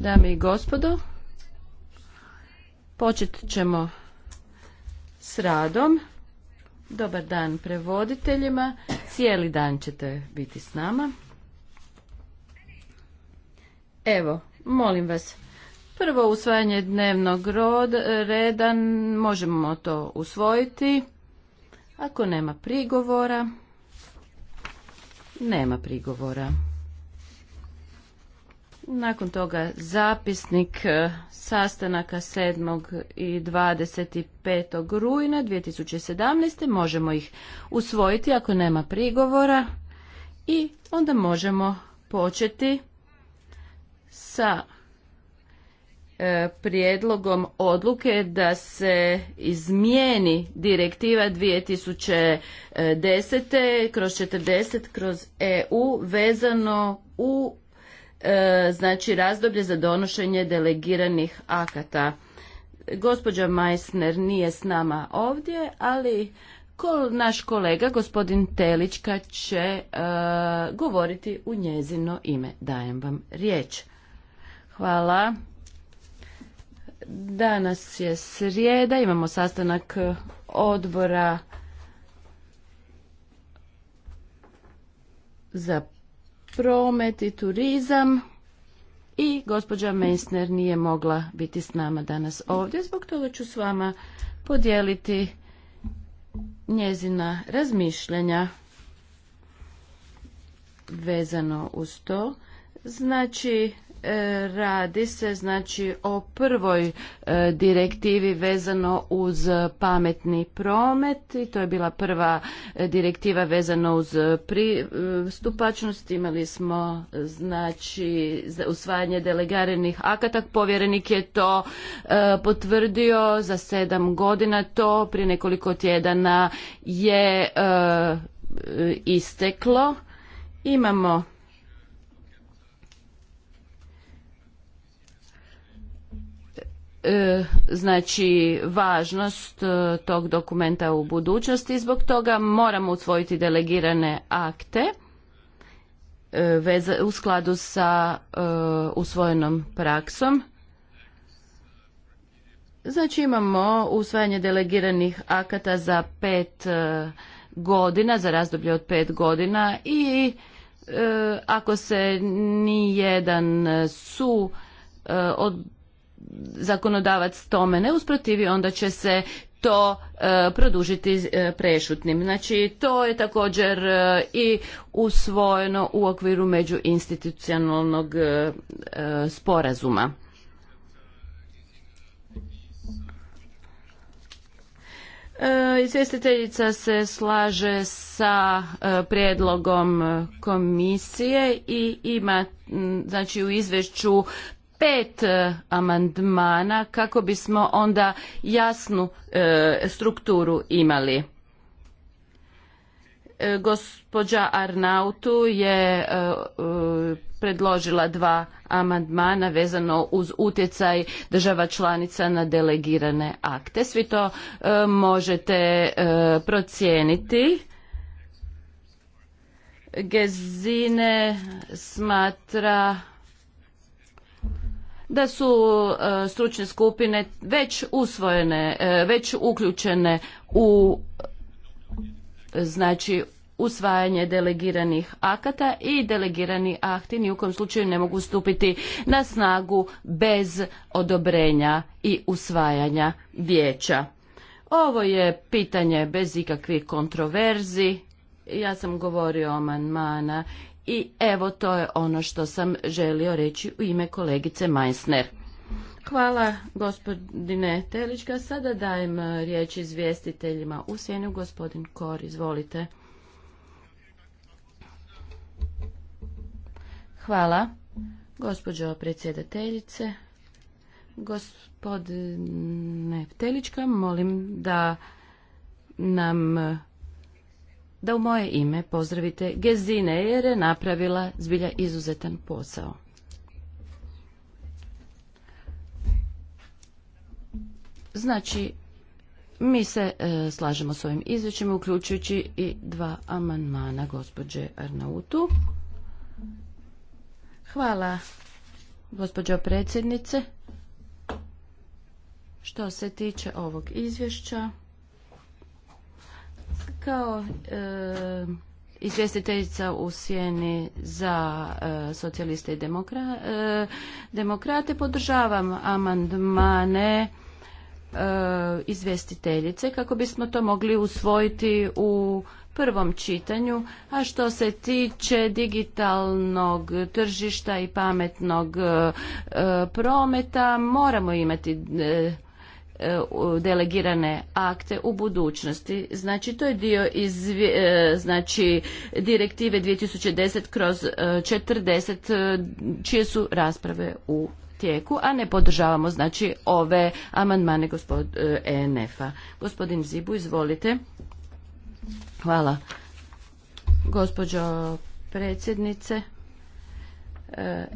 Dame i gospodo, počet ćemo s radom. Dobar dan prevoditeljima. Cijeli dan ćete biti s nama. Evo, molim vas, prvo usvajanje dnevnog reda, možemo to usvojiti. Ako nema prigovora, nema prigovora. Nakon toga zapisnik e, sastanaka 7. i 25. rujna 2017. možemo ih usvojiti ako nema prigovora i onda možemo početi sa E, prijedlogom odluke da se izmijeni direktiva 2010. kroz 40 kroz EU vezano u e, znači razdoblje za donošenje delegiranih akata. Gospođa Meissner nije s nama ovdje, ali kol, naš kolega gospodin Telička će e, govoriti u njezino ime. Dajem vam riječ. Hvala. Danas je srijeda, imamo sastanak odbora za promet i turizam i gospođa Meissner nije mogla biti s nama danas ovdje, zbog toga ću s vama podijeliti njezina razmišljanja vezano uz to. Znači, Radi se znači o prvoj e, direktivi vezano uz pametni promet i to je bila prva e, direktiva vezano uz pristupačnost. Imali smo znači usvajanje delegarenih akata. Povjerenik je to e, potvrdio za sedam godina. To prije nekoliko tjedana je isteklo. Imamo E, znači važnost e, tog dokumenta u budućnosti zbog toga moramo usvojiti delegirane akte e, u skladu sa usvojenom praksom znači imamo usvajanje delegiranih akata za pet godina za razdoblje od pet godina i ako se ni jedan su od zakonodavac tome ne usprotivi, onda će se to e, produžiti e, prešutnim. Znači, to je također e, i usvojeno u okviru međuinstitucionalnog sporazuma. Izvjestiteljica se slaže sa prijedlogom komisije i ima znači u izvješću pet e, amandmana kako bismo onda jasnu e, strukturu imali. E, gospođa Arnautu je predložila dva amandmana vezano uz utjecaj država članica na delegirane akte. Svi to možete procijeniti. Gezine smatra da su e, stručne skupine već usvojene, e, već uključene u znači usvajanje delegiranih akata i delegirani akti ni u kojem slučaju ne mogu stupiti na snagu bez odobrenja i usvajanja vijeća. Ovo je pitanje bez ikakvih kontroverzi. Ja sam govorio o manmana i evo to je ono što sam želio reći u ime kolegice Meissner. Hvala gospodine Telička. Sada dajem e, riječ izvjestiteljima u sjenu. Gospodin Kor, izvolite. Hvala gospođo predsjedateljice. Gospodine Telička, molim da nam da u moje ime pozdravite Gezine jer je napravila zbilja izuzetan posao. Znači, mi se e, slažemo s ovim izvećima, uključujući i dva amandmana gospođe Arnautu. Hvala, gospođo predsjednice. Što se tiče ovog izvješća, kao e, izvjestiteljica u sjeni za e, socijaliste i e, demokrate podržavam amandmane izvjestiteljice kako bismo to mogli usvojiti u prvom čitanju, a što se tiče digitalnog tržišta i pametnog prometa moramo imati E, delegirane akte u budućnosti. Znači to je dio iz e, znači direktive 2010 kroz 40 e, čije su rasprave u tijeku, a ne podržavamo znači ove amandmane gospod ENF-a. Gospodin Zibu, izvolite. Hvala. Gospođo predsjednice.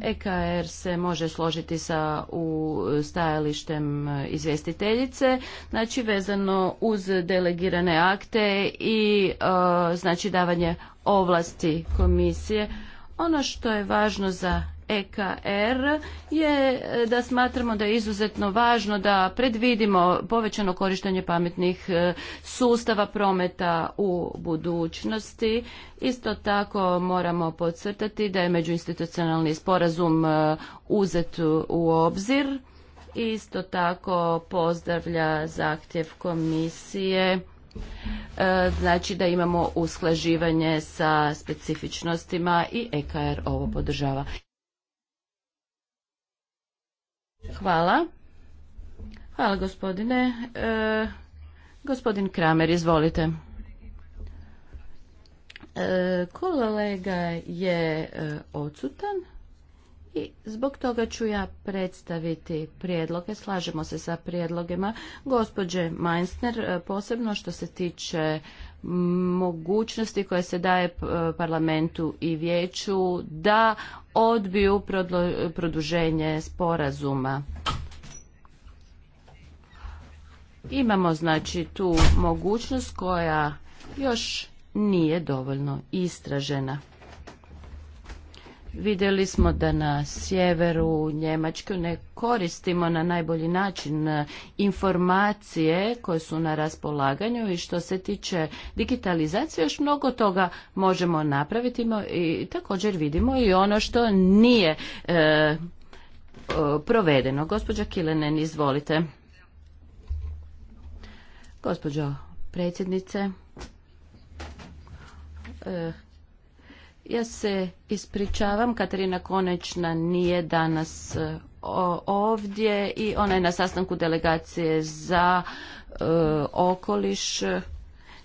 EKR e se može složiti sa u stajalištem izvjestiteljice, znači vezano uz delegirane akte i e, znači davanje ovlasti komisije. Ono što je važno za EKR je eh, da smatramo da je izuzetno važno da predvidimo povećano korištenje pametnih eh, sustava prometa u budućnosti. Isto tako moramo podcrtati da je međuinstitucionalni sporazum eh, uzet u obzir. Isto tako pozdravlja zahtjev komisije znači da imamo usklaživanje sa specifičnostima i EKR ovo podržava. Hvala. Hvala gospodine. E, gospodin Kramer, izvolite. E, kolega je e, odsutan i zbog toga ću ja predstaviti prijedloge. Slažemo se sa prijedlogima gospođe Meinsner, posebno što se tiče mogućnosti koje se daje parlamentu i vijeću da odbiju produženje sporazuma. Imamo znači tu mogućnost koja još nije dovoljno istražena. Vidjeli smo da na sjeveru Njemačke ne koristimo na najbolji način e, informacije koje su na raspolaganju i što se tiče digitalizacije još mnogo toga možemo napraviti i također vidimo i ono što nije e, provedeno. Gospođa Kilenen, izvolite. Gospođo predsjednice, e, ja se ispričavam, Katarina Konečna nije danas e, ovdje i ona je na sastanku delegacije za e, okoliš.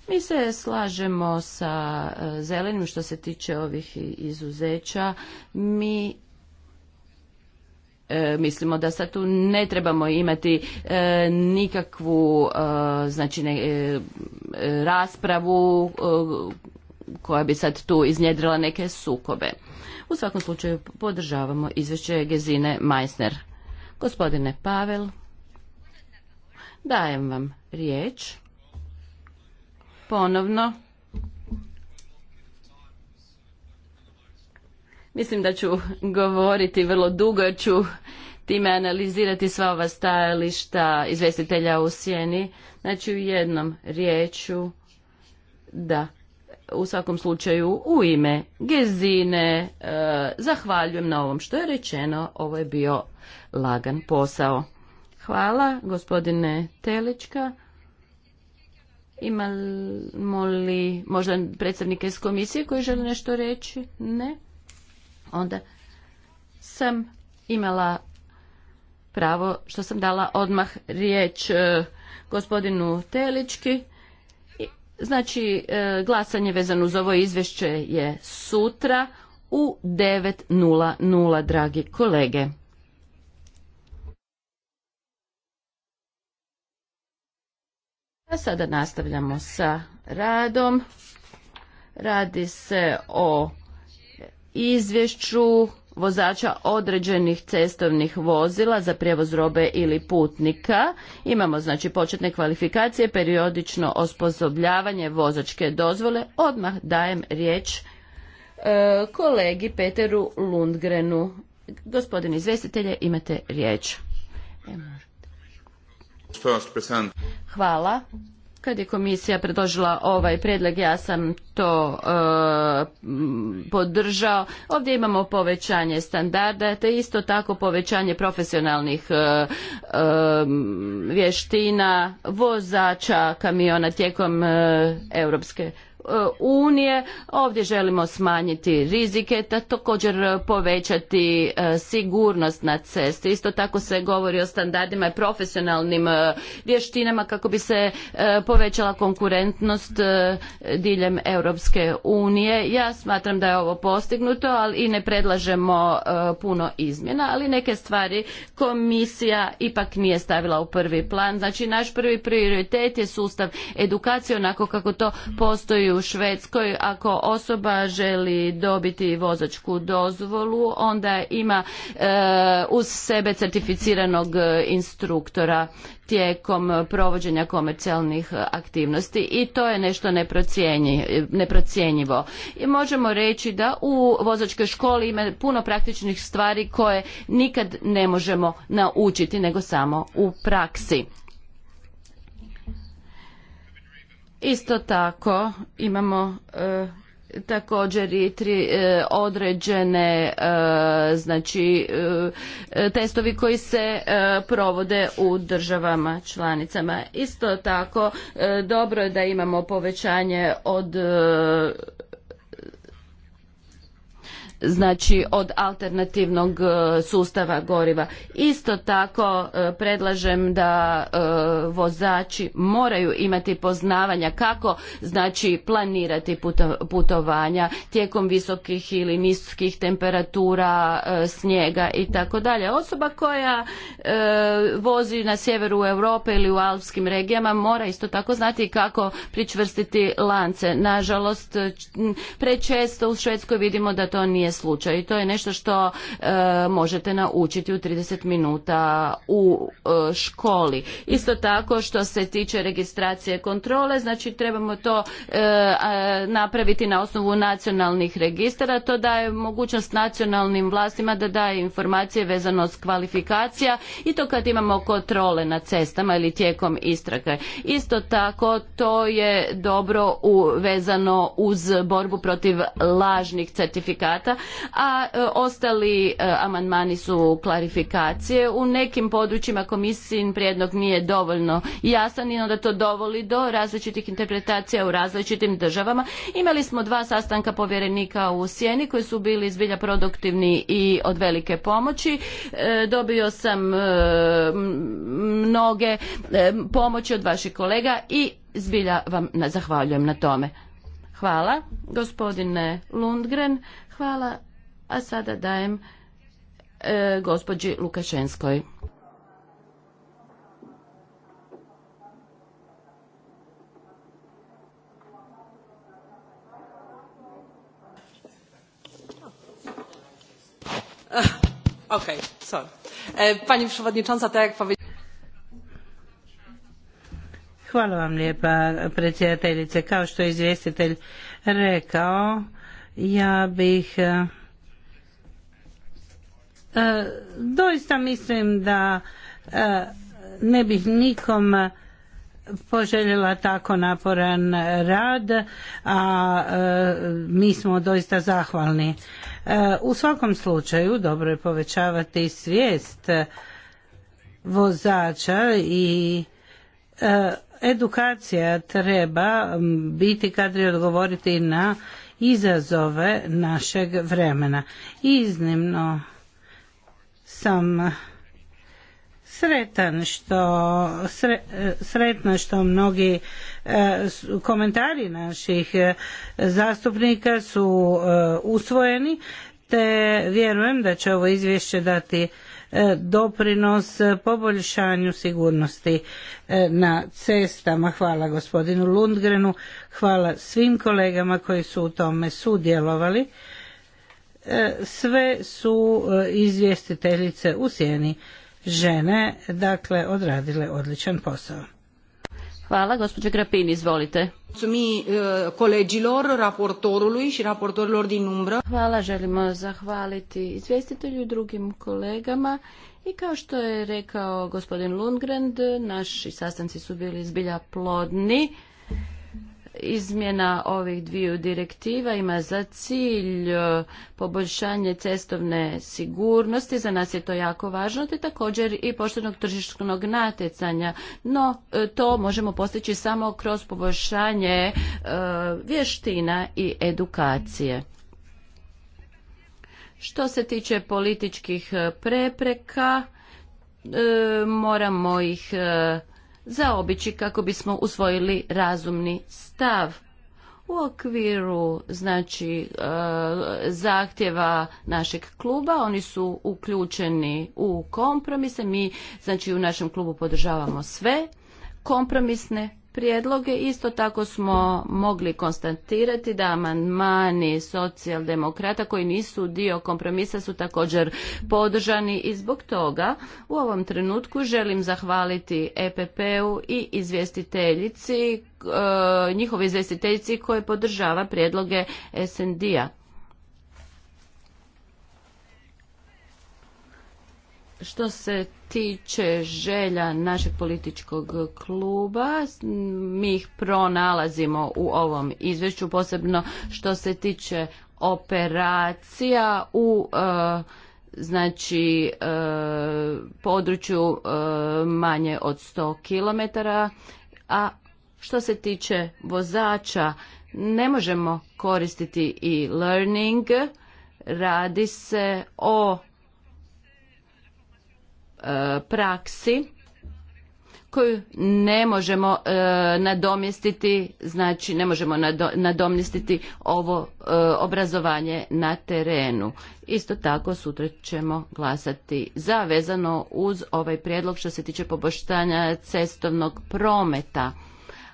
Mi se slažemo sa e, zelenim što se tiče ovih izuzeća. Mi mislimo da sad tu ne trebamo imati nikakvu znači raspravu koja bi sad tu iznjedrila neke sukobe. U svakom slučaju podržavamo izvješće Gezine Meissner. Gospodine Pavel, dajem vam riječ. Ponovno. Mislim da ću govoriti vrlo dugo, ću time analizirati sva ova stajališta izvjestitelja u sjeni. Znači u jednom riječu da u svakom slučaju u ime Gezine e, zahvaljujem na ovom što je rečeno. Ovo je bio lagan posao. Hvala gospodine Telička. Imamo li možda predstavnike iz komisije koji žele nešto reći? Ne. Onda sam imala pravo što sam dala odmah riječ e, gospodinu Telički. Znači, e, glasanje vezano uz ovo izvješće je sutra u 9.00, dragi kolege. A sada nastavljamo sa radom. Radi se o izvješću vozača određenih cestovnih vozila za prijevoz robe ili putnika. Imamo znači početne kvalifikacije, periodično osposobljavanje vozačke dozvole. Odmah dajem riječ e, kolegi Peteru Lundgrenu. Gospodin izvestitelje, imate riječ. Hvala. Kad je komisija predložila ovaj predlog, ja sam to e, podržao. Ovdje imamo povećanje standarda, te isto tako povećanje profesionalnih e, e vještina vozača kamiona tijekom e, europske E, unije. Ovdje želimo smanjiti rizike, također povećati e, sigurnost na cesti. Isto tako se govori o standardima i profesionalnim e, vještinama kako bi se povećala konkurentnost diljem Europske unije. Ja smatram da je ovo postignuto, ali i ne predlažemo puno izmjena, ali neke stvari komisija ipak nije stavila u prvi plan. Znači naš prvi prioritet je sustav edukacije onako kako to postoji u Švedskoj ako osoba želi dobiti vozačku dozvolu onda ima e, uz sebe certificiranog instruktora tijekom provođenja komercijalnih aktivnosti i to je nešto neprocjenjivo. I možemo reći da u vozačkoj školi ima puno praktičnih stvari koje nikad ne možemo naučiti nego samo u praksi. Isto tako imamo e, također i tri e, određene e, znači testovi koji se provode u državama članicama. Isto tako dobro je da imamo povećanje od znači od alternativnog e, sustava goriva. Isto tako e, predlažem da e, vozači moraju imati poznavanja kako znači planirati putovanja tijekom visokih ili niskih temperatura, snijega i tako dalje. Osoba koja vozi na sjeveru Europe ili u alpskim regijama mora isto tako znati kako pričvrstiti lance. Nažalost, prečesto u Švedskoj vidimo da to nije slučaj i to je nešto što e, možete naučiti u 30 minuta u e, školi. Isto tako što se tiče registracije kontrole, znači trebamo to e, napraviti na osnovu nacionalnih registara, to daje mogućnost nacionalnim vlastima da daje informacije vezano s kvalifikacija i to kad imamo kontrole na cestama ili tijekom istrage. Isto tako to je dobro u, vezano uz borbu protiv lažnih certifikata a e, ostali e, amandmani su klarifikacije. U nekim područjima komisijin prijedlog nije dovoljno jasan i onda to dovoli do različitih interpretacija u različitim državama. Imali smo dva sastanka povjerenika u Sjeni koji su bili zbilja produktivni i od velike pomoći. E, dobio sam mnoge pomoći od vaših kolega i zbilja vam zahvaljujem na tome. Hvala, gospodine Lundgren. Hvala. A sada dajem e, gospođi Lukašenskoj. Ah, okay, so. E, pani przewodnicząca, tak jak powiedziałam, Hvala vam lijepa predsjedateljice. Kao što je izvjestitelj rekao, ja bih e, e, doista mislim da e, ne bih nikom poželjela tako naporan rad, a mi smo doista zahvalni. U svakom slučaju dobro je povećavati svijest vozača i edukacija treba biti kadri odgovoriti na izazove našeg vremena. Iznimno sam sretan što sre, sretna što mnogi e, komentari naših e, zastupnika su e, usvojeni te vjerujem da će ovo izvješće dati E, doprinos e, poboljšanju sigurnosti e, na cestama. Hvala gospodinu Lundgrenu, hvala svim kolegama koji su u tome sudjelovali. Sve su izvjestiteljice u sjeni žene, dakle odradile odličan posao. Hvala. Gospođo Grapin, izvolite. Mulțumi eh, colegilor, raportorului și raportorilor din umbră. Hvala, želimo zahvaliti izvjestitelju i drugim kolegama. I kao što je rekao gospodin Lundgren, naši sastanci su bili zbilja plodni. Izmjena ovih dviju direktiva ima za cilj e, poboljšanje cestovne sigurnosti, za nas je to jako važno, te također i poštenog tržišnog natjecanja, no e, to možemo postići samo kroz poboljšanje e, vještina i edukacije. Što se tiče političkih prepreka, moramo ih zaobići kako bismo usvojili razumni stav u okviru znači e, zahtjeva našeg kluba oni su uključeni u kompromise mi znači u našem klubu podržavamo sve kompromisne prijedloge. Isto tako smo mogli konstatirati da amandmani socijaldemokrata koji nisu dio kompromisa su također podržani i zbog toga u ovom trenutku želim zahvaliti EPP-u i izvjestiteljici, e, njihovoj izvjestiteljici koja podržava prijedloge SND-a. Što se tiče želja našeg političkog kluba, mi ih pronalazimo u ovom izvješću, posebno što se tiče operacija u e, znači e, području e, manje od 100 km, a što se tiče vozača ne možemo koristiti i learning, radi se o E, praksi koju ne možemo e, nadomjestiti znači ne možemo nadomjestiti ovo e, obrazovanje na terenu isto tako sutra ćemo glasati za vezano uz ovaj prijedlog što se tiče poboštanja cestovnog prometa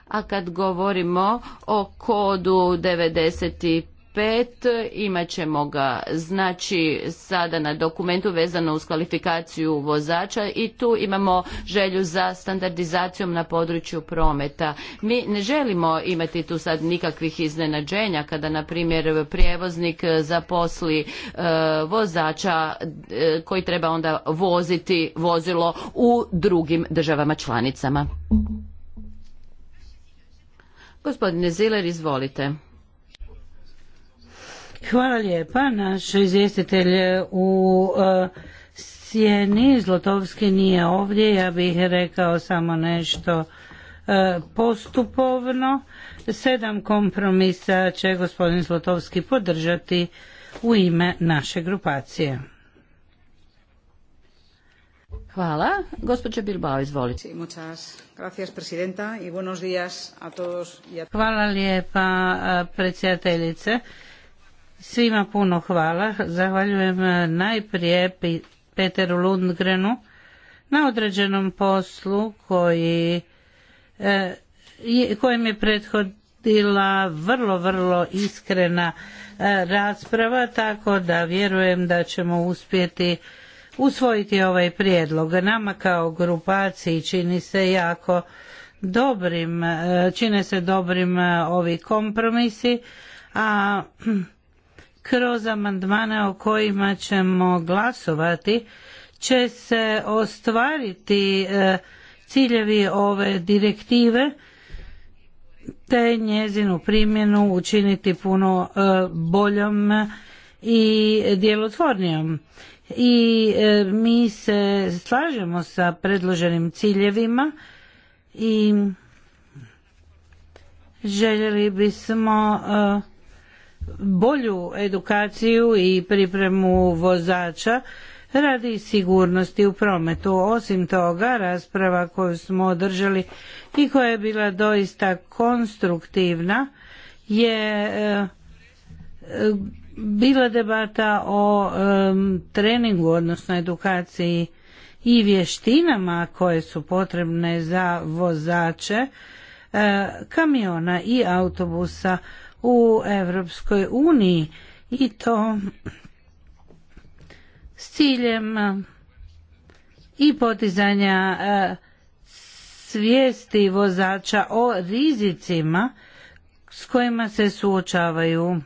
a kad govorimo o kodu 95 5, imat ćemo ga znači sada na dokumentu vezano uz kvalifikaciju vozača i tu imamo želju za standardizacijom na području prometa. Mi ne želimo imati tu sad nikakvih iznenađenja kada na primjer prijevoznik zaposli e, vozača e, koji treba onda voziti vozilo u drugim državama članicama. Gospodine Ziler, izvolite. Hvala lijepa. Naš izvjestitelj u e, sjeni Zlotovski nije ovdje. Ja bih rekao samo nešto e, postupovno. Sedam kompromisa će gospodin Zlotovski podržati u ime naše grupacije. Hvala. Gospođa Bilbao, izvolite. Hvala lijepa e, predsjedateljice. Svima puno hvala. Zahvaljujem e, najprije Peteru Lundgrenu na određenom poslu koji, e, kojem je prethodila vrlo, vrlo iskrena e, rasprava, tako da vjerujem da ćemo uspjeti usvojiti ovaj prijedlog. Nama kao grupaciji čini se jako dobrim, čine se dobrim ovi kompromisi, a kroz amandmane o kojima ćemo glasovati će se ostvariti e, ciljevi ove direktive te njezinu primjenu učiniti puno e, boljom i djelotvornijom. I e, mi se slažemo sa predloženim ciljevima i željeli bismo bolju edukaciju i pripremu vozača radi sigurnosti u prometu. Osim toga, rasprava koju smo održali i koja je bila doista konstruktivna je e, bila debata o treningu, odnosno edukaciji i vještinama koje su potrebne za vozače e, kamiona i autobusa u Europskoj uniji i to s ciljem eh, i potizanja eh, svijesti vozača o rizicima s kojima se suočavaju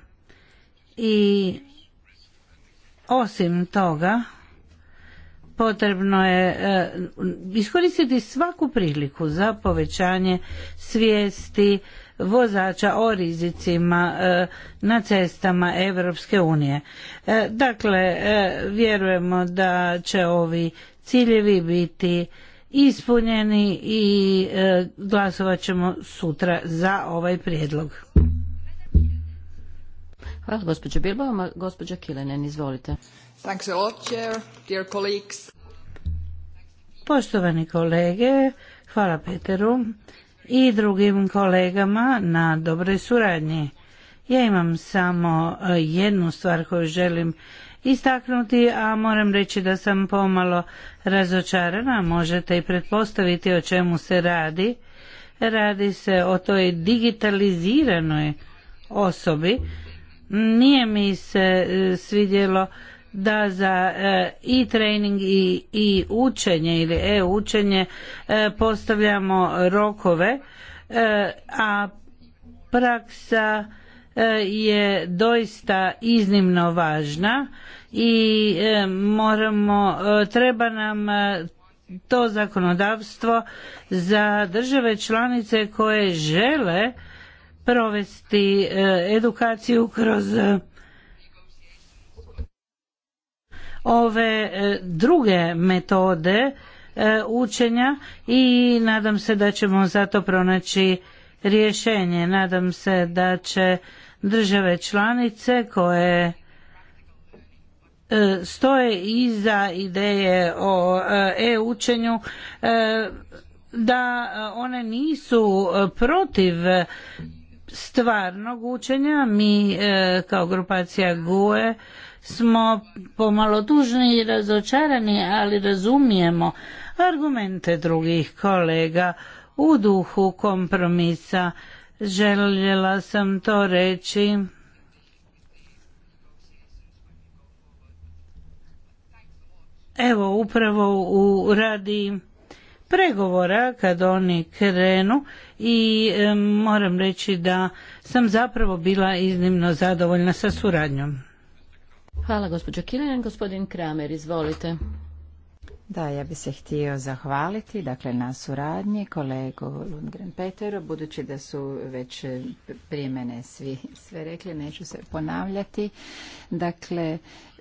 i osim toga potrebno je eh, iskoristiti svaku priliku za povećanje svijesti vozača o rizicima e, na cestama Europske unije. E, dakle, e, vjerujemo da će ovi ciljevi biti ispunjeni i glasovat ćemo sutra za ovaj prijedlog. Hvala gospođo Bilbao, gospođa Kilenen, izvolite. Poštovani kolege, hvala Peteru i drugim kolegama na dobroj suradnji. Ja imam samo e, jednu stvar koju želim istaknuti, a moram reći da sam pomalo razočarana, možete i pretpostaviti o čemu se radi. Radi se o toj digitaliziranoj osobi. Nije mi se e, svidjelo da za e-training i, učenje ili e-učenje e, postavljamo rokove, e, a praksa e, je doista iznimno važna i moramo, treba nam to zakonodavstvo za države članice koje žele provesti edukaciju kroz ove e, druge metode e, učenja i nadam se da ćemo zato pronaći rješenje. Nadam se da će države članice koje e, stoje iza ideje o e-učenju da one nisu protiv stvarnog učenja. Mi kao grupacija GUE smo pomalo tužni i razočarani, ali razumijemo argumente drugih kolega u duhu kompromisa. Željela sam to reći. Evo, upravo u radi pregovora kad oni krenu i moram reći da sam zapravo bila iznimno zadovoljna sa suradnjom. Hvala gospođo Kilijan. Gospodin Kramer, izvolite. Da, ja bih se htio zahvaliti dakle, na suradnji kolegu Lundgren petero budući da su već e, prije mene svi sve rekli, neću se ponavljati. Dakle,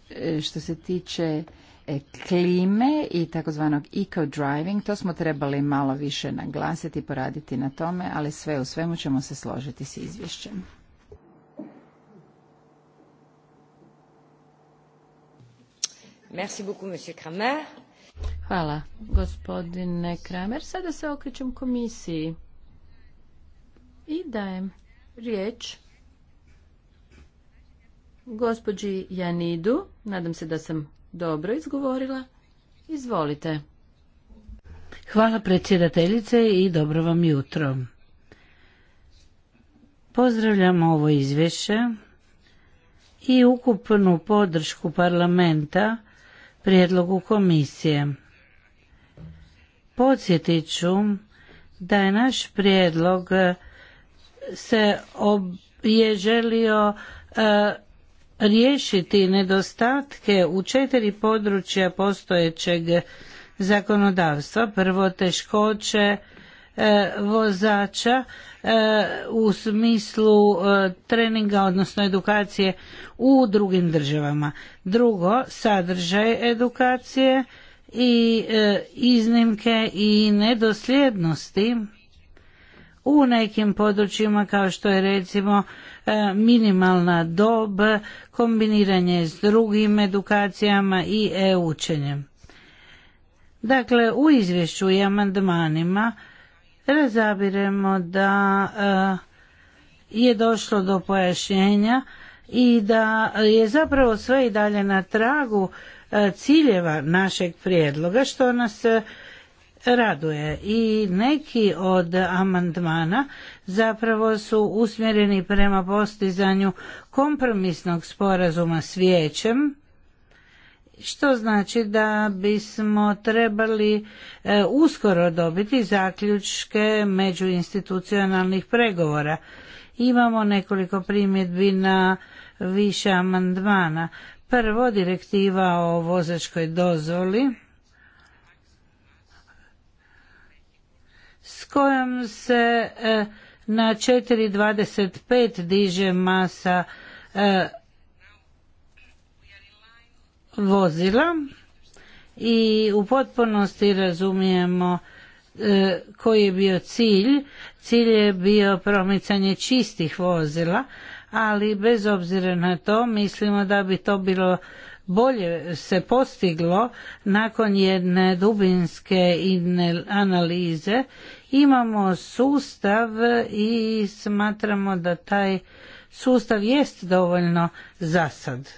e, što se tiče e, klime i takozvanog eco driving, to smo trebali malo više naglasiti, poraditi na tome, ali sve u svemu ćemo se složiti s izvješćem. Hvala, gospodine Kramer. Sada se okrećem komisiji i dajem riječ gospođi Janidu. Nadam se da sam dobro izgovorila. Izvolite. Hvala predsjedateljice i dobro vam jutro. Pozdravljam ovo izvješće i ukupnu podršku parlamenta prijedlogu komisije. Podsjetit ću da je naš prijedlog e, se je želio e, riješiti nedostatke u četiri područja postojećeg zakonodavstva. Prvo teškoće e, vozača E, u smislu e, treninga, odnosno edukacije u drugim državama. Drugo, sadržaj edukacije i e, iznimke i nedosljednosti u nekim područjima kao što je recimo minimalna dob, kombiniranje s drugim edukacijama i e-učenjem. Dakle, u izvješću i amandmanima razabiremo da eh, je došlo do pojašnjenja i da je zapravo sve i dalje na tragu eh, ciljeva našeg prijedloga što nas eh, raduje i neki od amandmana zapravo su usmjereni prema postizanju kompromisnog sporazuma s vijećem što znači da bismo trebali e, uskoro dobiti zaključke međuinstitucionalnih pregovora. Imamo nekoliko primjedbi na više amandmana. Prvo, direktiva o vozačkoj dozvoli s kojom se e, na 4.25 diže masa e, vozila i u potpunosti razumijemo e, koji je bio cilj. Cilj je bio promicanje čistih vozila, ali bez obzira na to mislimo da bi to bilo bolje se postiglo nakon jedne dubinske analize. Imamo sustav i smatramo da taj sustav jest dovoljno zasad.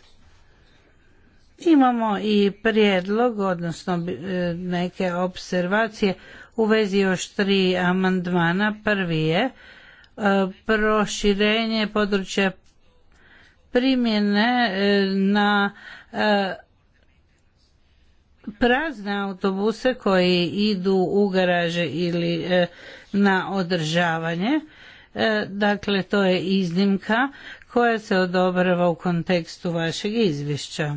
Imamo i prijedlog, odnosno e, neke observacije u vezi još tri amandmana. Prvi je e, proširenje područja primjene e, na prazne autobuse koji idu u garaže ili na održavanje. Dakle, to je iznimka koja se odobrava u kontekstu vašeg izvješća.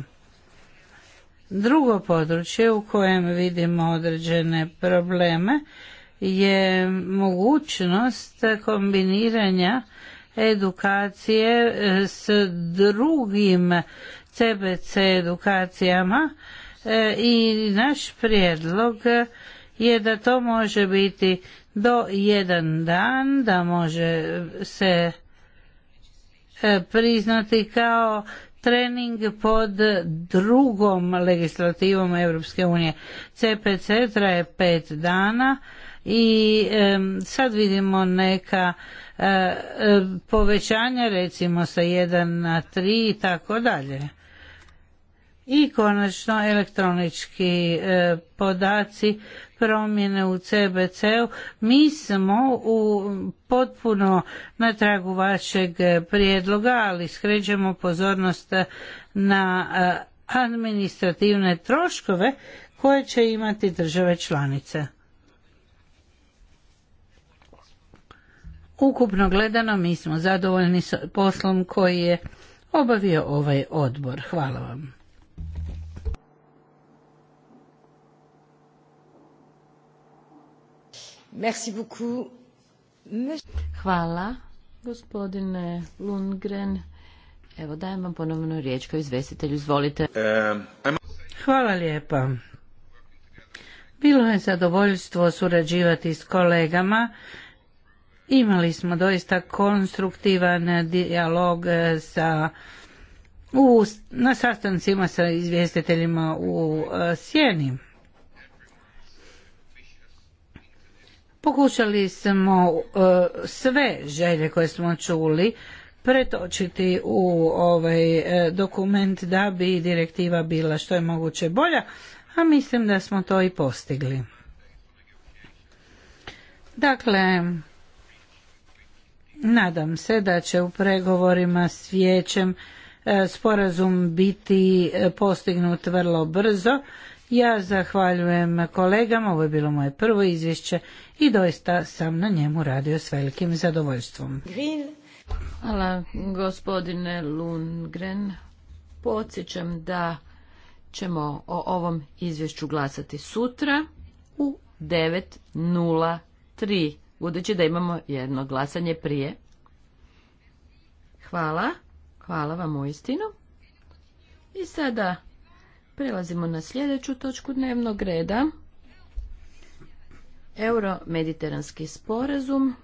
Drugo područje u kojem vidimo određene probleme je mogućnost kombiniranja edukacije e, s drugim CBC edukacijama e, i naš prijedlog je da to može biti do jedan dan, da može se e, priznati kao trening pod drugom legislativom Europske unije. CPC traje pet dana i sad vidimo neka eh, eh, povećanja recimo sa 1 na 3 i tako dalje i konačno elektronički e, podaci promjene u CBC-u. Mi smo u potpuno na tragu vašeg prijedloga, ali skrećemo pozornost na e, administrativne troškove koje će imati države članice. Ukupno gledano mi smo zadovoljni s poslom koji je obavio ovaj odbor. Hvala vam. Merci Hvala, gospodine Lundgren. Evo dajem vam ponovno riječ kao izvestitelju, izvolite. E, Hvala lijepa. Bilo je zadovoljstvo surađivati s kolegama. Imali smo doista konstruktivan dijalog e, sa u, na sastancima sa izvjestiteljima u e, Sjeni. Pokušali smo e, sve želje koje smo čuli pretočiti u ovaj e, dokument da bi direktiva bila što je moguće bolja, a mislim da smo to i postigli. Dakle, nadam se da će u pregovorima s vijećem e, sporazum biti postignut vrlo brzo ja zahvaljujem kolegama, ovo je bilo moje prvo izvješće i doista sam na njemu radio s velikim zadovoljstvom. Hvala gospodine Lundgren. Podsjećam da ćemo o ovom izvješću glasati sutra u 9.03, budući da imamo jedno glasanje prije. Hvala, hvala vam u istinu. I sada Prelazimo na sljedeću točku dnevnog reda. Euro-mediteranski sporazum.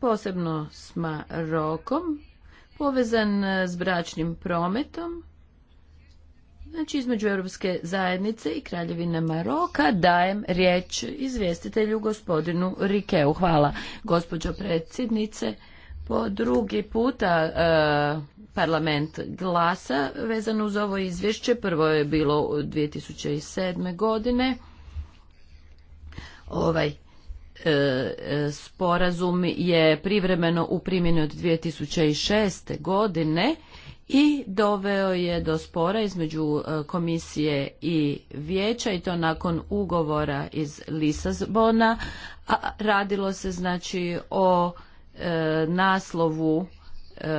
Posebno s Marokom, povezan e, s bračnim prometom, znači između Europske zajednice i Kraljevine Maroka, dajem riječ izvjestitelju gospodinu Rikeu. Hvala, gospođo predsjednice po drugi puta e, parlament glasa vezano uz ovo izvješće. Prvo je bilo 2007. godine. Ovaj e, e, sporazum je privremeno u primjeni od 2006. godine i doveo je do spora između komisije i vijeća i to nakon ugovora iz Lisabona. Radilo se znači o E, naslovu e,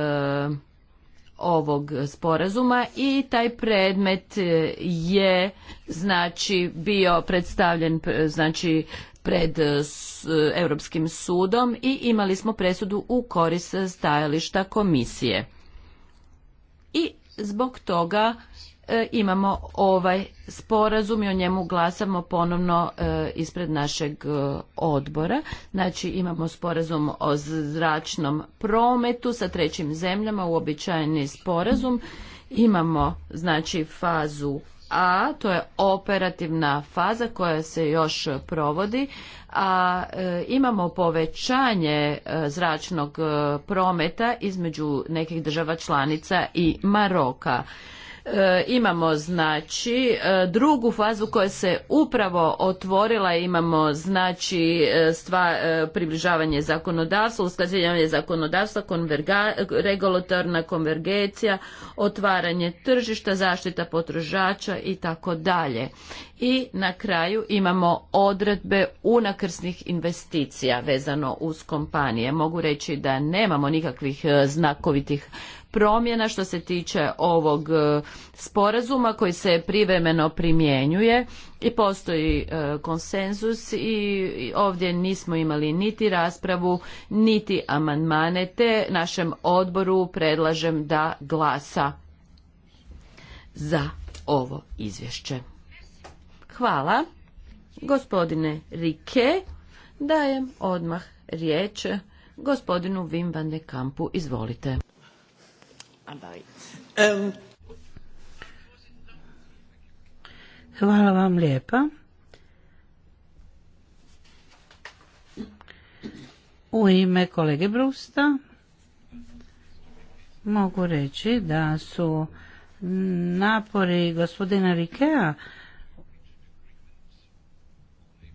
ovog sporazuma i taj predmet e, je znači bio predstavljen znači pred Europskim sudom i imali smo presudu u korist stajališta komisije. I zbog toga E, imamo ovaj sporazum i o njemu glasamo ponovno e, ispred našeg e, odbora. Znači imamo sporazum o zračnom prometu sa trećim zemljama, uobičajeni sporazum. Imamo znači fazu a to je operativna faza koja se još provodi a imamo povećanje zračnog prometa između nekih država članica i Maroka E, imamo znači e, drugu fazu koja se upravo otvorila imamo znači e, stva, približavanje zakonodavstva usklađivanje zakonodavstva konverga, regulatorna konvergencija otvaranje tržišta zaštita potrošača i tako dalje i na kraju imamo odredbe unakrsnih investicija vezano uz kompanije mogu reći da nemamo nikakvih znakovitih promjena što se tiče ovog e, sporazuma koji se privremeno primjenjuje i postoji e, konsenzus i ovdje nismo imali niti raspravu niti amandmane te našem odboru predlažem da glasa za ovo izvješće. Hvala. Gospodine Rike, dajem odmah riječ gospodinu Wim van de Kampu. Izvolite. Ah, um, hvala vam lijepa. U ime kolege Brusta mogu reći da su napori gospodina Rikea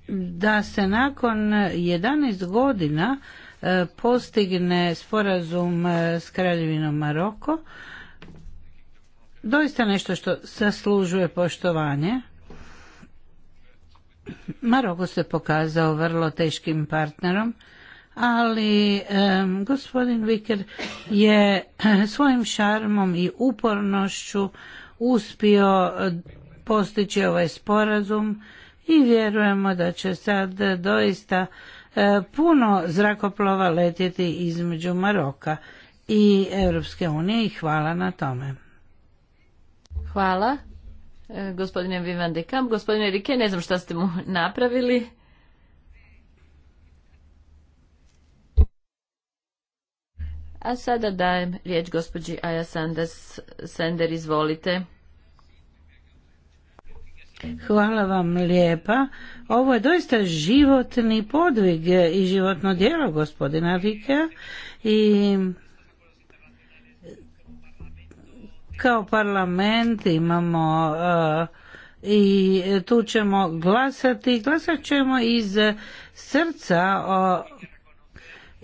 da se nakon 11 godina E, postigne sporazum e, s kraljevinom Maroko doista nešto što zaslužuje poštovanje. Maroko se pokazao vrlo teškim partnerom, ali gospodin Viker je svojim šarmom i upornošću uspio postići ovaj sporazum i vjerujemo da će sad doista E, puno zrakoplova letjeti između Maroka i Europske unije i hvala na tome. Hvala. E, gospodine Vivan de Kamp, gospodine Rike, ne znam šta ste mu napravili. A sada dajem riječ gospođi Aja Sanders. Sender, izvolite. Hvala vam lijepa. Ovo je doista životni podvig i životno djelo gospodina Rike i kao parlament imamo e, i tu ćemo glasati, glasat ćemo iz srca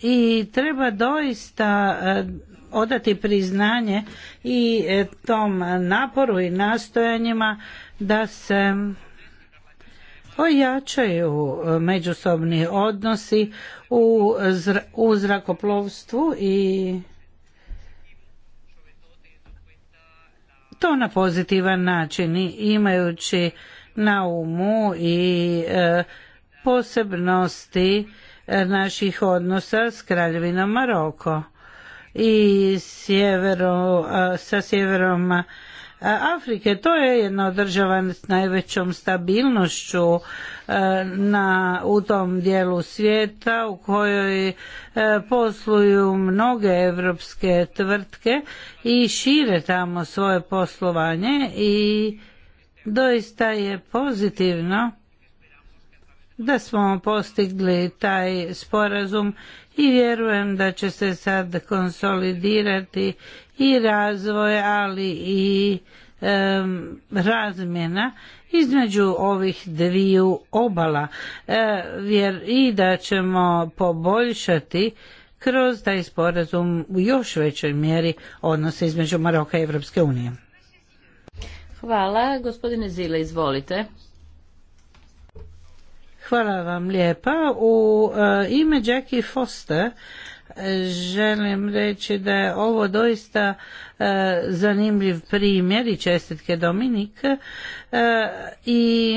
i treba doista e, odati priznanje i e, tom naporu i nastojanjima da se ojačaju međusobni odnosi u, zra, zrakoplovstvu i to na pozitivan način imajući na umu i e, posebnosti e, naših odnosa s kraljevinom Maroko i sa sjeverom E, Afrike. To je jedna od država s najvećom stabilnošću e, na, u tom dijelu svijeta u kojoj e, posluju mnoge europske tvrtke i šire tamo svoje poslovanje i doista je pozitivno da smo postigli taj sporazum i vjerujem da će se sad konsolidirati i razvoj, ali i razmjena između ovih dviju obala e, i da ćemo poboljšati kroz taj sporazum u još većoj mjeri odnose između Maroka i Europske unije. Hvala. Gospodine Zile, izvolite. Hvala vam lijepa. U e, ime Jackie Foster želim reći da je ovo doista e, zanimljiv primjer i čestitke Dominik e, i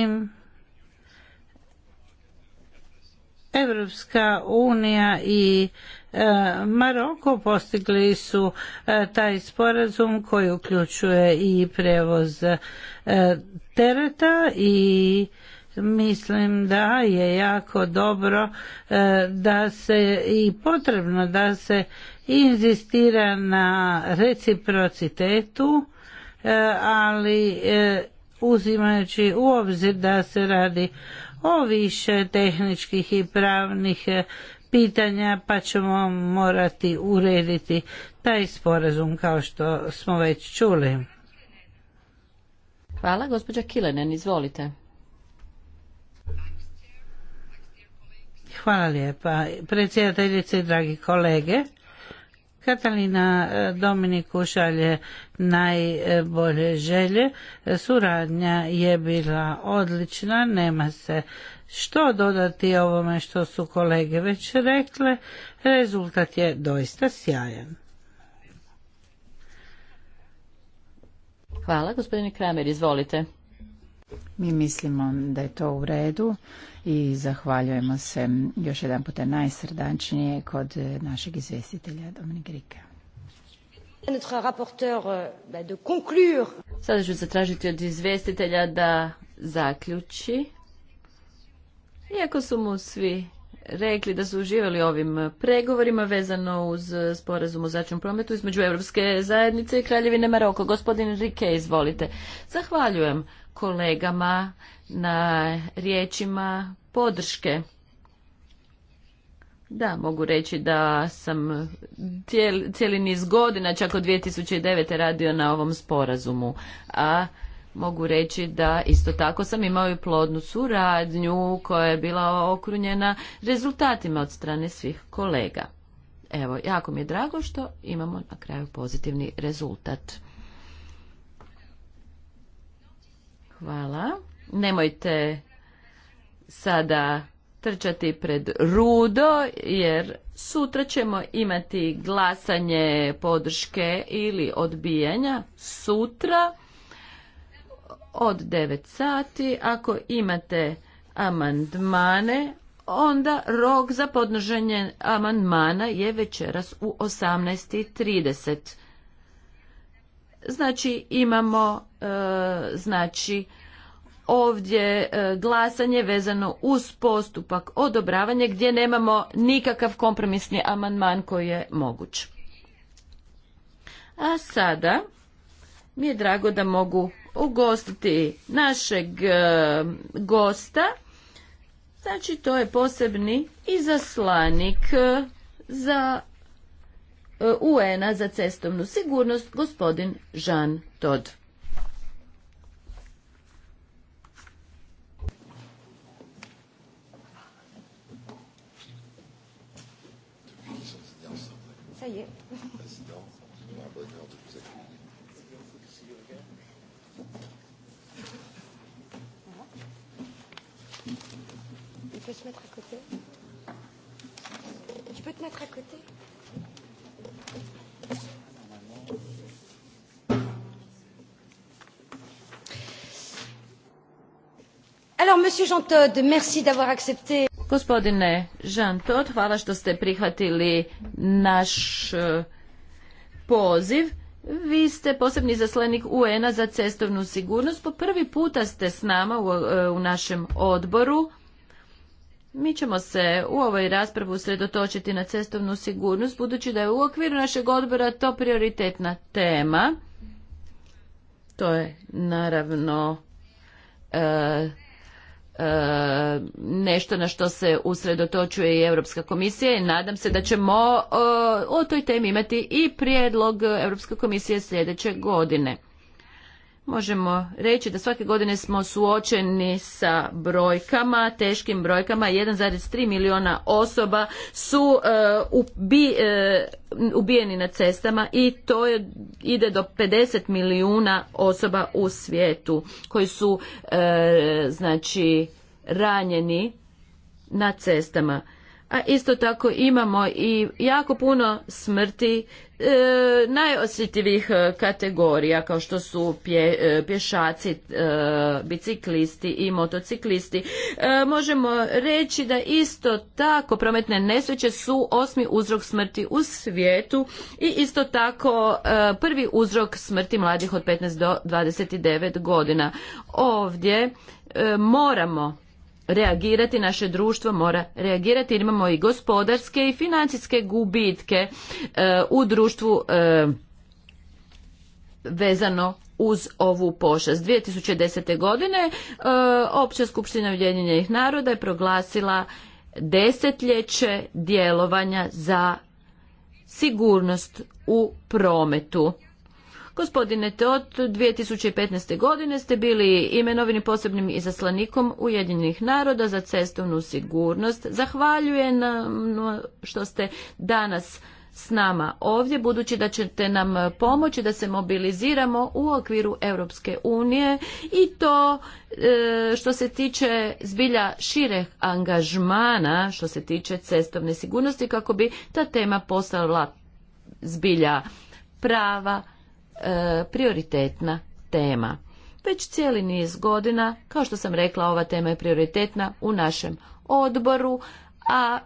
Evropska unija i e, Maroko postigli su taj sporazum koji uključuje i prevoz tereta i mislim da je jako dobro e, da se i potrebno da se inzistira na reciprocitetu e, ali e, uzimajući u obzir da se radi o više tehničkih i pravnih pitanja pa ćemo morati urediti taj sporazum kao što smo već čuli. Hvala, gospođa Kilenen, izvolite. Hvala lijepa. Predsjedateljice, dragi kolege, Katalina e, Dominiku šalje najbolje želje. Suradnja je bila odlična, nema se što dodati ovome što su kolege već rekle. Rezultat je doista sjajan. Hvala, gospodine Kramer, izvolite. Mi mislimo da je to u redu i zahvaljujemo se još jedan puta najsrdačnije kod eh, našeg izvjestitelja Dominik Rika. Eh, Sada ću zatražiti od izvjestitelja da zaključi. Iako su mu svi rekli da su uživali ovim pregovorima vezano uz sporazum o začnom prometu između Europske zajednice i Kraljevine Maroko. Gospodin Rike, izvolite. Zahvaljujem kolegama na riječima podrške. Da, mogu reći da sam cijeli, niz godina, čak od 2009. radio na ovom sporazumu, a mogu reći da isto tako sam imao i plodnu suradnju koja je bila okrunjena rezultatima od strane svih kolega. Evo, jako mi je drago što imamo na kraju pozitivni rezultat. Hvala. Nemojte sada trčati pred rudo jer sutra ćemo imati glasanje podrške ili odbijanja sutra od 9 sati. Ako imate amandmane, onda rok za podnoženje amandmana je večeras u 18.30. Znači imamo E, znači ovdje e, glasanje vezano uz postupak odobravanja gdje nemamo nikakav kompromisni amandman koji je moguć. A sada mi je drago da mogu ugostiti našeg e, gosta. Znači to je posebni izaslanik za UN-a za cestovnu sigurnost gospodin Jean Todd. mettre à côté Alors, monsieur Jean Todd, merci d'avoir accepté. Gospodine Jean Todd, hvala što ste prihvatili naš e, poziv. Vi ste posebni zaslenik UN-a za cestovnu sigurnost. Po prvi puta ste s nama u, e, u našem odboru mi ćemo se u ovoj raspravi usredotočiti na cestovnu sigurnost, budući da je u okviru našeg odbora to prioritetna tema. To je naravno e, e, nešto na što se usredotočuje i Europska komisija i nadam se da ćemo e, o toj temi imati i prijedlog Europske komisije sljedeće godine. Možemo reći da svake godine smo suočeni sa brojkama, teškim brojkama, 1,3 miliona osoba su e, e, ubijeni na cestama i to je, ide do 50 milijuna osoba u svijetu koji su e, znači ranjeni na cestama. A isto tako imamo i jako puno smrti E, najosjetljivih e, kategorija kao što su e, pješaci, biciklisti i motociklisti. Možemo reći da isto tako prometne nesreće su osmi uzrok smrti u svijetu i isto tako prvi uzrok smrti mladih od 15 do 29 godina. Ovdje moramo reagirati, naše društvo mora reagirati. Imamo i gospodarske i financijske gubitke e, u društvu e, vezano uz ovu pošast. 2010. godine e, Opća skupština Ujedinjenih naroda je proglasila desetljeće djelovanja za sigurnost u prometu. Gospodine Tot, 2015. godine ste bili imenovani posebnim izaslanikom Ujedinjenih naroda za cestovnu sigurnost. Zahvaljujem što ste danas s nama ovdje, budući da ćete nam pomoći da se mobiliziramo u okviru Europske unije i to e, što se tiče zbilja šireh angažmana, što se tiče cestovne sigurnosti, kako bi ta tema postala zbilja prava E, prioritetna tema. Već cijeli niz godina, kao što sam rekla, ova tema je prioritetna u našem odboru, a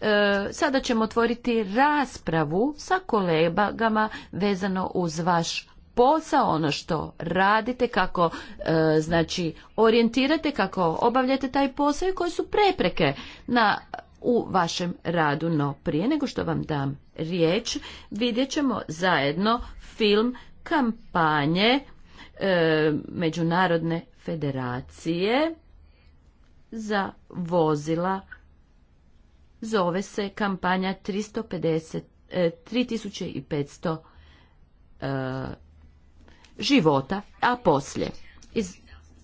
e, sada ćemo otvoriti raspravu sa kolegama vezano uz vaš posao, ono što radite, kako e, znači orijentirate, kako obavljate taj posao i koje su prepreke na u vašem radu. No prije nego što vam dam riječ, vidjet ćemo zajedno film kampanje e, Međunarodne federacije za vozila. Zove se kampanja 350, 3500 e, e, života, a poslije. Iz,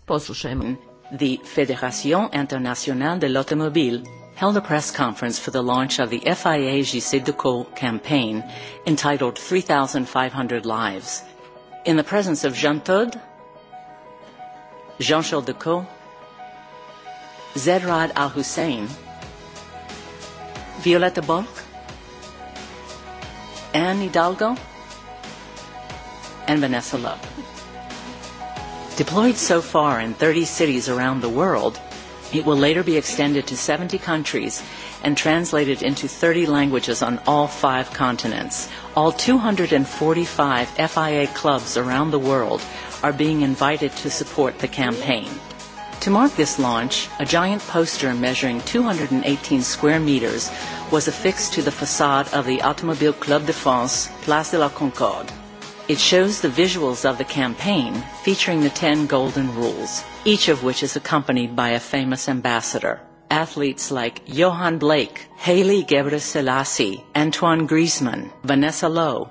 poslušajmo. The Fédération Internationale de l'Automobile held a press conference for the launch of the FIA Gissé campaign entitled 3,500 Lives. In the presence of Jean Todd, Jean-Charles Co, Zedrad Al-Hussein, Violetta Bulk, Anne Hidalgo, and Vanessa Love. Deployed so far in 30 cities around the world, It will later be extended to 70 countries and translated into 30 languages on all five continents. All 245 FIA clubs around the world are being invited to support the campaign. To mark this launch, a giant poster measuring 218 square meters was affixed to the facade of the Automobile Club de France, Place de la Concorde. It shows the visuals of the campaign featuring the 10 golden rules, each of which is accompanied by a famous ambassador. Athletes like Johan Blake, Haley Gebre Selassie, Antoine Griezmann, Vanessa Lowe,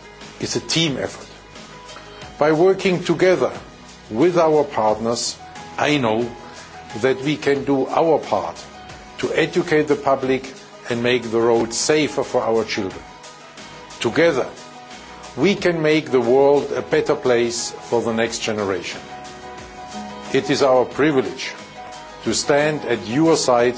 is a team effort. By working together with our partners, I know that we can do our part to educate the public and make the road safer for our children. Together, we can make the world a better place for the next generation. It is our privilege to stand at your side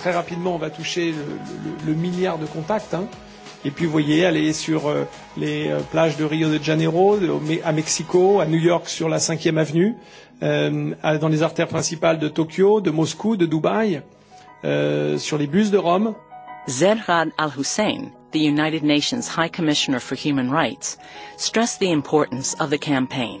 très rapidement, on va toucher le, le, le milliard de contacts. Hein. Et puis, vous voyez, aller sur euh, les euh, plages de Rio de Janeiro, de, à Mexico, à New York, sur la 5e avenue, euh, dans les artères principales de Tokyo, de Moscou, de Dubaï, euh, sur les bus de Rome. Zerhad al-Hussein, the United Nations High Commissioner for Human Rights, stressed the importance of the campaign.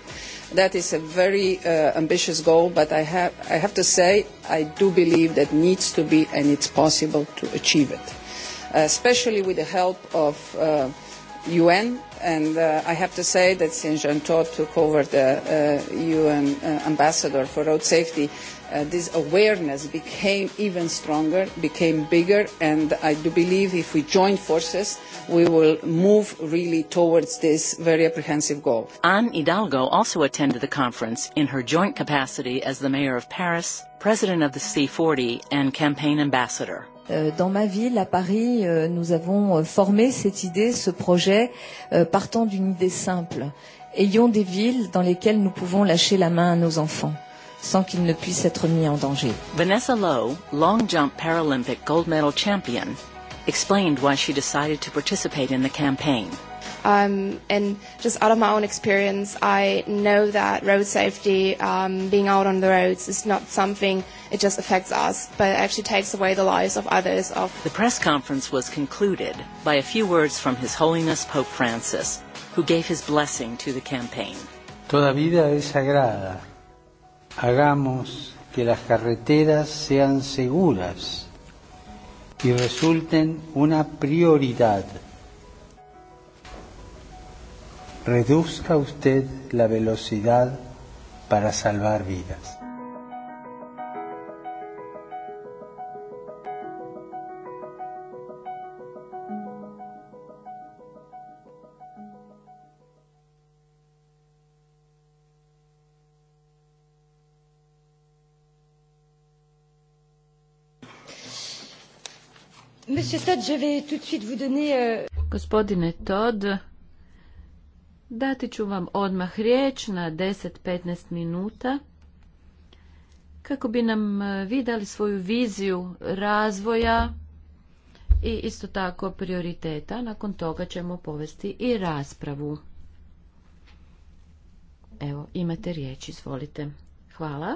That is a very uh, ambitious goal, but I have, I have to say I do believe that needs to be and it's possible to achieve it, uh, especially with the help of uh, UN, and uh, I have to say that since Jean Todt took over the uh, UN uh, ambassador for road safety, uh, this awareness became even stronger, became bigger, and I do believe if we join forces, we will move really towards this very apprehensive goal. Anne Hidalgo also attended the conference in her joint capacity as the mayor of Paris, president of the C40, and campaign ambassador. Euh, dans ma ville, à Paris, euh, nous avons euh, formé cette idée, ce projet, partant d'une idée simple. Ayons des villes dans lesquelles nous pouvons lâcher la main à nos enfants sans qu'ils ne puissent être mis en danger. Vanessa Lowe, long jump Paralympic gold medal champion, explained why she decided to participate in the campaign. Um, and just out of my own experience, I know that road safety, um, being out on the roads, is not something it just affects us, but it actually takes away the lives of others. Of the press conference was concluded by a few words from His Holiness Pope Francis, who gave his blessing to the campaign. Toda vida es sagrada. Hagamos que las carreteras sean seguras y resulten una prioridad reduzca usted la velocidad para salvar vidas. Monsieur Todd, je vais tout de suite vous donner... Euh, Gospodine tod. Dati ću vam odmah riječ na 10-15 minuta kako bi nam e, vi svoju viziju razvoja i isto tako prioriteta. Nakon toga ćemo povesti i raspravu. Evo, imate riječ, izvolite. Hvala.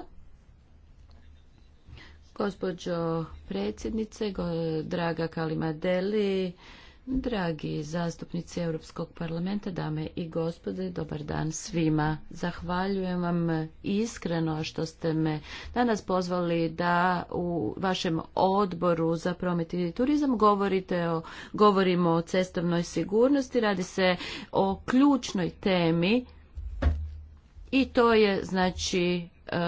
Gospođo predsjednice, draga Kalimadeli, Dragi zastupnici Europskog parlamenta, dame i gospode, dobar dan svima. Zahvaljujem vam iskreno što ste me danas pozvali da u vašem odboru za promet i turizam govorite o, govorimo o cestovnoj sigurnosti. Radi se o ključnoj temi i to je znači e,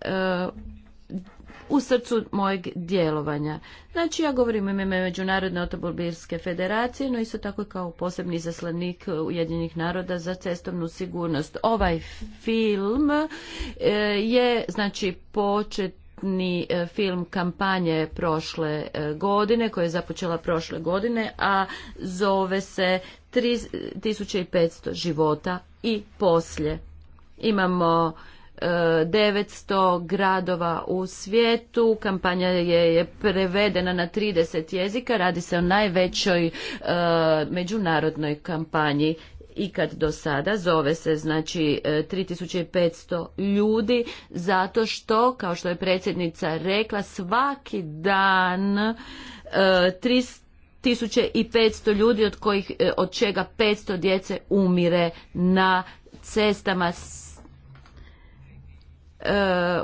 e, u srcu mojeg djelovanja. Znači, ja govorim ime Međunarodne automobilske federacije, no isto tako kao posebni zaslanik Ujedinjenih naroda za cestovnu sigurnost. Ovaj film e, je, znači, početni e, film kampanje prošle e, godine, koja je započela prošle godine, a zove se 3500 života i poslje. Imamo 900 gradova u svijetu. Kampanja je, prevedena na 30 jezika. Radi se o najvećoj e, međunarodnoj kampanji ikad do sada. Zove se znači 3500 e, ljudi zato što, kao što je predsjednica rekla, svaki dan 3500 e, ljudi od, kojih, od čega 500 djece umire na cestama E,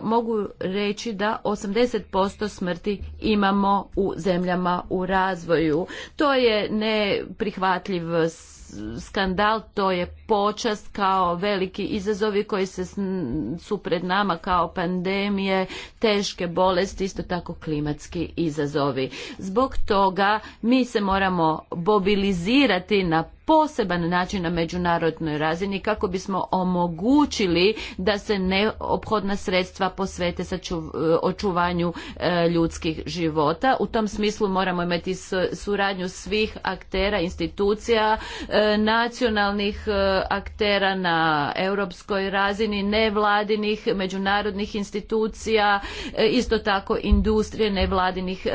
mogu reći da 80% smrti imamo u zemljama u razvoju. To je neprihvatljiv skandal, to je počast kao veliki izazovi koji se su pred nama kao pandemije, teške bolesti, isto tako klimatski izazovi. Zbog toga mi se moramo mobilizirati na poseban način na međunarodnoj razini kako bismo omogućili da se neophodna sredstva posvete sa e, očuvanju e, ljudskih života. U tom smislu moramo imati suradnju svih aktera, institucija, e, nacionalnih aktera na europskoj razini, nevladinih, međunarodnih institucija, isto tako industrije nevladinih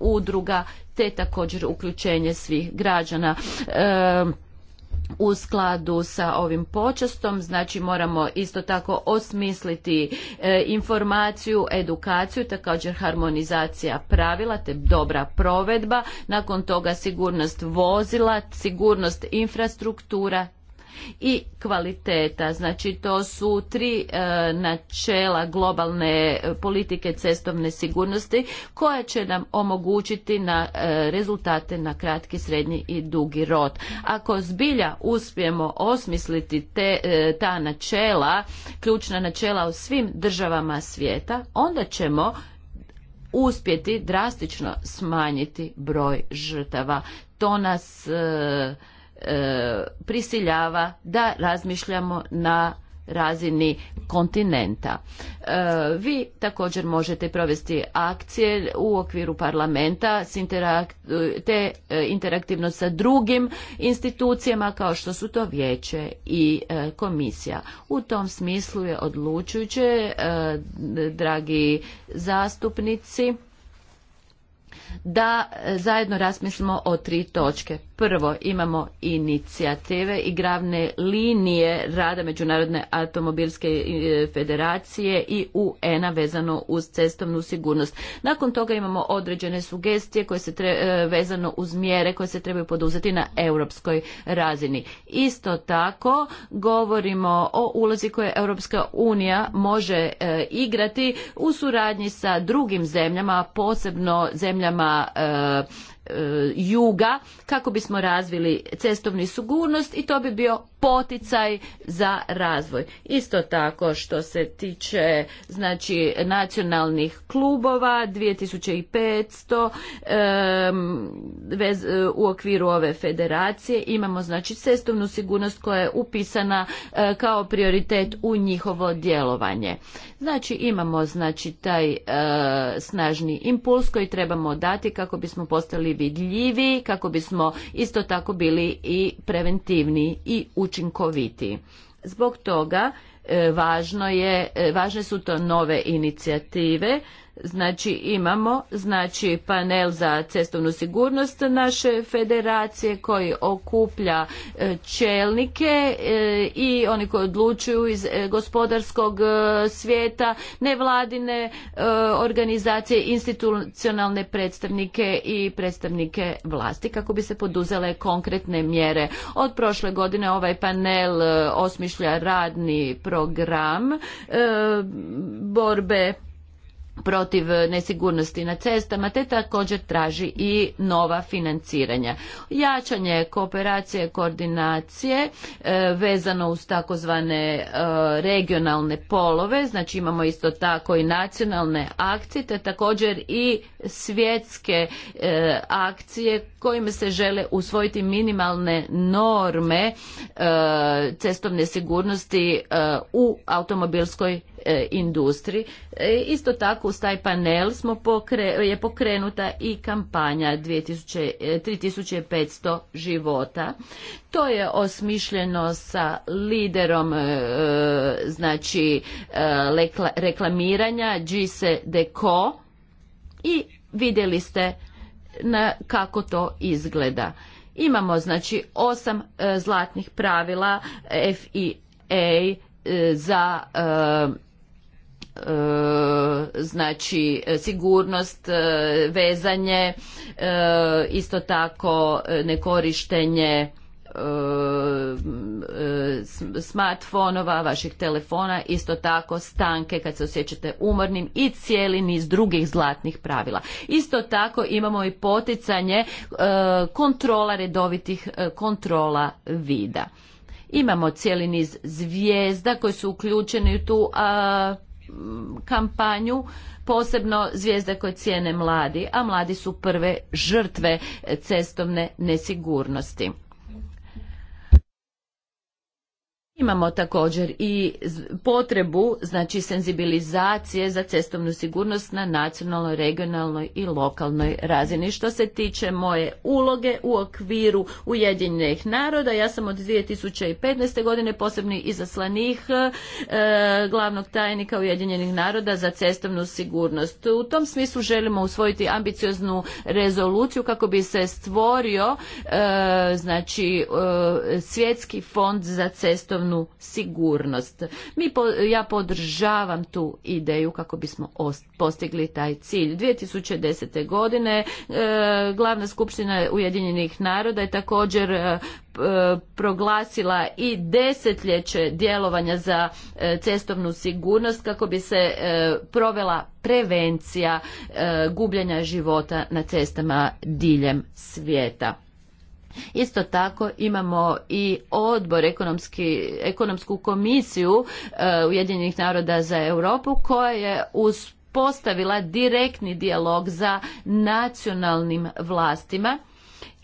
udruga te također uključenje svih građana u skladu sa ovim počastom, znači moramo isto tako osmisliti e, informaciju, edukaciju, također harmonizacija pravila te dobra provedba, nakon toga sigurnost vozila, sigurnost infrastruktura i kvaliteta. Znači to su tri e, načela globalne politike cestovne sigurnosti koja će nam omogućiti na e, rezultate na kratki, srednji i dugi rod. Ako zbilja uspijemo osmisliti te, e, ta načela, ključna načela u svim državama svijeta, onda ćemo uspjeti drastično smanjiti broj žrtava. To nas E, prisiljava da razmišljamo na razini kontinenta. E, vi također možete provesti akcije u okviru parlamenta s te e, interaktivno sa drugim institucijama kao što su to vijeće i komisija. U tom smislu je odlučujuće, dragi zastupnici, da e, zajedno razmislimo o tri točke. Prvo, imamo inicijative i gravne linije rada Međunarodne automobilske e, federacije i UN-a vezano uz cestovnu sigurnost. Nakon toga imamo određene sugestije koje se e, vezano uz mjere koje se trebaju poduzeti na europskoj razini. Isto tako govorimo o ulozi koje Europska unija može igrati u suradnji sa drugim zemljama, posebno zemljama prema e, Eh, juga kako bismo razvili cestovnu sigurnost i to bi bio poticaj za razvoj. Isto tako što se tiče znači nacionalnih klubova 2500 vez, eh, u okviru ove federacije imamo znači cestovnu sigurnost koja je upisana eh, kao prioritet u njihovo djelovanje. Znači imamo znači taj snažni impuls koji trebamo dati kako bismo postali vidljiviji kako bismo isto tako bili i preventivni i učinkoviti. Zbog toga e, važno je, e, važne su to nove inicijative Znači imamo znači panel za cestovnu sigurnost naše federacije koji okuplja e, čelnike e, i oni koji odlučuju iz e, gospodarskog svijeta, nevladine organizacije, institucionalne predstavnike i predstavnike vlasti kako bi se poduzele konkretne mjere. Od prošle godine ovaj panel osmišlja radni program borbe protiv e, nesigurnosti na cestama te također traži i nova financiranja. Jačanje kooperacije koordinacije e, vezano uz takozvane e, regionalne polove, znači imamo isto tako i nacionalne akcije te također i svjetske akcije kojima se žele usvojiti minimalne norme cestovne sigurnosti u automobilskoj E, industriji. E, isto tako uz taj panel smo pokre, je pokrenuta i kampanja 2000, 3500 e, života. To je osmišljeno sa liderom znači reklamiranja Gise Deco i vidjeli ste na kako to izgleda. Imamo znači osam zlatnih pravila FIA e, za E, znači sigurnost, e, vezanje, e, isto tako nekorištenje smartfonova, vaših telefona, isto tako stanke kad se osjećate umornim i cijeli niz drugih zlatnih pravila. Isto tako imamo i poticanje kontrola redovitih kontrola vida. Imamo cijeli niz zvijezda koji su uključeni u tu kampanju, posebno zvijezde koje cijene mladi, a mladi su prve žrtve cestovne nesigurnosti. Imamo također i potrebu znači senzibilizacije za cestovnu sigurnost na nacionalnoj, regionalnoj i lokalnoj razini. Što se tiče moje uloge u okviru Ujedinjenih naroda, ja sam od 2015. godine posebni izaslanih e, glavnog tajnika Ujedinjenih naroda za cestovnu sigurnost. U tom smislu želimo usvojiti ambicioznu rezoluciju kako bi se stvorio e, znači e, svjetski fond za cestovnu sigurnost. Mi ja podržavam tu ideju kako bismo postigli taj cilj. 2010. godine e, glavna skupština Ujedinjenih naroda je također e, e, proglasila i desetljeće djelovanja za cestovnu sigurnost kako bi se provela prevencija gubljenja života na cestama diljem svijeta. Isto tako imamo i odbor ekonomski, ekonomsku komisiju e, Ujedinjenih naroda za Europu koja je uspostavila direktni dijalog za nacionalnim vlastima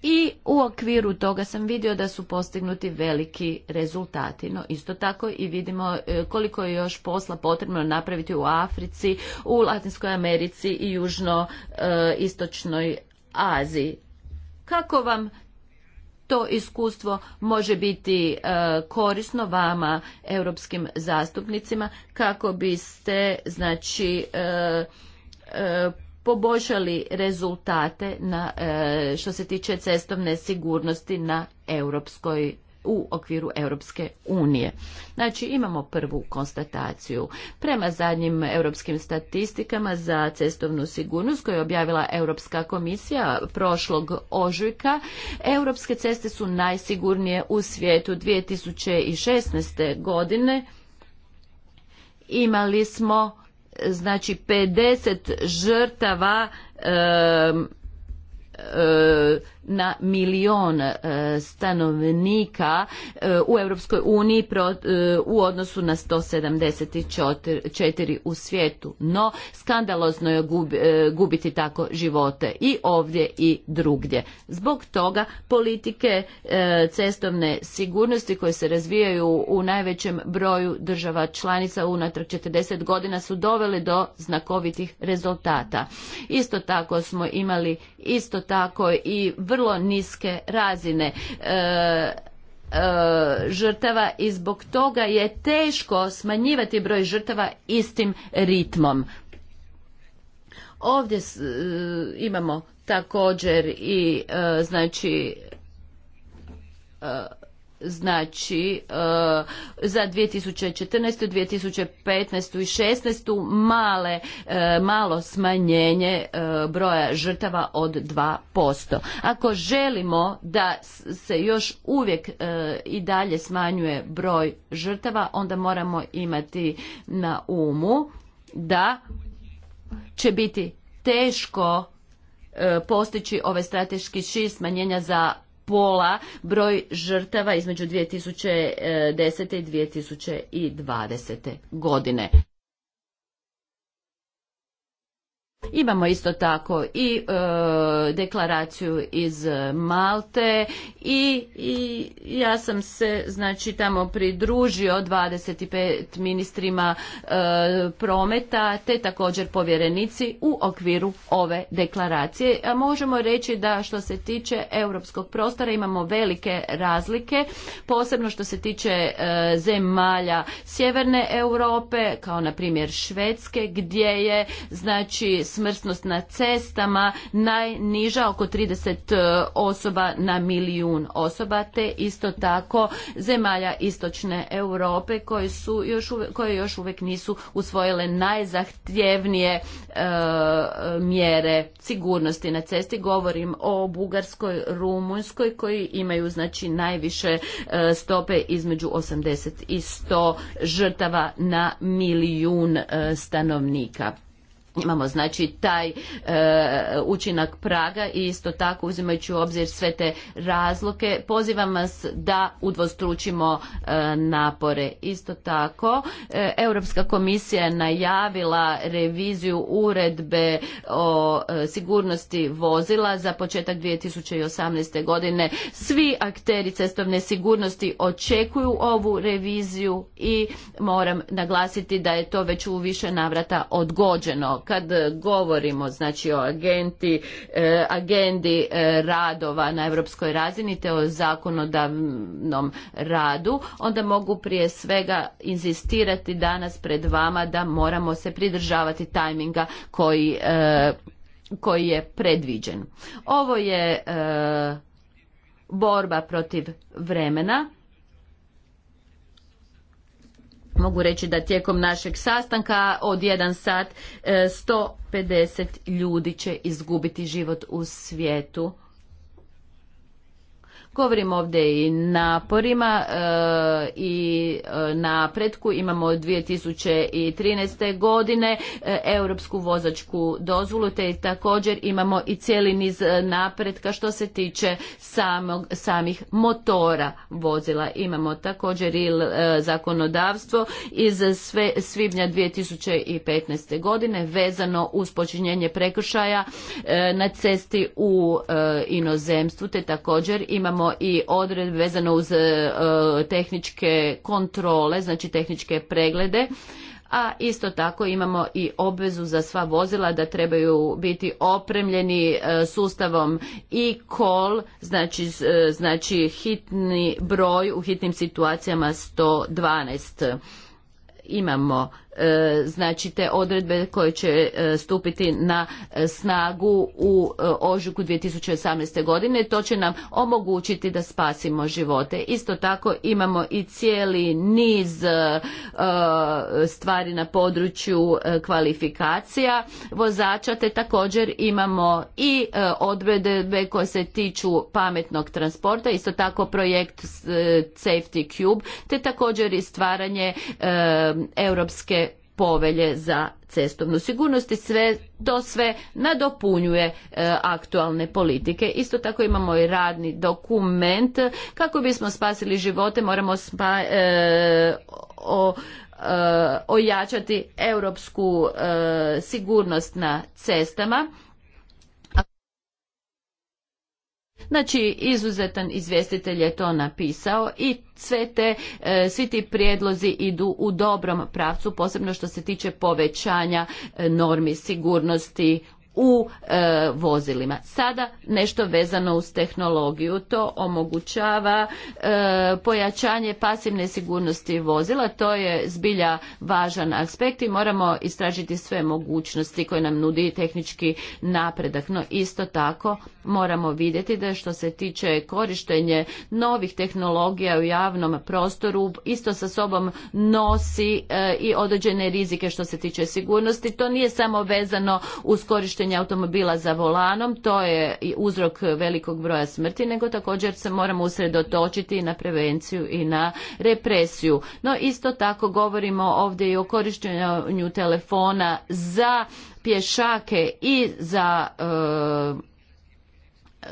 i u okviru toga sam vidio da su postignuti veliki rezultati. No isto tako i vidimo e, koliko je još posla potrebno napraviti u Africi, u Latinskoj Americi i južno e, istočnoj Aziji. Kako vam to iskustvo može biti e, korisno vama europskim zastupnicima kako biste znači e, e, poboljšali rezultate na što se tiče cestovne sigurnosti na europskoj u okviru Europske unije. Znači imamo prvu konstataciju. Prema zadnjim europskim statistikama za cestovnu sigurnost koju je objavila Europska komisija prošlog ožujka, europske ceste su najsigurnije u svijetu 2016. godine. Imali smo znači 50 žrtava na milion e, stanovnika e, u Europskoj uniji e, u odnosu na 174 u svijetu. No, skandalozno je gubiti tako živote i ovdje i drugdje. Zbog toga politike cestovne sigurnosti koje se razvijaju u najvećem broju država članica unatrag 40 godina su dovele do znakovitih rezultata. Isto tako smo imali isto tako i vrlo vrlo niske razine e, e, žrtava i zbog toga je teško smanjivati broj žrtava istim ritmom. Ovdje e, imamo također i znači znači e, za 2014. 2015. i 2016. male e, malo smanjenje e, broja žrtava od 2%. Ako želimo da se još uvijek i dalje smanjuje broj žrtava, onda moramo imati na umu da će biti teško postići ove strateški šir smanjenja za pola broj žrtava između 2010. E, i 2020. godine. Imamo isto tako i e, deklaraciju iz Malte i, ja sam se znači tamo pridružio 25 ministrima e, prometa te također povjerenici u okviru ove deklaracije. A možemo reći da što se tiče europskog prostora imamo velike razlike, posebno što se tiče e, zemalja sjeverne Europe, kao na primjer Švedske, gdje je znači smrsnost na cestama najniža oko 30 e, osoba na milijun osoba te isto tako zemalja istočne Europe koje su još uvijek, koje još nisu usvojile najzahtjevnije e, mjere sigurnosti na cesti govorim o Bugarskoj, Rumunjskoj koji imaju znači najviše e, stope između 80 i 100 žrtava na milijun stanovnika Imamo znači taj e, učinak praga i isto tako uzimajući u obzir sve te razloke pozivam vas da udvostručimo e, napore. Isto tako e, Europska komisija je najavila reviziju uredbe o sigurnosti vozila za početak 2018. godine. Svi akteri cestovne sigurnosti očekuju ovu reviziju i moram naglasiti da je to već u više navrata odgođeno kad govorimo znači o agenti, e, agendi e, radova na europskoj razini te o zakonodavnom radu, onda mogu prije svega inzistirati danas pred vama da moramo se pridržavati tajminga koji, e, koji je predviđen. Ovo je borba protiv vremena mogu reći da tijekom našeg sastanka od 1 sat 150 e, ljudi će izgubiti život u svijetu Govorim ovdje i naporima e, i e, napretku. Imamo 2013. godine e, europsku vozačku dozvolu, te također imamo i cijeli niz napretka što se tiče samog, samih motora vozila. Imamo također i zakonodavstvo iz sve, svibnja 2015. godine vezano uz počinjenje prekršaja na cesti u inozemstvu, te također imamo i odredbe vezano uz e, tehničke kontrole, znači tehničke preglede a isto tako imamo i obvezu za sva vozila da trebaju biti opremljeni e, sustavom i call znači, e, znači hitni broj u hitnim situacijama 112 imamo E, znači te odredbe koje će e, stupiti na e, snagu u ožujku 2018. godine. To će nam omogućiti da spasimo živote. Isto tako imamo i cijeli niz stvari na području kvalifikacija vozača, te također imamo i odredbe koje se tiču pametnog transporta, isto tako projekt Safety Cube, te također i stvaranje europske povelje za cestovnu sigurnost i sve, to sve nadopunjuje e, aktualne politike. Isto tako imamo i radni dokument. Kako bismo spasili živote moramo spa, e, o, e, ojačati europsku sigurnost na cestama Znači, izuzetan izvjestitelj je to napisao i sve te, e, svi ti prijedlozi idu u dobrom pravcu, posebno što se tiče povećanja e, normi sigurnosti u e, vozilima. Sada nešto vezano uz tehnologiju to omogućava e, pojačanje pasivne sigurnosti vozila, to je zbilja važan aspekt i moramo istražiti sve mogućnosti koje nam nudi tehnički napredak. No isto tako moramo vidjeti da što se tiče korištenje novih tehnologija u javnom prostoru isto sa sobom nosi e, i određene rizike što se tiče sigurnosti. To nije samo vezano uz korištenje automobila za volanom, to je uzrok velikog broja smrti, nego također se moramo usredotočiti na prevenciju i na represiju. No isto tako govorimo ovdje i o korištenju telefona za pješake i za e,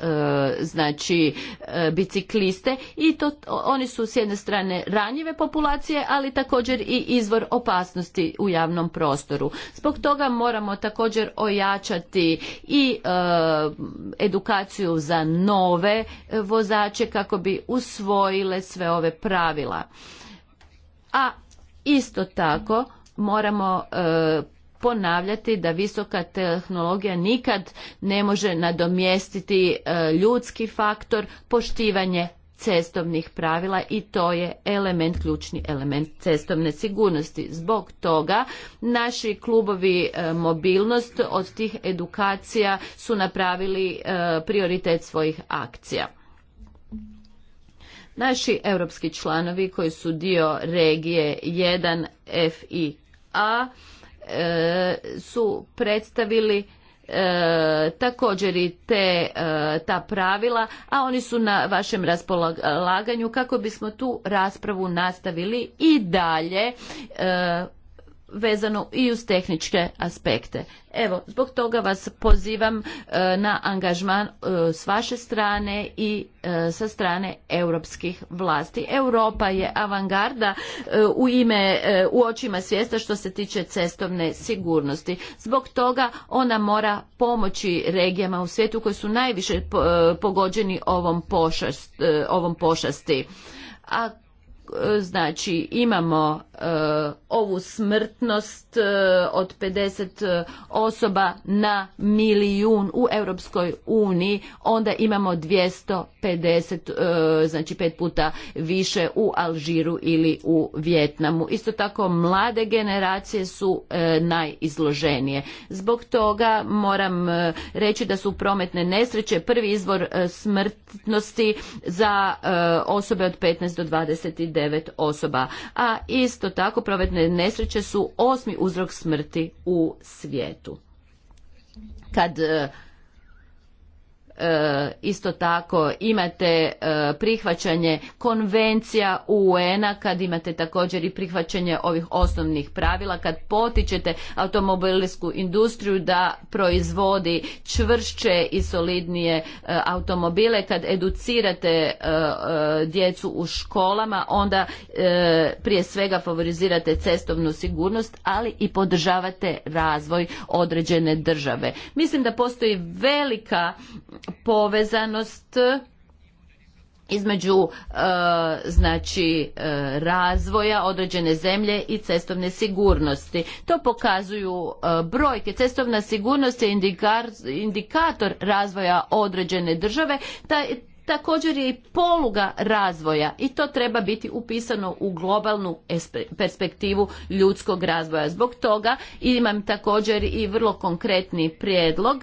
E, znači e, bicikliste i to oni su s jedne strane ranjive populacije ali također i izvor opasnosti u javnom prostoru zbog toga moramo također ojačati i e, edukaciju za nove vozače kako bi usvojile sve ove pravila a isto tako moramo ponavljati da visoka tehnologija nikad ne može nadomjestiti e, ljudski faktor, poštivanje cestovnih pravila i to je element, ključni element cestovne sigurnosti. Zbog toga naši klubovi e, mobilnost od tih edukacija su napravili e, prioritet svojih akcija. Naši europski članovi koji su dio regije 1 FIA E, su predstavili e, također i te e, ta pravila, a oni su na vašem raspolaganju kako bismo tu raspravu nastavili i dalje vezano i uz tehničke aspekte. Evo, zbog toga vas pozivam e, na angažman e, s vaše strane i e, sa strane europskih vlasti. Europa je avangarda u ime u očima svijesta što se tiče cestovne sigurnosti. Zbog toga ona mora pomoći regijama u svijetu koji su najviše pogođeni ovom, pošast, ovom pošasti. A znači imamo Eh, ovu smrtnost eh, od 50 eh, osoba na milijun u Europskoj uniji, onda imamo 250, znači pet puta više u Alžiru ili u Vjetnamu. Isto tako mlade generacije su najizloženije. Zbog toga moram reći da su prometne nesreće prvi izvor smrtnosti za osobe od 15 do 29 osoba. A isto tako prometne nesreće su osmi uzrok smrti u svijetu. Kad e, E, isto tako imate e, prihvaćanje konvencija UN-a kad imate također i prihvaćanje ovih osnovnih pravila kad potičete automobilsku industriju da proizvodi čvršće i solidnije e, automobile kad educirate djecu u školama onda prije svega favorizirate cestovnu sigurnost ali i podržavate razvoj određene države mislim da postoji velika povezanost između e, znači e, razvoja određene zemlje i cestovne sigurnosti to pokazuju e, brojke cestovna sigurnost je indikator razvoja određene države također je i poluga razvoja i to treba biti upisano u globalnu perspektivu ljudskog razvoja zbog toga imam također i vrlo konkretni prijedlog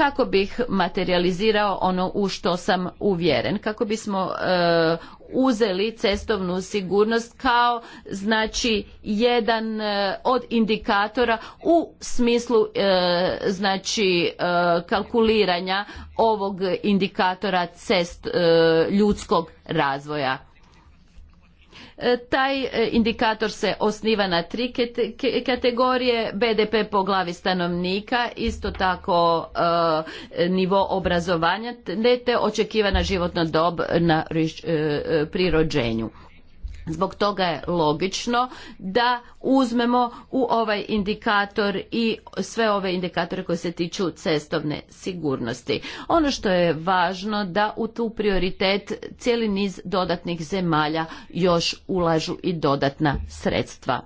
kako bih materializirao ono u što sam uvjeren kako bismo e, uzeli cestovnu sigurnost kao znači jedan e, od indikatora u smislu e, znači kalkuliranja ovog indikatora cest ljudskog razvoja taj e, indikator se osniva na tri kategorije, BDP po glavi stanovnika, isto tako e, nivo obrazovanja, te očekivana životna dob na, e, pri rođenju. Zbog toga je logično da uzmemo u ovaj indikator i sve ove indikatore koji se tiču cestovne sigurnosti. Ono što je važno da u tu prioritet cijeli niz dodatnih zemalja još ulažu i dodatna sredstva.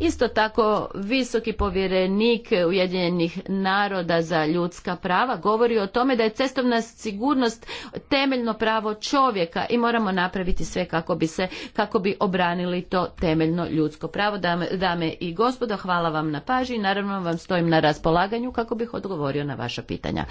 Isto tako, visoki povjerenik Ujedinjenih naroda za ljudska prava govori o tome da je cestovna sigurnost temeljno pravo čovjeka i moramo napraviti sve kako bi se, kako bi obranili to temeljno ljudsko pravo. Dame, dame i gospodo, hvala vam na paži i naravno vam stojim na raspolaganju kako bih odgovorio na vaša pitanja.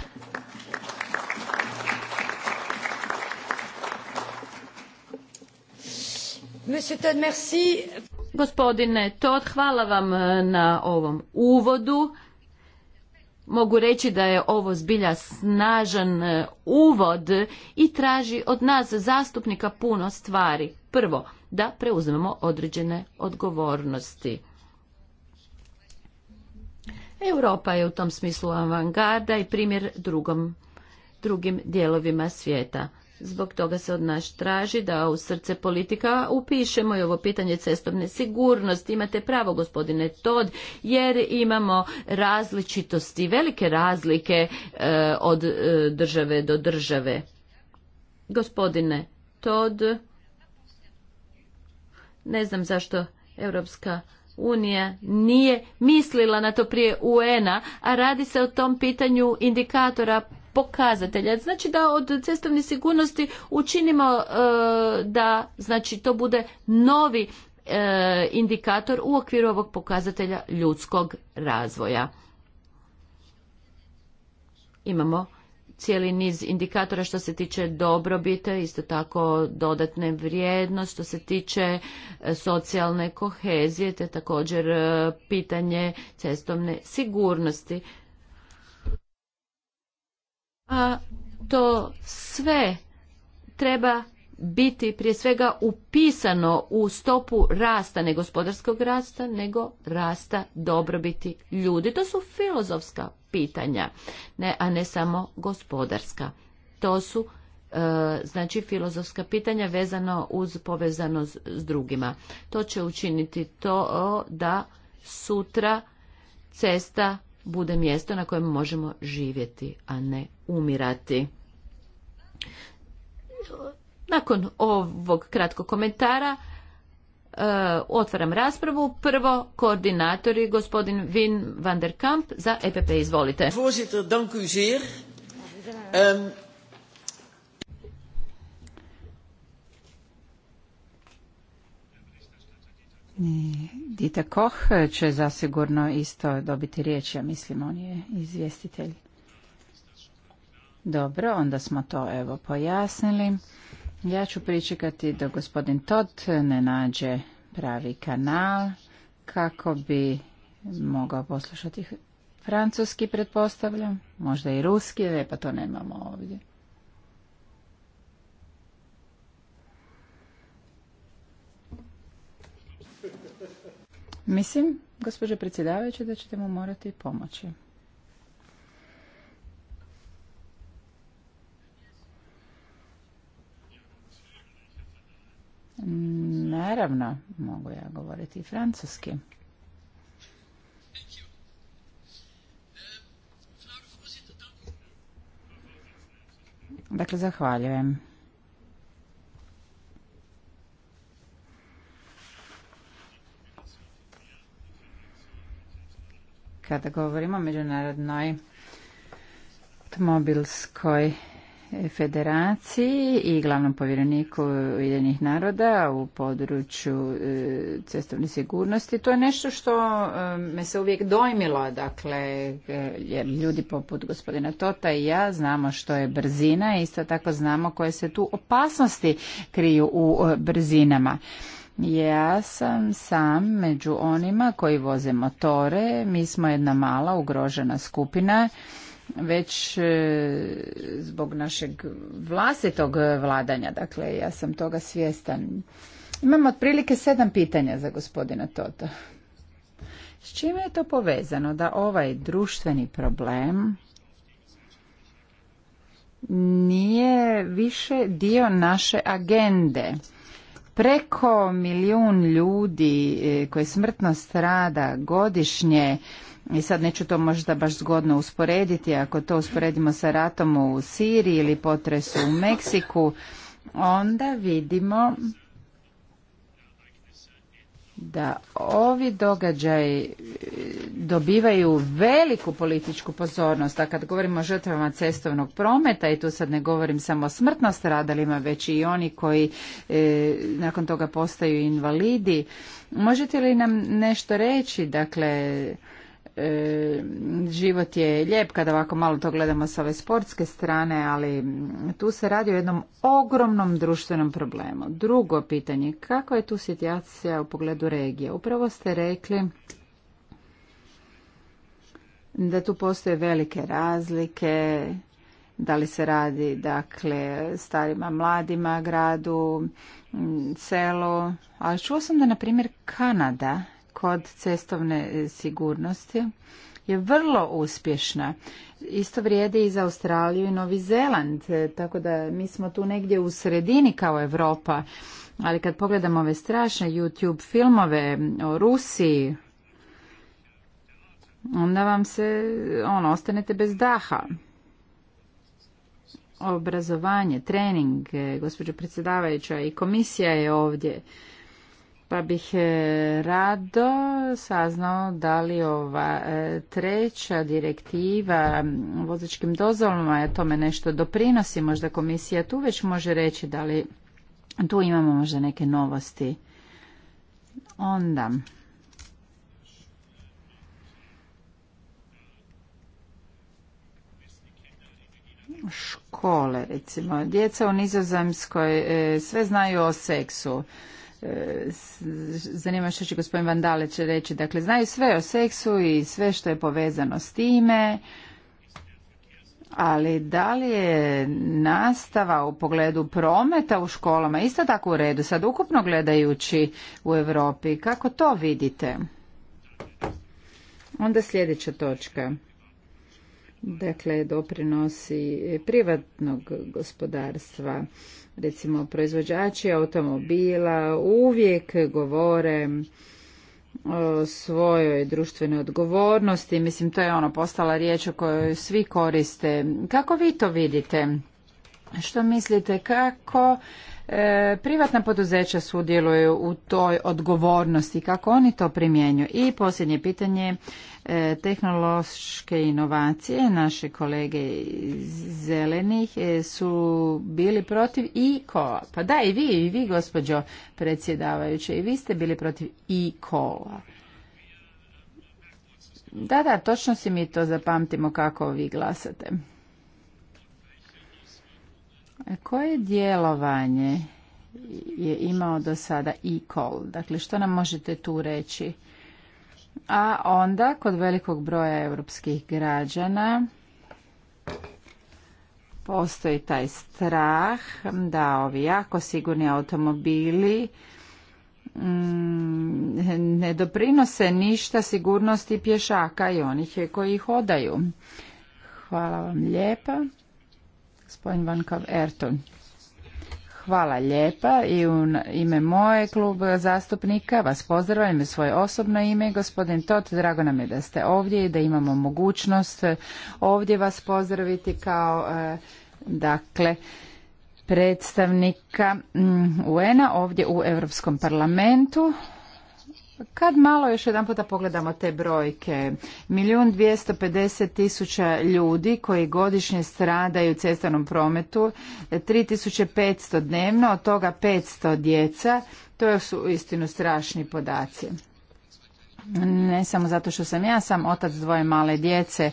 Monsieur merci. Gospodine to hvala vam e, na ovom uvodu. Mogu reći da je ovo zbilja snažan e, uvod i traži od nas zastupnika puno stvari. Prvo, da preuzmemo određene odgovornosti. Europa je u tom smislu avangarda i primjer drugom, drugim dijelovima svijeta. Zbog toga se od nas traži da u srce politika upišemo i ovo pitanje cestovne sigurnosti. Imate pravo, gospodine Tod, jer imamo različitosti, velike razlike e, od e, države do države. Gospodine Tod, ne znam zašto Europska unija nije mislila na to prije UN-a, a radi se o tom pitanju indikatora pokazatelja. Znači da od cestovne sigurnosti učinimo e, da znači to bude novi e, indikator u okviru ovog pokazatelja ljudskog razvoja. Imamo cijeli niz indikatora što se tiče dobrobite, isto tako dodatne vrijednost, što se tiče e, socijalne kohezije, te također pitanje cestovne sigurnosti a to sve treba biti prije svega upisano u stopu rasta, ne gospodarskog rasta, nego rasta dobrobiti ljudi. To su filozofska pitanja, ne, a ne samo gospodarska. To su e, znači filozofska pitanja vezano uz povezano s, drugima. To će učiniti to da sutra cesta bude mjesto na kojem možemo živjeti, a ne umirati. Nakon ovog kratkog komentara e, otvaram raspravu. Prvo koordinatori gospodin Vin van der Kamp za EPP. Izvolite. Voorzitter, ehm, Dita Koch će zasigurno isto dobiti riječ, ja mislim, on je izvjestitelj. Dobro, onda smo to evo pojasnili. Ja ću pričekati da gospodin Todd ne nađe pravi kanal kako bi mogao poslušati francuski, pretpostavljam, možda i ruski, e, pa to nemamo ovdje. Mislim, gospođo predsjedavajuća, da ćete mu morati pomoći. Naravno, mogu ja govoriti i francuski. Dakle, zahvaljujem. kada govorimo o međunarodnoj automobilskoj federaciji i glavnom povjereniku Ujedinjenih naroda u području e, cestovne sigurnosti. To je nešto što e, me se uvijek dojmilo, dakle, e, jer ljudi poput gospodina Tota i ja znamo što je brzina, i isto tako znamo koje se tu opasnosti kriju u brzinama. Ja sam sam među onima koji voze motore, mi smo jedna mala ugrožena skupina već e, zbog našeg vlastitog vladanja, dakle ja sam toga svjestan. Imam otprilike sedam pitanja za gospodina Toto. S čime je to povezano da ovaj društveni problem nije više dio naše agende? Preko milijun ljudi e, koji smrtno strada godišnje i sad neću to možda baš zgodno usporediti, ako to usporedimo sa ratom u Siriji ili potresu u Meksiku, onda vidimo da ovi događaji e, dobivaju veliku političku pozornost, a kad govorimo o žrtvama cestovnog prometa i tu sad ne govorim samo o smrtno stradalima, već i oni koji e, nakon toga postaju invalidi, možete li nam nešto reći, dakle, e, život je lijep kada ovako malo to gledamo sa ove sportske strane, ali tu se radi o jednom ogromnom društvenom problemu. Drugo pitanje, kako je tu situacija u pogledu regije? Upravo ste rekli da tu postoje velike razlike, da li se radi dakle starima, mladima, gradu, celo, ali čuo sam da na primjer Kanada kod cestovne e, sigurnosti je vrlo uspješna. Isto vrijedi i za Australiju i Novi Zeland, e, tako da mi smo tu negdje u sredini kao Europa. Ali kad pogledamo ove strašne YouTube filmove o Rusiji, onda vam se, ono, ostanete bez daha. Obrazovanje, trening, e, gospođo predsjedavajuća i komisija je ovdje pa bih e, rado saznao da li ova e, treća direktiva vozačkim dozvolama je tome nešto doprinosi. Možda komisija tu već može reći da li tu imamo možda neke novosti. Onda... Škole, recimo. Djeca u Nizozemskoj e, sve znaju o seksu. E, zanima što će gospodin Vandale reći. Dakle, znaju sve o seksu i sve što je povezano s time, ali da li je nastava u pogledu prometa u školama isto tako u redu, sad ukupno gledajući u Europi, kako to vidite? Onda sljedeća točka. Dakle, doprinosi privatnog gospodarstva. Recimo, proizvođači automobila uvijek govore o svojoj društvenoj odgovornosti. Mislim, to je ono postala riječ o kojoj svi koriste. Kako vi to vidite? Što mislite, kako e, privatna poduzeća sudjeluju u toj odgovornosti, kako oni to primjenjuju? I posljednje pitanje, E, tehnološke inovacije, naše kolege iz zelenih, e, su bili protiv i a Pa da, i vi, i vi, gospođo predsjedavajuće, i vi ste bili protiv i a Da, da, točno si mi to zapamtimo kako vi glasate. E, koje djelovanje je imao do sada e-call? Dakle, što nam možete tu reći? a onda kod velikog broja europskih građana postoji taj strah da ovi jako sigurni automobili mm, ne doprinose ništa sigurnosti pješaka i onih koji ih odaju. Hvala vam lijepa. Gospodin Vankov Erton. Hvala lijepa i u ime moje klub zastupnika vas pozdravljam u svoje osobno ime. Gospodin Tot, drago nam je da ste ovdje i da imamo mogućnost ovdje vas pozdraviti kao e, dakle predstavnika UN-a ovdje u Europskom parlamentu. Kad malo još jedan puta pogledamo te brojke, milijun dvijesto pedeset tisuća ljudi koji godišnje stradaju u cestovnom prometu, 3500 dnevno, od toga petsto djeca, to su istinu strašni podaci. Ne samo zato što sam ja sam otac dvoje male djece,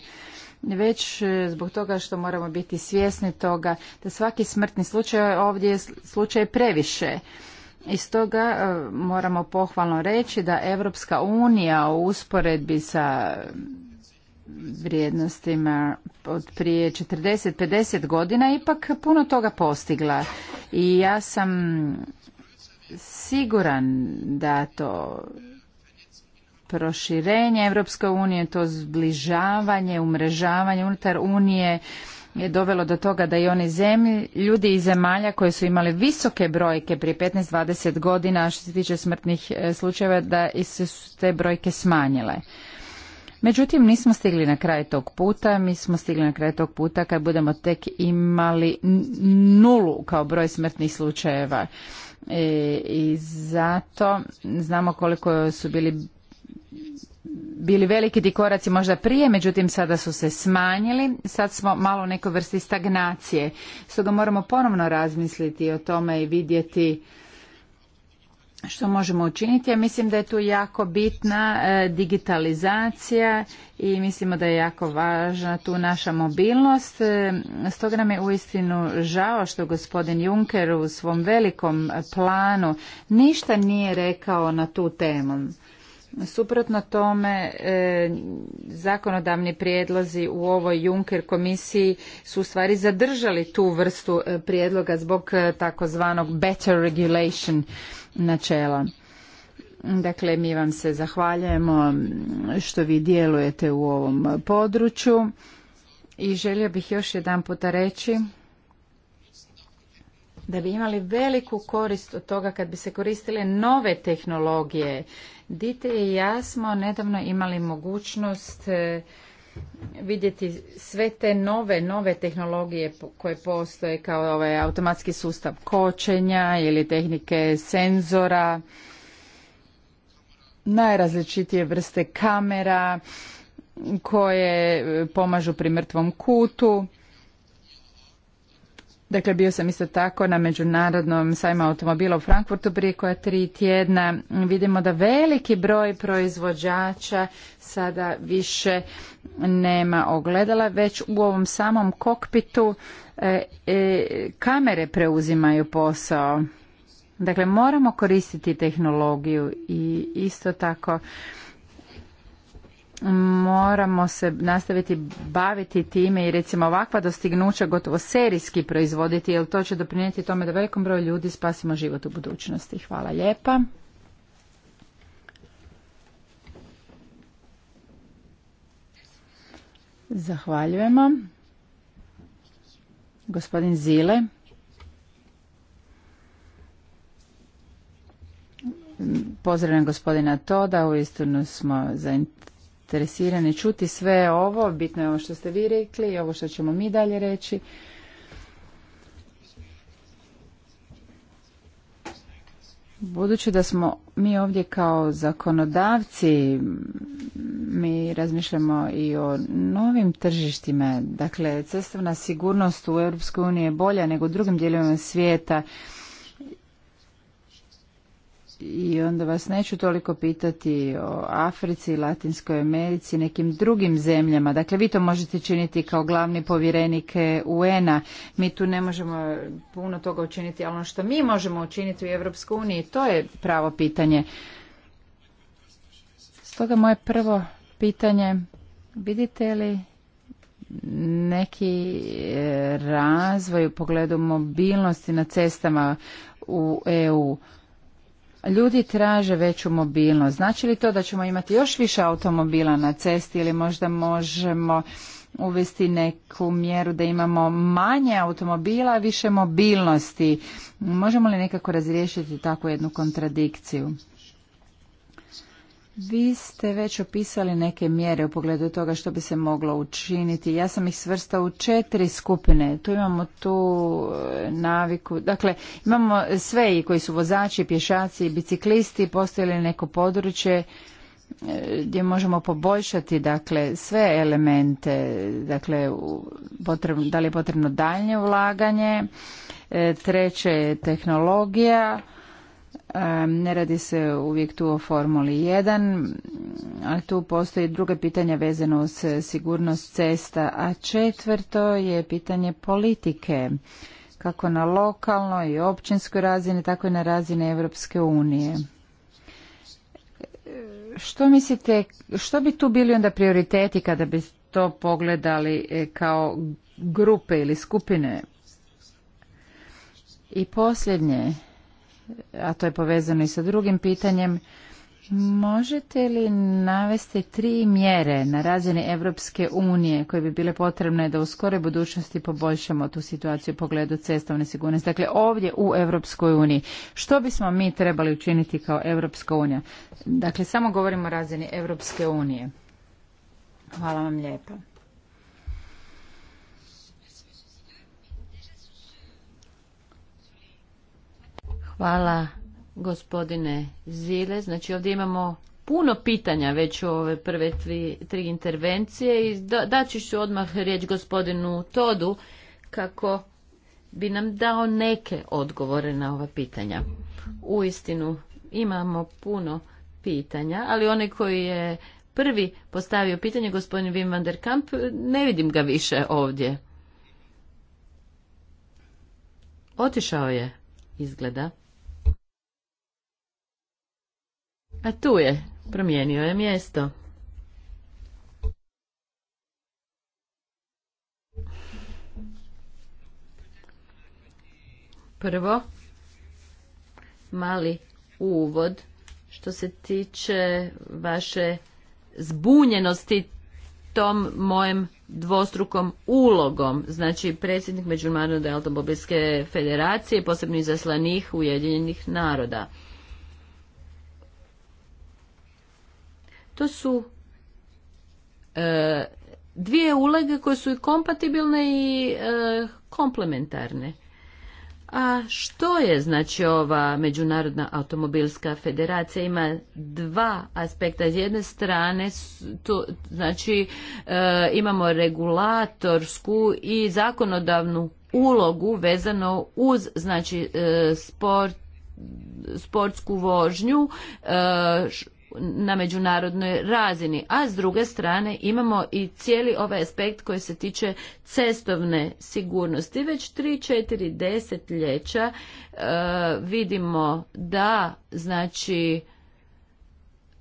već e, zbog toga što moramo biti svjesni toga da svaki smrtni slučaj ovdje je slučaj previše i stoga e, moramo pohvalno reći da Evropska unija u usporedbi sa vrijednostima od prije 40-50 godina ipak puno toga postigla. I ja sam siguran da to proširenje Evropske unije, to zbližavanje, umrežavanje unutar unije je dovelo do toga da i oni zemlji, ljudi iz zemalja koji su imali visoke brojke prije 15-20 godina što se tiče smrtnih e, slučajeva da su te brojke smanjile. Međutim, nismo stigli na kraj tog puta, mi smo stigli na kraj tog puta kad budemo tek imali nulu kao broj smrtnih slučajeva. E, I zato znamo koliko su bili bili veliki ti koraci možda prije, međutim sada su se smanjili, sad smo malo u nekoj vrsti stagnacije. Stoga moramo ponovno razmisliti o tome i vidjeti što možemo učiniti. Ja mislim da je tu jako bitna e, digitalizacija i mislimo da je jako važna tu naša mobilnost. E, stoga nam je uistinu žao što gospodin Juncker u svom velikom planu ništa nije rekao na tu temu. Suprotno tome, e, zakonodavni prijedlozi u ovoj Juncker komisiji su u stvari zadržali tu vrstu e, prijedloga zbog e, takozvanog better regulation načela. Dakle, mi vam se zahvaljujemo što vi djelujete u ovom području i želio bih još jedan puta reći da bi imali veliku korist od toga kad bi se koristile nove tehnologije Dite i ja smo nedavno imali mogućnost e, vidjeti sve te nove, nove tehnologije koje postoje kao ovaj automatski sustav kočenja ili tehnike senzora, najrazličitije vrste kamera koje pomažu pri mrtvom kutu. Dakle, bio sam isto tako na međunarodnom sajmu automobila u Frankfurtu prije koja tri tjedna. Vidimo da veliki broj proizvođača sada više nema ogledala, već u ovom samom kokpitu e, e, kamere preuzimaju posao. Dakle, moramo koristiti tehnologiju i isto tako moramo se nastaviti baviti time i recimo ovakva dostignuća gotovo serijski proizvoditi jer to će doprinijeti tome da velikom broju ljudi spasimo život u budućnosti. Hvala lijepa. Zahvaljujemo. Gospodin Zile. Pozdravljam gospodina Toda, uistinu smo zainteresirani zainteresirani čuti sve ovo, bitno je ovo što ste vi rekli i ovo što ćemo mi dalje reći. Budući da smo mi ovdje kao zakonodavci, mi razmišljamo i o novim tržištima. Dakle, cestovna sigurnost u EU je bolja nego u drugim dijelovima svijeta i onda vas neću toliko pitati o Africi, Latinskoj Americi, nekim drugim zemljama. Dakle, vi to možete činiti kao glavni povjerenik UN-a. Mi tu ne možemo puno toga učiniti, ali ono što mi možemo učiniti u EU, uniji, to je pravo pitanje. Stoga moje prvo pitanje, vidite li neki e, razvoj u pogledu mobilnosti na cestama u EU? ljudi traže veću mobilnost. Znači li to da ćemo imati još više automobila na cesti ili možda možemo uvesti neku mjeru da imamo manje automobila, više mobilnosti? Možemo li nekako razriješiti takvu jednu kontradikciju? Vi ste već opisali neke mjere u pogledu toga što bi se moglo učiniti. Ja sam ih svrstao u četiri skupine. Tu imamo tu e, naviku. Dakle, imamo sve i koji su vozači, pješaci i biciklisti. Postoje li neko područje e, gdje možemo poboljšati dakle sve elemente dakle potrebno, da li je potrebno daljnje ulaganje e, treće je tehnologija ne radi se uvijek tu o Formuli 1, ali tu postoji druga pitanja vezano uz sigurnost cesta, a četvrto je pitanje politike, kako na lokalnoj i općinskoj razini, tako i na razini Evropske unije. Što mislite, što bi tu bili onda prioriteti kada bi to pogledali e, kao grupe ili skupine? I posljednje, a to je povezano i sa drugim pitanjem, možete li navesti tri mjere na razini Evropske unije koje bi bile potrebne da u skore budućnosti poboljšamo tu situaciju u pogledu cestovne sigurnosti? Dakle, ovdje u Evropskoj uniji. Što bismo mi trebali učiniti kao Evropska unija? Dakle, samo govorimo o razini Evropske unije. Hvala vam lijepa. Hvala gospodine Zile. Znači ovdje imamo puno pitanja već u ove prve tri, tri intervencije i da, daći ću odmah riječ gospodinu Todu kako bi nam dao neke odgovore na ova pitanja. U istinu imamo puno pitanja, ali onaj koji je prvi postavio pitanje, gospodin Wim van der Kamp, ne vidim ga više ovdje. Otišao je, izgleda. A tu je, promijenio je mjesto. Prvo, mali uvod što se tiče vaše zbunjenosti tom mojem dvostrukom ulogom, znači predsjednik Međunarodne automobilske federacije i posebni izaslanik Ujedinjenih naroda. To su e, dvije uloge koje su i kompatibilne i e, komplementarne. A što je znači ova Međunarodna automobilska federacija? Ima dva aspekta. S jedne strane, to, znači e, imamo regulatorsku i zakonodavnu ulogu vezano uz znači sport sportsku vožnju, na međunarodnoj razini. A s druge strane imamo i cijeli ovaj aspekt koji se tiče cestovne sigurnosti. Već 3-4 desetljeća e, vidimo da znači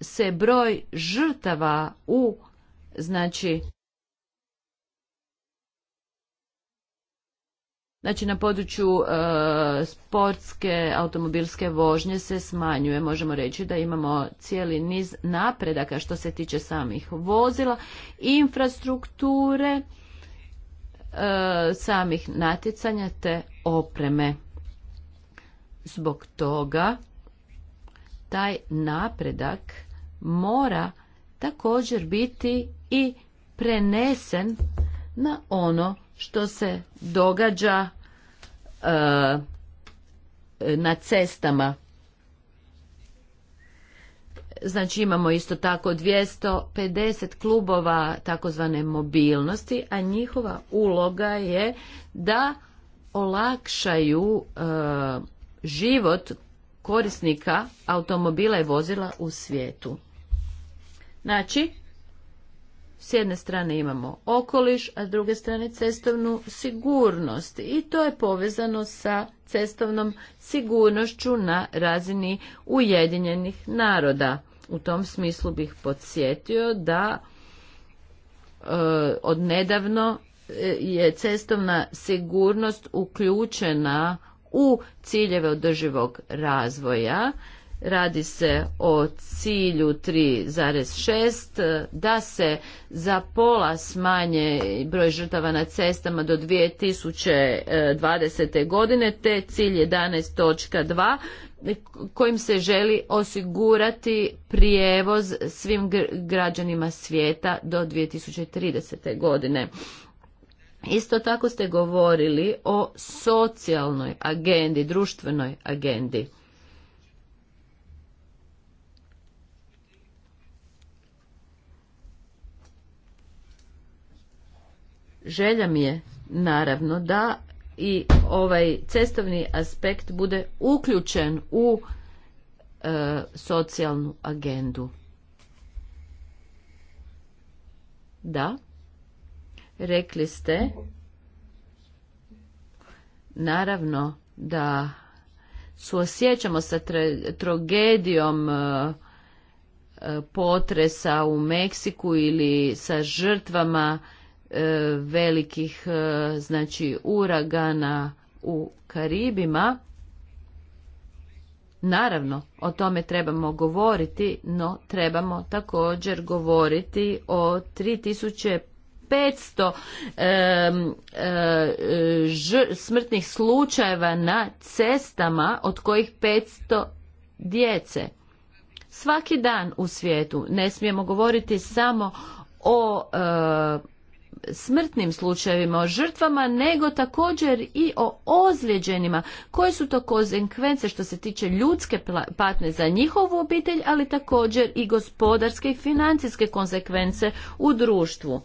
se broj žrtava u znači Znači na području e, sportske automobilske vožnje se smanjuje, možemo reći da imamo cijeli niz napredaka što se tiče samih vozila, infrastrukture, e, samih natjecanja te opreme. Zbog toga taj napredak mora također biti i prenesen na ono što se događa e, na cestama. Znači imamo isto tako 250 klubova takozvane mobilnosti, a njihova uloga je da olakšaju e, život korisnika automobila i vozila u svijetu. Znači, s jedne strane imamo okoliš, a s druge strane cestovnu sigurnost i to je povezano sa cestovnom sigurnošću na razini Ujedinjenih naroda. U tom smislu bih podsjetio da e, od nedavno e, je cestovna sigurnost uključena u ciljeve održivog razvoja Radi se o cilju 3,6 da se za pola smanje broj žrtava na cestama do 2020. godine te cilj 11.2 kojim se želi osigurati prijevoz svim građanima svijeta do 2030. godine. Isto tako ste govorili o socijalnoj agendi, društvenoj agendi. Želja mi je naravno da i ovaj cestovni aspekt bude uključen u e, socijalnu agendu. Da. Rekli ste naravno da suosjećamo sa trogedijom tragedijom e, e, potresa u Meksiku ili sa žrtvama velikih e, znači uragana u Karibima Naravno, o tome trebamo govoriti, no trebamo također govoriti o 3500 e, e, smrtnih slučajeva na cestama, od kojih 500 djece. Svaki dan u svijetu ne smijemo govoriti samo o smrtnim slučajevima, o žrtvama, nego također i o ozlijeđenima. Koje su to konsekvence što se tiče ljudske patne za njihovu obitelj, ali također i gospodarske i financijske konsekvence u društvu.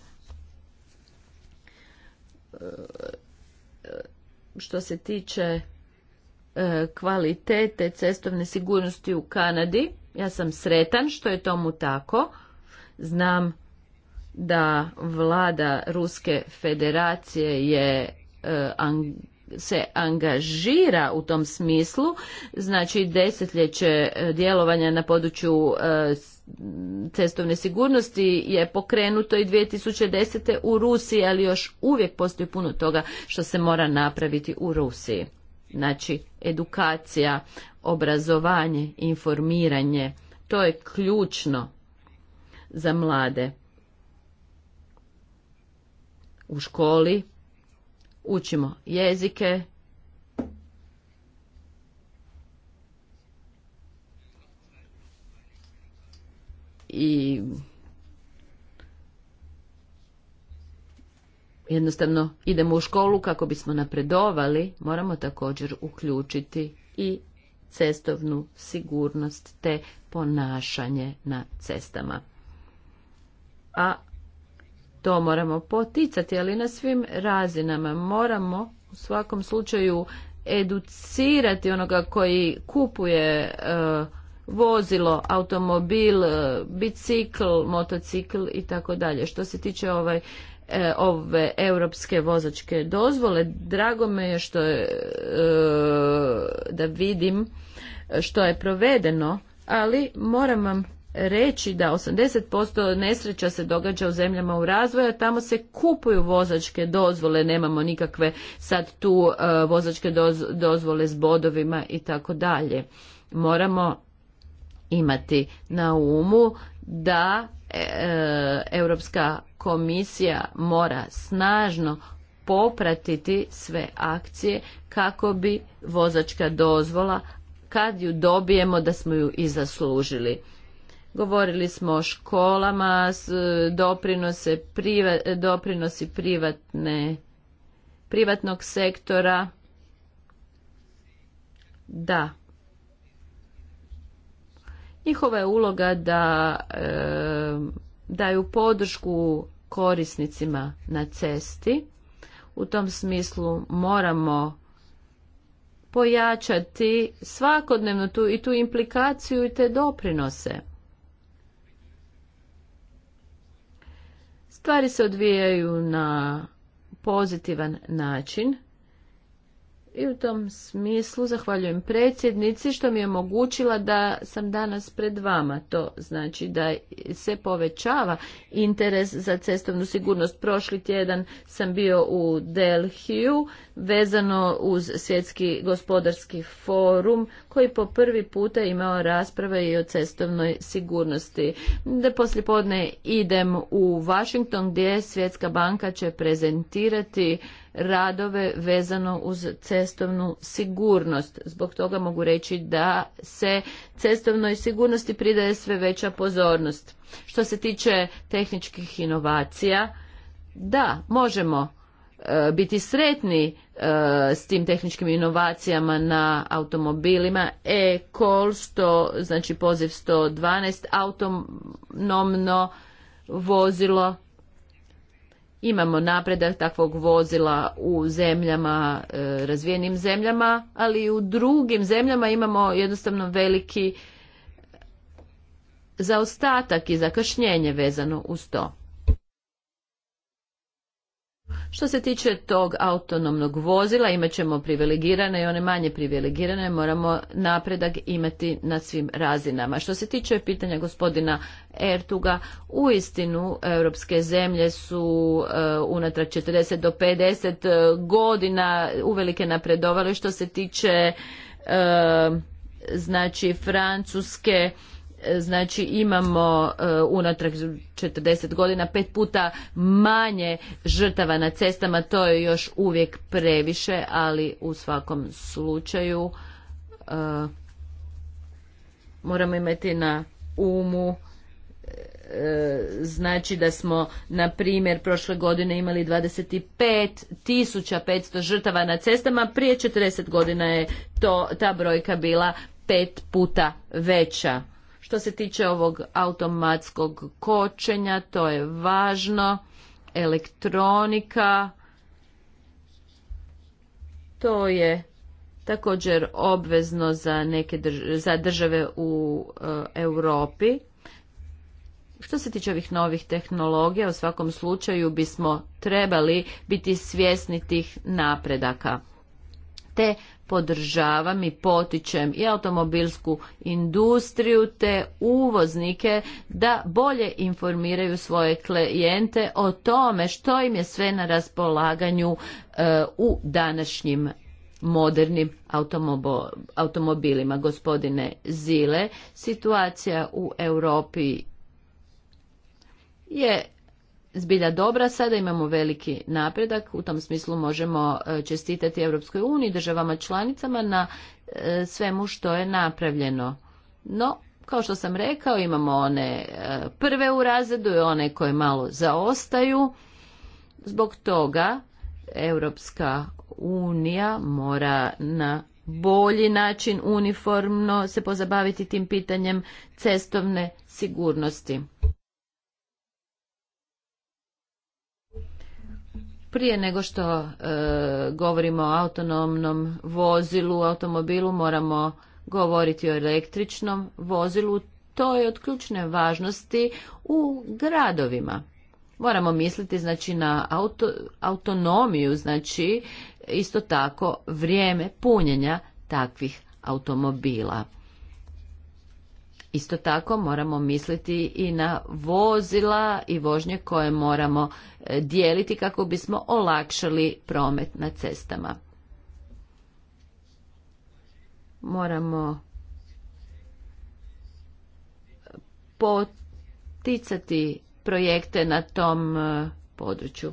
E, što se tiče e, kvalitete cestovne sigurnosti u Kanadi, ja sam sretan što je tomu tako. Znam da vlada Ruske federacije je e, se angažira u tom smislu, znači desetljeće e, djelovanja na području e, cestovne sigurnosti je pokrenuto i 2010. u Rusiji, ali još uvijek postoji puno toga što se mora napraviti u Rusiji. Znači, edukacija, obrazovanje, informiranje, to je ključno za mlade u školi, učimo jezike, i jednostavno idemo u školu kako bismo napredovali, moramo također uključiti i cestovnu sigurnost te ponašanje na cestama. A to moramo poticati, ali na svim razinama moramo u svakom slučaju educirati onoga koji kupuje e, vozilo, automobil, e, bicikl, motocikl i tako dalje. Što se tiče ovaj e, ove europske vozačke dozvole, drago me je što je da vidim što je provedeno, ali moram vam reći da 80% nesreća se događa u zemljama u razvoju, a tamo se kupuju vozačke dozvole, nemamo nikakve sad tu e, vozačke dozvole s bodovima i tako dalje. Moramo imati na umu da e, e, Europska komisija mora snažno popratiti sve akcije kako bi vozačka dozvola kad ju dobijemo da smo ju i zaslužili. Govorili smo o školama, e, doprinose, e, doprinosi privatne, privatnog sektora. Da. Njihova je uloga da e, daju podršku korisnicima na cesti. U tom smislu moramo pojačati svakodnevno tu i tu implikaciju i te doprinose. Stvari se odvijaju na pozitivan način i u tom smislu zahvaljujem predsjednici što mi je omogućila da sam danas pred vama. To znači da se povećava interes za cestovnu sigurnost. Prošli tjedan sam bio u Delhiju vezano uz svjetski gospodarski forum koji po prvi puta imao rasprave i o cestovnoj sigurnosti. Da podne idem u Washington gdje Svjetska banka će prezentirati radove vezano uz cestovnu sigurnost. Zbog toga mogu reći da se cestovnoj sigurnosti pridaje sve veća pozornost. Što se tiče tehničkih inovacija, da, možemo e, biti sretni e, s tim tehničkim inovacijama na automobilima. E-call, znači poziv 112, autonomno vozilo Imamo napredak takvog vozila u zemljama, e, razvijenim zemljama, ali i u drugim zemljama imamo jednostavno veliki zaostatak i zakašnjenje vezano uz to. Što se tiče tog autonomnog vozila, imat ćemo privilegirane i one manje privilegirane, moramo napredak imati na svim razinama. Što se tiče pitanja gospodina Ertuga, u istinu europske zemlje su eh, unatrag 40 do 50 eh, godina uvelike napredovali. što se tiče eh, znači Francuske znači imamo e, unatrag 40 godina pet puta manje žrtava na cestama, to je još uvijek previše, ali u svakom slučaju e, moramo imati na umu e, znači da smo na primjer prošle godine imali 25.500 žrtava na cestama prije 40 godina je to ta brojka bila pet puta veća što se tiče ovog automatskog kočenja, to je važno. Elektronika, to je također obvezno za neke države, za države u e, Europi. Što se tiče ovih novih tehnologija, u svakom slučaju bismo trebali biti svjesni tih napredaka te podržavam i potičem i automobilsku industriju te uvoznike da bolje informiraju svoje klijente o tome što im je sve na raspolaganju e, u današnjim modernim automobilima gospodine Zile situacija u Europi je zbilja dobra. Sada imamo veliki napredak, u tom smislu možemo e, čestitati Europskoj uniji, državama članicama na e, svemu što je napravljeno. No, kao što sam rekao, imamo one e, prve u razredu i one koje malo zaostaju. Zbog toga Europska unija mora na bolji način uniformno se pozabaviti tim pitanjem cestovne sigurnosti. Prije nego što e, govorimo o autonomnom vozilu, automobilu, moramo govoriti o električnom vozilu. To je od ključne važnosti u gradovima. Moramo misliti znači na auto, autonomiju, znači isto tako vrijeme punjenja takvih automobila. Isto tako moramo misliti i na vozila i vožnje koje moramo dijeliti kako bismo olakšali promet na cestama. Moramo poticati projekte na tom e, području.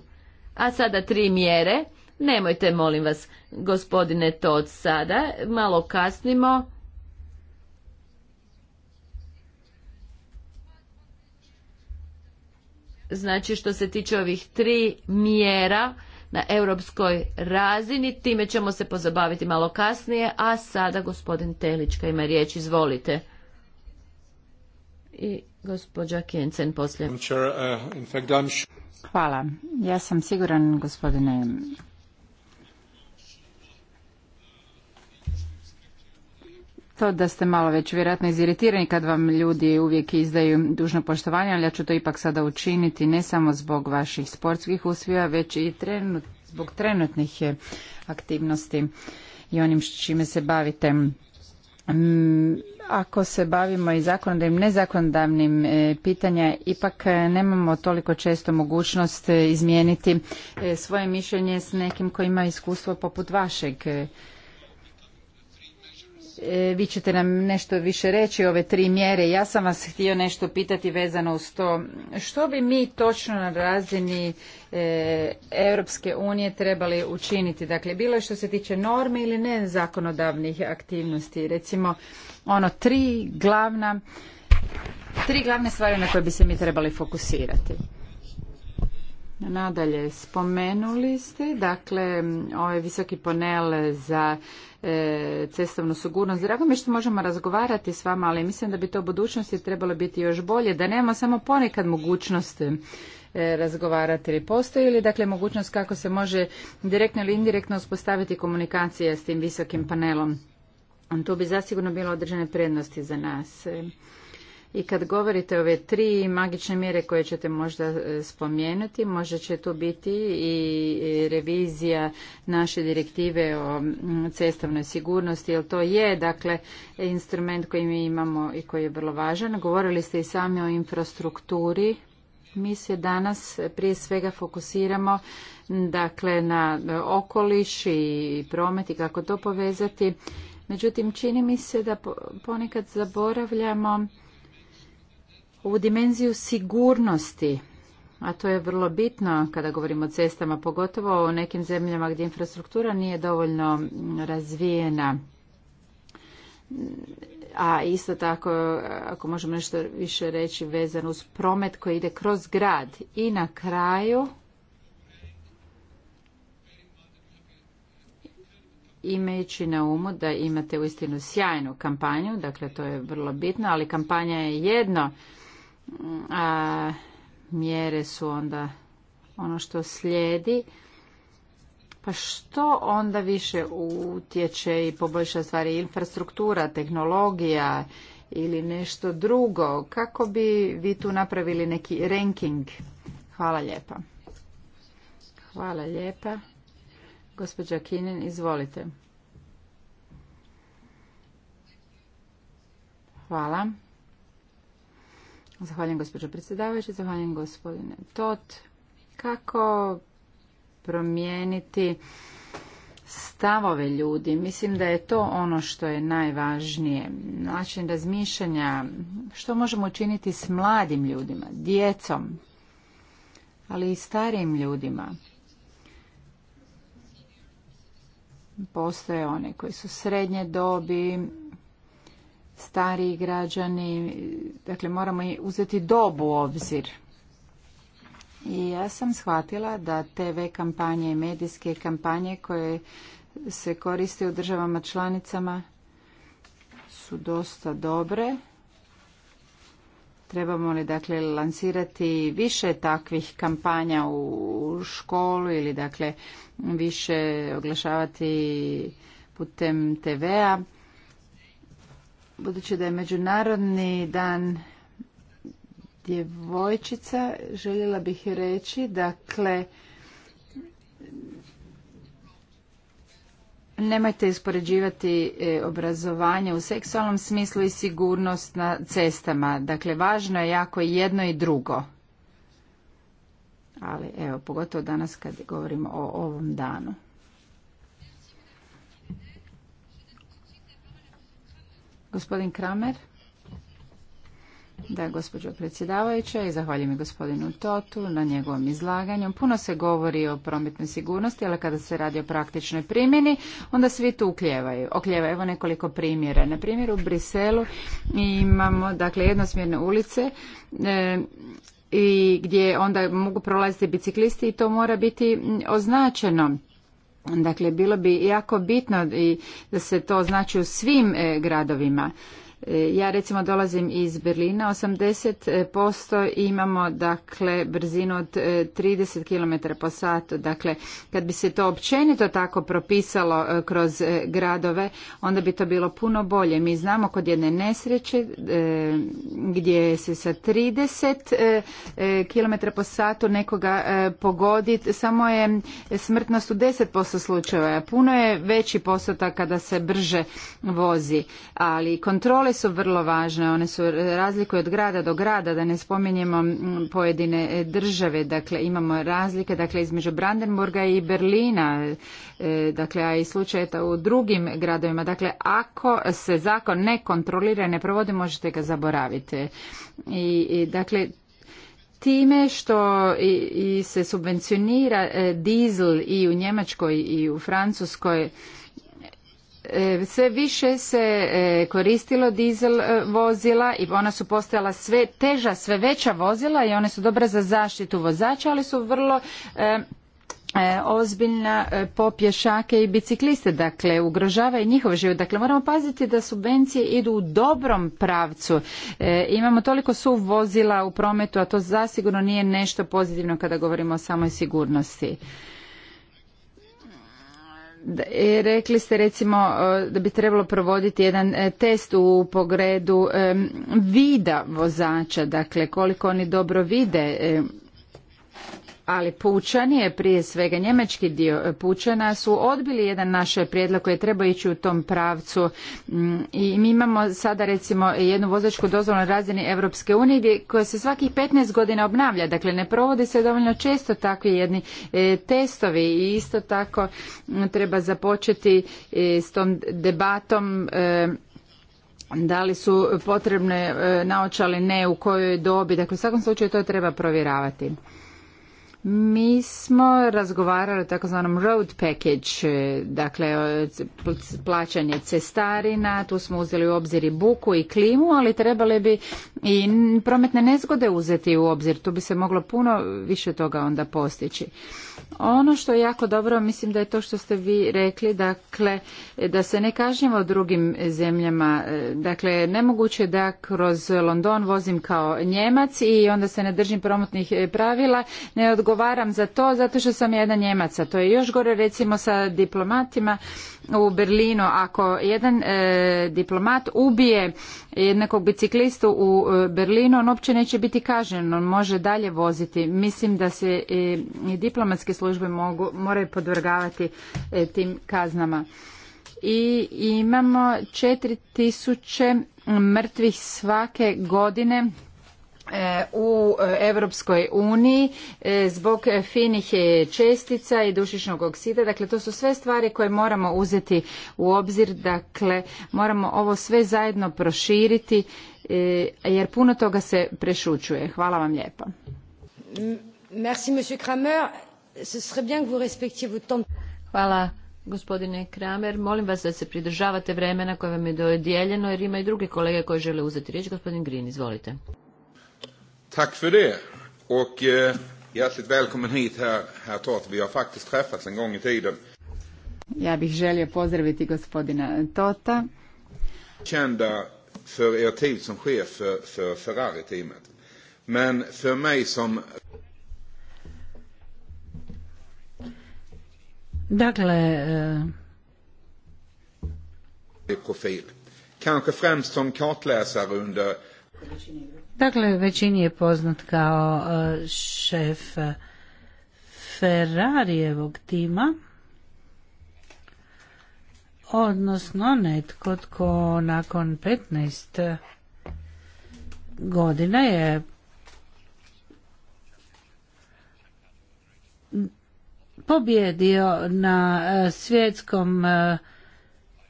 A sada tri mjere. Nemojte, molim vas, gospodine Todd, sada. Malo kasnimo. znači što se tiče ovih tri mjera na europskoj razini. Time ćemo se pozabaviti malo kasnije, a sada gospodin Telička ima riječ, izvolite. I gospođa Kjencen poslije. Uh, Hvala. Ja sam siguran, gospodine to da ste malo već vjerojatno iziritirani kad vam ljudi uvijek izdaju dužno poštovanje, ali ja ću to ipak sada učiniti ne samo zbog vaših sportskih uspjeha, već i trenut, zbog trenutnih eh, aktivnosti i onim s čime se bavite. Mm, ako se bavimo i zakonodavnim, nezakonodavnim eh, pitanja, ipak eh, nemamo toliko često mogućnost izmijeniti svoje mišljenje s nekim koji ima iskustvo poput vašeg E, vi ćete nam nešto više reći ove tri mjere. Ja sam vas htio nešto pitati vezano uz to. Što bi mi točno na razini e, Europske unije trebali učiniti? Dakle, bilo je što se tiče norme ili ne zakonodavnih aktivnosti. Recimo, ono tri glavna tri glavne stvari na koje bi se mi trebali fokusirati. Nadalje, spomenuli ste, dakle, ovaj visoki panel za E, cestovnu sigurnost. Drago mi što možemo razgovarati s vama, ali mislim da bi to u budućnosti trebalo biti još bolje, da nemamo samo ponekad mogućnost e, razgovarati ili postoji li dakle mogućnost kako se može direktno ili indirektno uspostaviti komunikacija s tim visokim panelom. To bi zasigurno bilo određene prednosti za nas. I kad govorite ove tri magične mjere koje ćete možda e, spomenuti, možda će tu biti i e, revizija naše direktive o cestovnoj sigurnosti, jer to je dakle instrument koji mi imamo i koji je vrlo važan. Govorili ste i sami o infrastrukturi. Mi se danas e, prije svega fokusiramo dakle na okoliš i promet i kako to povezati. Međutim, čini mi se da ponekad zaboravljamo u dimenziju sigurnosti a to je vrlo bitno kada govorimo o cestama, pogotovo u nekim zemljama gdje infrastruktura nije dovoljno razvijena. A isto tako, ako možemo nešto više reći, vezano uz promet koji ide kroz grad. I na kraju imajući na umu da imate uistinu sjajnu kampanju, dakle to je vrlo bitno, ali kampanja je jedno, a mjere su onda ono što slijedi. Pa što onda više utječe i poboljša stvari? Infrastruktura, tehnologija ili nešto drugo? Kako bi vi tu napravili neki ranking? Hvala lijepa. Hvala lijepa. Gospođa Kinin, izvolite. Hvala. Zahvaljujem gospođo predsjedavajući, zahvaljujem gospodine Tot. Kako promijeniti stavove ljudi? Mislim da je to ono što je najvažnije. Način razmišljanja, što možemo učiniti s mladim ljudima, djecom, ali i starijim ljudima. Postoje one koji su srednje dobi, stariji građani, dakle moramo uzeti dobu u obzir. I ja sam shvatila da TV kampanje i medijske kampanje koje se koriste u državama članicama su dosta dobre. Trebamo li dakle lansirati više takvih kampanja u školu ili dakle više oglašavati putem TV-a? budući da je Međunarodni dan djevojčica, željela bih reći, dakle, nemojte ispoređivati e, obrazovanje u seksualnom smislu i sigurnost na cestama. Dakle, važno je jako jedno i drugo. Ali, evo, pogotovo danas kad govorimo o ovom danu. Gospodin Kramer. Da, gospođo predsjedavajuća i zahvaljujem i gospodinu Totu na njegovom izlaganju. Puno se govori o prometnoj sigurnosti, ali kada se radi o praktičnoj primjeni, onda svi tu ukljevaju. evo nekoliko primjera. Na primjer, u Briselu imamo dakle, jednosmjerne ulice e, i gdje onda mogu prolaziti biciklisti i to mora biti označeno. Dakle, bilo bi jako bitno i da se to znači u svim e, gradovima. E, ja recimo dolazim iz Berlina, 80% imamo dakle brzinu od 30 e, km po satu. Dakle, kad bi se to općenito tako propisalo e, kroz gradove, onda bi to bilo puno bolje. Mi znamo kod jedne nesreće gdje se sa 30 km po satu nekoga pogodi, samo je smrtnost u 10% slučajeva. Puno je veći postotak kada se brže vozi, ali kontrole su vrlo važne, one su razlikuju od grada do grada, da ne spominjemo pojedine e, države, dakle imamo razlike dakle između Brandenburga i Berlina, e, dakle a i slučajeta u drugim gradovima, dakle ako se zakon ne kontrolira, ne provodi, možete ga zaboraviti. I, dakle time što i, i se subvencionira e, dizel i u Njemačkoj i u Francuskoj, E, sve više se e, koristilo dizel e, vozila i ona su postojala sve teža, sve veća vozila i one su dobra za zaštitu vozača, ali su vrlo ozbiljna po pješake i bicikliste, dakle ugrožava i njihov život. Dakle, moramo paziti da subvencije idu u dobrom pravcu. imamo toliko suv vozila u prometu, a to zasigurno nije nešto pozitivno kada govorimo o samoj sigurnosti. E, rekli ste recimo e, da bi trebalo provoditi jedan e, test u pogledu vida vozača, dakle koliko oni dobro vide ali pučani je prije svega njemački dio pučana su odbili jedan naš prijedlog koji je trebao ići u tom pravcu mm, i mi imamo sada recimo jednu vozačku dozvolu na razini Europske unije koja se svakih 15 godina obnavlja dakle ne provode se dovoljno često takvi jedni e, testovi i isto tako treba započeti e, s tom debatom e, da li su potrebne naočale ne u kojoj dobi dakle u svakom slučaju to treba provjeravati mi smo razgovarali o takozvanom road package, dakle plaćanje cestarina, tu smo uzeli u obzir i buku i klimu, ali trebali bi i prometne nezgode uzeti u obzir, tu bi se moglo puno više toga onda postići. Ono što je jako dobro, mislim da je to što ste vi rekli, dakle, da se ne kažnjava drugim zemljama. E, dakle, nemoguće da kroz London vozim kao Njemac i onda se ne držim promotnih e, pravila, ne odgovaram za to zato što sam jedan Njemaca. To je još gore recimo sa diplomatima u Berlinu ako jedan e, diplomat ubije jednakog biciklistu u e, Berlinu on uopće neće biti kažnjen, on može dalje voziti. Mislim da se e, i diplomatske službe mogu, moraju podvrgavati tim kaznama. I imamo 4000 mrtvih svake godine E, u Europskoj uniji e, zbog finih e, čestica i dušičnog oksida. Dakle, to su sve stvari koje moramo uzeti u obzir. Dakle, moramo ovo sve zajedno proširiti jer puno toga se prešućuje. Hvala vam lijepa. Hvala, gospodine Kramer. Molim vas da se pridržavate vremena koje vam je dodijeljeno jer ima i druge kolege koji žele uzeti riječ. Gospodin Grin, izvolite. Tack för det. Och eh, hjärtligt välkommen hit här, herr Tot. Vi har faktiskt träffats en gång i tiden. Jag bih želio pozdraviti gospodina Tota. Kända för er tid som chef för, för Ferrari-teamet. Men för mig som... Dakle... Eh... Profil. Kanske främst som kartläsare under Dakle, većini je poznat kao e, šef e, Ferrarijevog tima, odnosno netko tko nakon 15 godina je pobjedio na e, svjetskom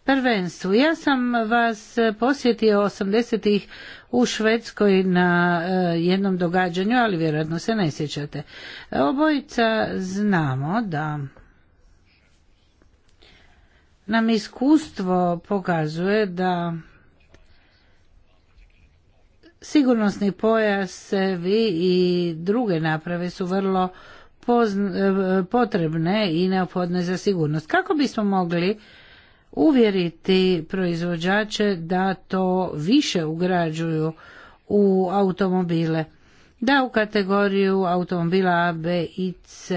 prvenstvu. Ja sam vas posjetio 80-ih u Švedskoj na e, jednom događanju, ali vjerojatno se ne sjećate. Obojica znamo da nam iskustvo pokazuje da sigurnosni pojas vi i druge naprave su vrlo e, potrebne i neophodne za sigurnost. Kako bismo mogli uvjeriti proizvođače da to više ugrađuju u automobile. Da u kategoriju automobila A, B i C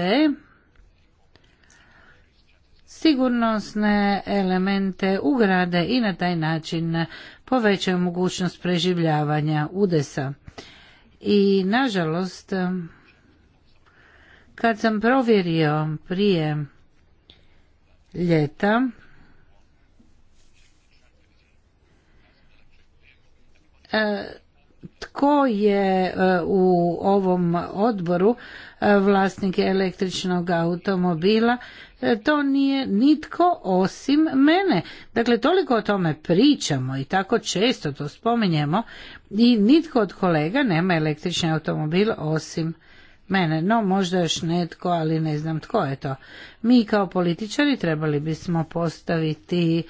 sigurnosne elemente ugrade i na taj način povećaju mogućnost preživljavanja udesa. I nažalost, kad sam provjerio prije ljeta, E, tko je e, u ovom odboru e, vlasnik električnog automobila to nije nitko osim mene dakle toliko o tome pričamo i tako često to spominjemo i nitko od kolega nema električni automobil osim mene no možda još netko ali ne znam tko je to mi kao političari trebali bismo postaviti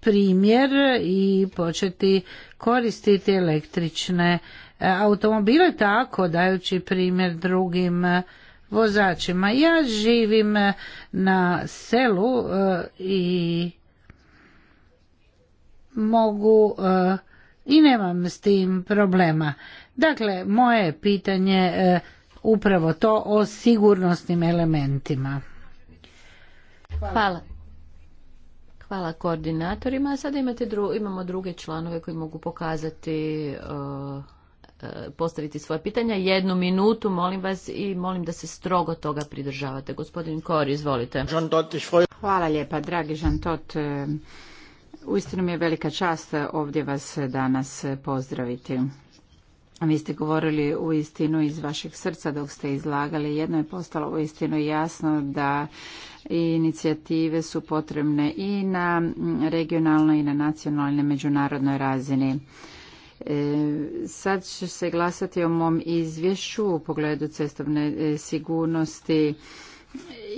primjer i početi koristiti električne e, automobile tako dajući primjer drugim e, vozačima. Ja živim e, na selu i mogu i nemam s tim problema. Dakle, moje pitanje upravo to o sigurnosnim elementima. Hvala. Hvala koordinatorima. sada imate dru, imamo druge članove koji mogu pokazati, e, e, postaviti svoje pitanja. Jednu minutu, molim vas, i molim da se strogo toga pridržavate. Gospodin Kori, izvolite. Hvala lijepa, dragi Tot, e, Uistinu mi je velika čast ovdje vas danas pozdraviti. Vi ste govorili u istinu iz vašeg srca dok ste izlagali. Jedno je postalo u istinu jasno da inicijative su potrebne i na regionalnoj i na nacionalnoj i međunarodnoj razini. E, sad će se glasati o mom izvješću u pogledu cestovne e, sigurnosti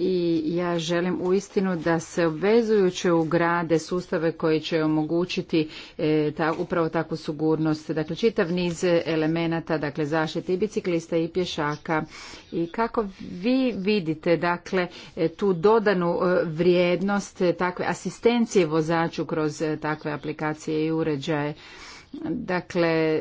i ja želim istinu da se obvezujuće ugrade sustave koji će omogućiti e, ta, upravo takvu sigurnost. Dakle, čitav niz elemenata, dakle, zaštite i biciklista i pješaka. I kako vi vidite, dakle, e, tu dodanu e, vrijednost takve asistencije vozaču kroz takve aplikacije i uređaje? Dakle,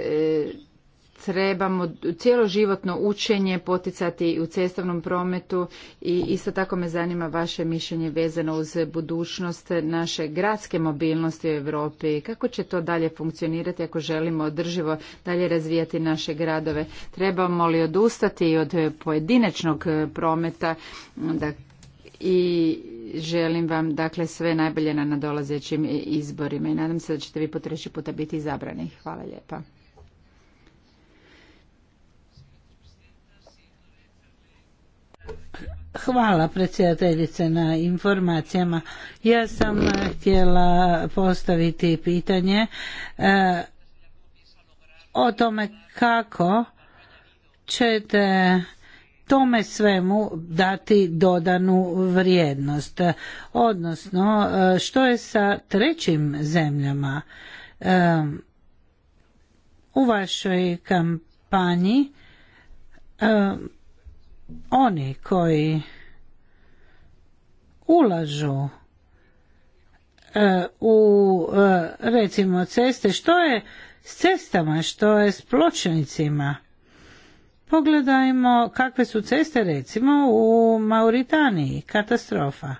trebamo cjeloživotno učenje poticati u cestovnom prometu i isto tako me zanima vaše mišljenje vezano uz budućnost naše gradske mobilnosti u Europi. Kako će to dalje funkcionirati ako želimo održivo dalje razvijati naše gradove? Trebamo li odustati od pojedinačnog prometa da i želim vam dakle sve najbolje na nadolazećim izborima i nadam se da ćete vi po treći puta biti izabrani. Hvala lijepa. Hvala predsjedateljice na informacijama. Ja sam eh, htjela postaviti pitanje eh, o tome kako ćete tome svemu dati dodanu vrijednost. Odnosno, eh, što je sa trećim zemljama u vašoj kampanji? oni koji ulažu e, u e, recimo ceste, što je s cestama, što je s pločnicima. Pogledajmo kakve su ceste recimo u Mauritaniji, katastrofa.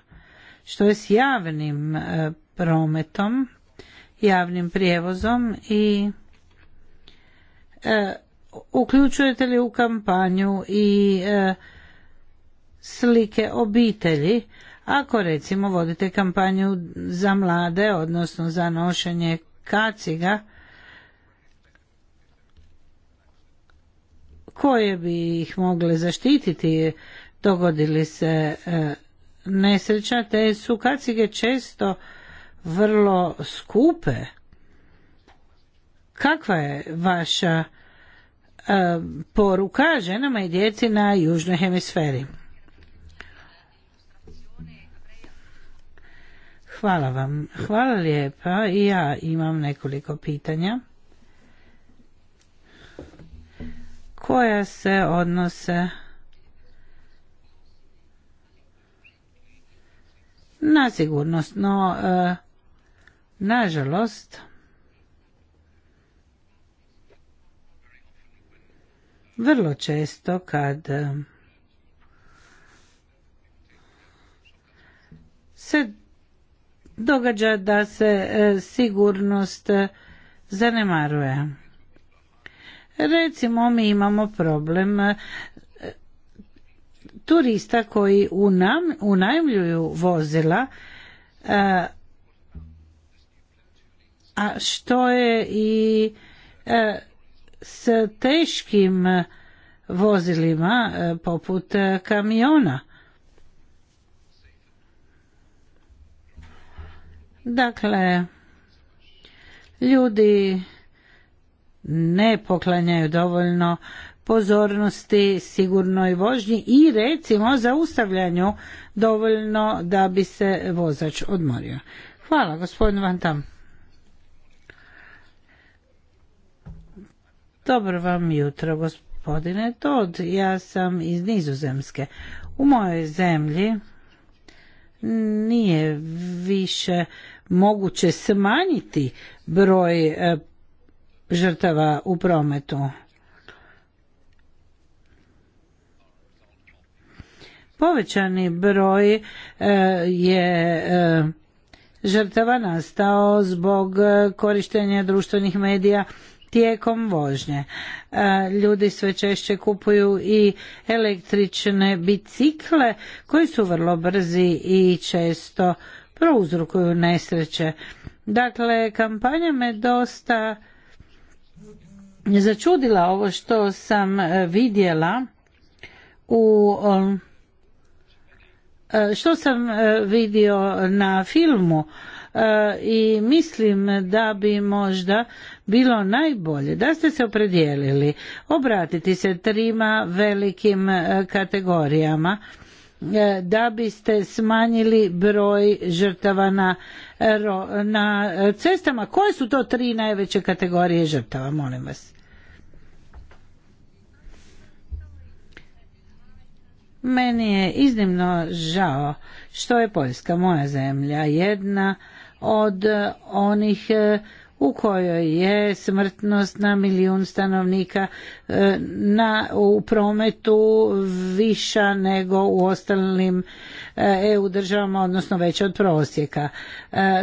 Što je s javnim e, prometom, javnim prijevozom i uključujete li u kampanju i e, slike obitelji ako recimo vodite kampanju za mlade odnosno za nošenje kaciga koje bi ih mogle zaštititi dogodili se e, nesreća te su kacige često vrlo skupe kakva je vaša E, poruka ženama i djeci na južnoj hemisferi. Hvala vam. Hvala lijepa. I ja imam nekoliko pitanja koja se odnose na sigurnost, no e, nažalost Vrlo često kad eh, se događa da se eh, sigurnost eh, zanemaruje. Recimo mi imamo problem turista koji unajmljuju vozila, a što je i s teškim e, vozilima e, poput e, kamiona. Dakle, ljudi ne poklanjaju dovoljno pozornosti sigurnoj vožnji i recimo zaustavljanju dovoljno da bi se vozač odmorio. Hvala gospodin Vantam. Dobro vam jutro, gospodine Tod. Ja sam iz Nizozemske. U mojoj zemlji nije više moguće smanjiti broj e, žrtava u prometu. Povećani broj e, je e, žrtava nastao zbog korištenja društvenih medija tijekom vožnje. E, ljudi sve češće kupuju i električne bicikle koji su vrlo brzi i često prouzrokuju nesreće. Dakle, kampanja me dosta začudila ovo što sam e, vidjela u e, što sam vidio na filmu E, i mislim da bi možda bilo najbolje da ste se opredijelili obratiti se trima velikim e, kategorijama e, da biste smanjili broj žrtava na, na cestama. Koje su to tri najveće kategorije žrtava, molim vas? Meni je iznimno žao što je Poljska, moja zemlja, jedna od e, onih e, u kojoj je smrtnost na milijun stanovnika e, na, u prometu viša nego u ostalim EU državama, odnosno veća od prosjeka.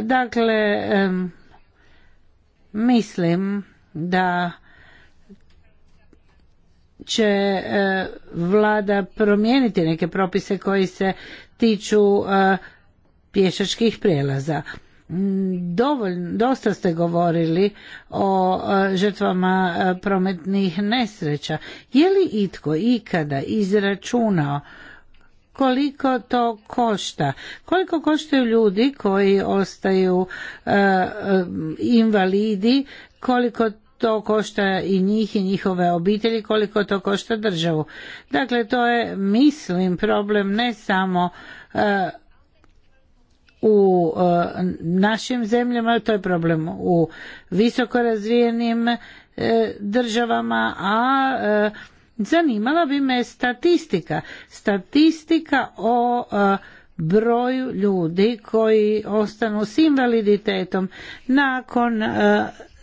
Dakle, mislim da će vlada promijeniti neke propise koji se tiču pješačkih prijelaza. Mm, dosta ste govorili o e, žrtvama e, prometnih nesreća. Je li itko ikada izračunao koliko to košta? Koliko koštaju ljudi koji ostaju e, invalidi? Koliko to košta i njih i njihove obitelji, koliko to košta državu. Dakle, to je, mislim, problem ne samo u e, našim zemljama, to je problem u visoko razvijenim e, državama, a e, zanimala bi me statistika. Statistika o broju ljudi koji ostanu s invaliditetom nakon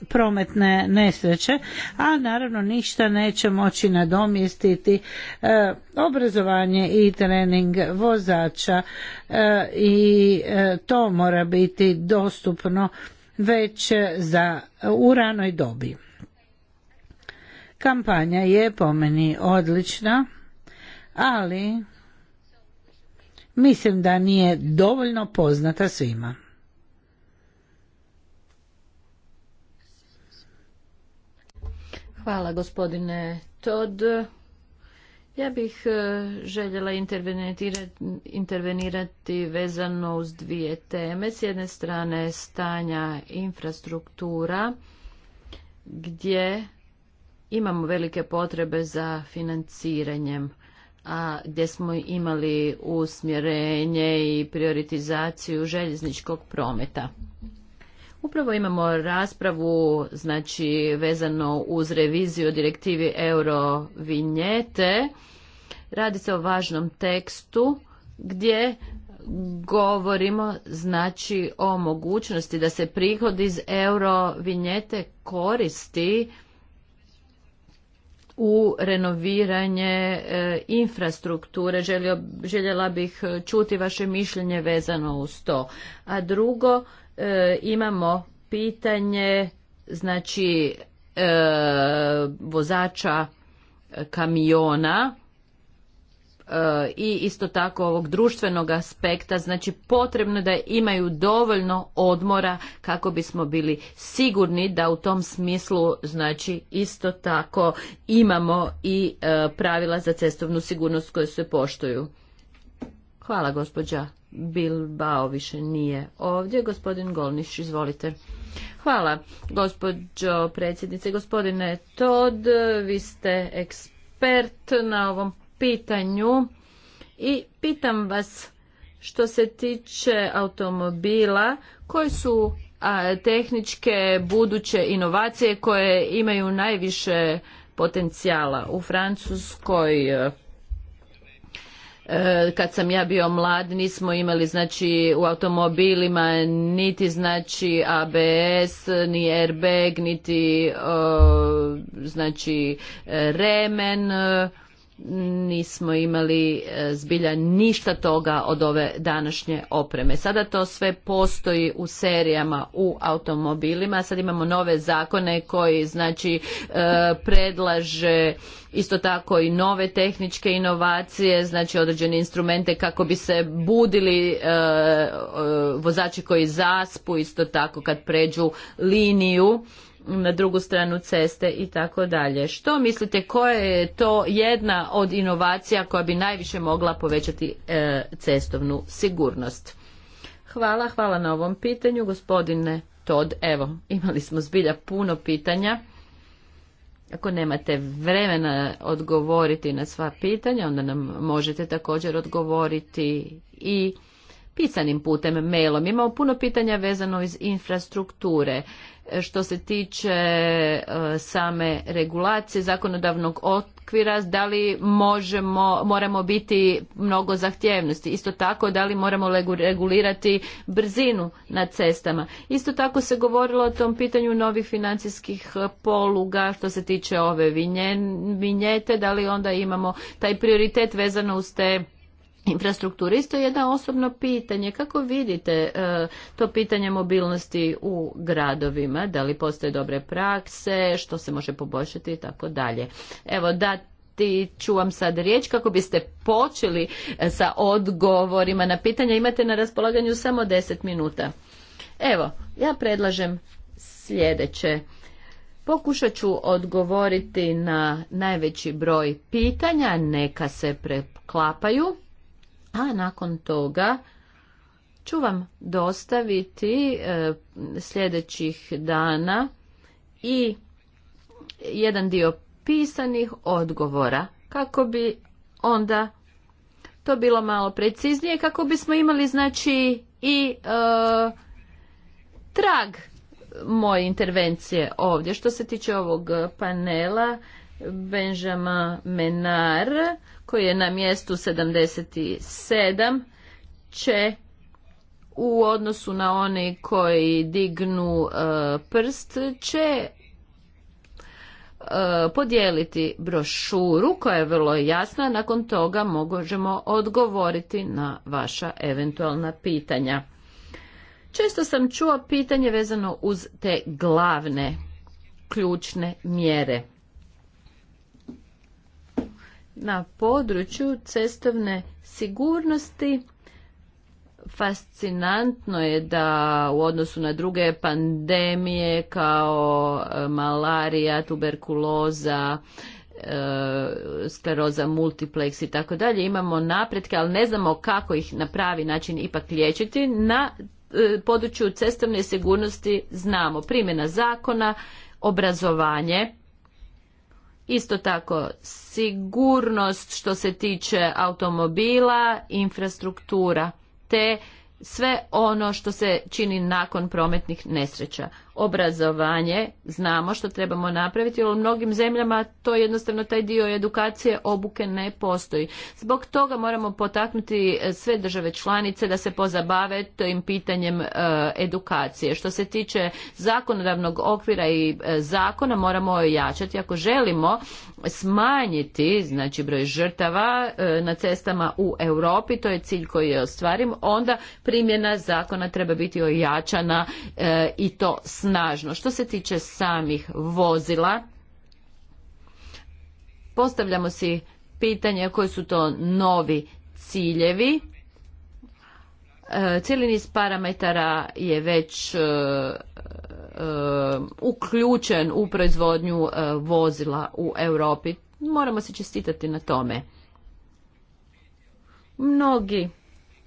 prometne nesreće, a naravno ništa neće moći nadomjestiti e, obrazovanje i trening vozača e, i e, to mora biti dostupno već za u ranoj dobi. Kampanja je po meni odlična, ali mislim da nije dovoljno poznata svima. Hvala gospodine Tod. Ja bih e, željela intervenirati vezano uz dvije teme. S jedne strane stanja infrastruktura gdje imamo velike potrebe za financiranjem, a gdje smo imali usmjerenje i prioritizaciju željezničkog prometa. Upravo imamo raspravu znači vezano uz reviziju direktivi euro vinjete. Radi se o važnom tekstu gdje govorimo znači o mogućnosti da se prihod iz euro vinjete koristi u renoviranje e, infrastrukture. željela bih čuti vaše mišljenje vezano uz to. A drugo, E, imamo pitanje znači e, vozača kamiona e, i isto tako ovog društvenog aspekta znači potrebno da imaju dovoljno odmora kako bismo bili sigurni da u tom smislu znači isto tako imamo i pravila za cestovnu sigurnost koje se poštuju hvala gospođa Bilbao više nije ovdje. Gospodin Golniš, izvolite. Hvala, gospođo predsjednice. Gospodine Tod, vi ste ekspert na ovom pitanju i pitam vas što se tiče automobila, koji su tehničke buduće inovacije koje imaju najviše potencijala u Francuskoj E, kad sam ja bio mlad nismo imali znači u automobilima niti znači ABS, ni airbag, niti znači remen nismo imali e, zbilja ništa toga od ove današnje opreme. Sada to sve postoji u serijama u automobilima. Sad imamo nove zakone koji znači e, predlaže isto tako i nove tehničke inovacije, znači određene instrumente kako bi se budili e, vozači koji zaspu isto tako kad pređu liniju na drugu stranu ceste i tako dalje. Što mislite koja je to jedna od inovacija koja bi najviše mogla povećati e, cestovnu sigurnost? Hvala, hvala na ovom pitanju gospodine Tod. Evo, imali smo zbilja puno pitanja. Ako nemate vremena odgovoriti na sva pitanja, onda nam možete također odgovoriti i pisanim putem, mailom. Imamo puno pitanja vezano iz infrastrukture što se tiče e, same regulacije zakonodavnog okvira, da li možemo, moramo biti mnogo zahtjevnosti. Isto tako da li moramo regulirati brzinu na cestama. Isto tako se govorilo o tom pitanju novih financijskih e, poluga što se tiče ove vinjete, da li onda imamo taj prioritet vezano uz te infrastrukture. Isto je jedno osobno pitanje. Kako vidite e, to pitanje mobilnosti u gradovima? Da li postoje dobre prakse? Što se može poboljšati i tako dalje? Evo, da ti ću vam sad riječ kako biste počeli e, sa odgovorima na pitanja. Imate na raspolaganju samo 10 minuta. Evo, ja predlažem sljedeće. Pokušat ću odgovoriti na najveći broj pitanja, neka se preklapaju a nakon toga ću vam dostaviti e, sljedećih dana i jedan dio pisanih odgovora kako bi onda to bilo malo preciznije kako bismo imali znači i e, trag moje intervencije ovdje što se tiče ovog panela Benjamin Menar koji je na mjestu 77 će u odnosu na oni koji dignu e, prst će e, podijeliti brošuru koja je vrlo jasna, nakon toga možemo odgovoriti na vaša eventualna pitanja. Često sam čuo pitanje vezano uz te glavne ključne mjere na području cestovne sigurnosti fascinantno je da u odnosu na druge pandemije kao e, malarija, tuberkuloza, e, skleroza multiplex i tako dalje imamo napretke, ali ne znamo kako ih na pravi način ipak liječiti. Na e, području cestovne sigurnosti znamo primjena zakona, obrazovanje, Isto tako, sigurnost što se tiče automobila, infrastruktura, te sve ono što se čini nakon prometnih nesreća obrazovanje, znamo što trebamo napraviti, ali u mnogim zemljama to jednostavno taj dio edukacije obuke ne postoji. Zbog toga moramo potaknuti e, sve države članice da se pozabave tim pitanjem e, edukacije. Što se tiče zakonodavnog okvira i e, zakona moramo ojačati ako želimo smanjiti znači broj žrtava na cestama u Europi, to je cilj koji je ostvarim, onda primjena zakona treba biti ojačana i to snažno. Što se tiče samih vozila, postavljamo si pitanje koji su to novi ciljevi. E, cijeli niz parametara je već e, e, uključen u proizvodnju vozila u Europi. Moramo se čestitati na tome. Mnogi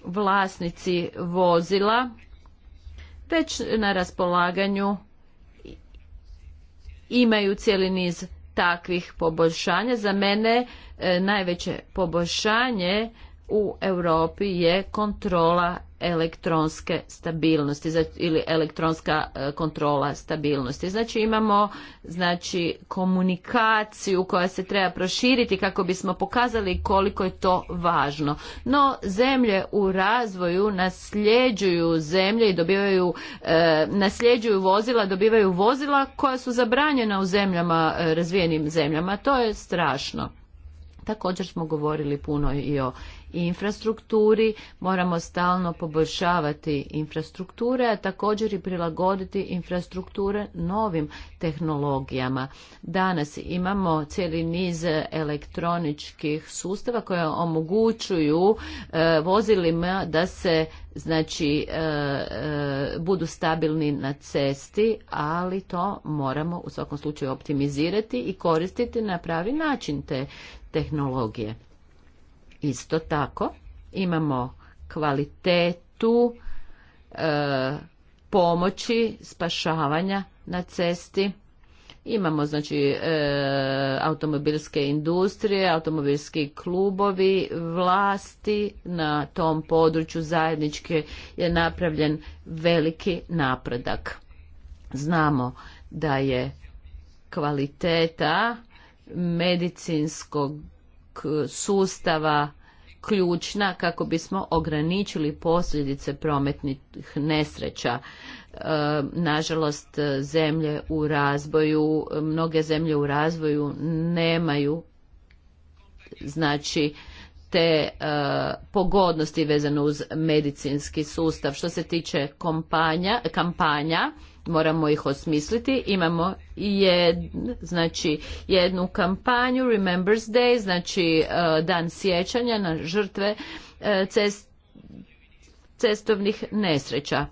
vlasnici vozila već na raspolaganju imaju cijeli niz takvih poboljšanja. Za mene e, najveće poboljšanje u Europi je kontrola elektronske stabilnosti ili elektronska e, kontrola stabilnosti. Znači imamo znači komunikaciju koja se treba proširiti kako bismo pokazali koliko je to važno. No zemlje u razvoju nasljeđuju zemlje i dobivaju e, nasljeđuju vozila, dobivaju vozila koja su zabranjena u zemljama e, razvijenim zemljama. To je strašno. Također smo govorili puno i o i infrastrukturi. Moramo stalno poboljšavati infrastrukture, a također i prilagoditi infrastrukture novim tehnologijama. Danas imamo cijeli niz elektroničkih sustava koje omogućuju e, vozilima da se znači e, e, budu stabilni na cesti, ali to moramo u svakom slučaju optimizirati i koristiti na pravi način te tehnologije. Isto tako imamo kvalitetu e, pomoći spašavanja na cesti. Imamo znači e, automobilske industrije, automobilski klubovi, vlasti na tom području zajedničke je napravljen veliki napredak. Znamo da je kvaliteta medicinskog E, sustava ključna kako bismo ograničili posljedice prometnih nesreća. E, nažalost, zemlje u razvoju, mnoge zemlje u razvoju nemaju znači te e, pogodnosti vezano uz medicinski sustav. Što se tiče kampanja, kampanja, moramo ih osmisliti. Imamo jed, znači, jednu kampanju Remembers Day, znači e, dan sjećanja na žrtve e, cestovnih nesreća.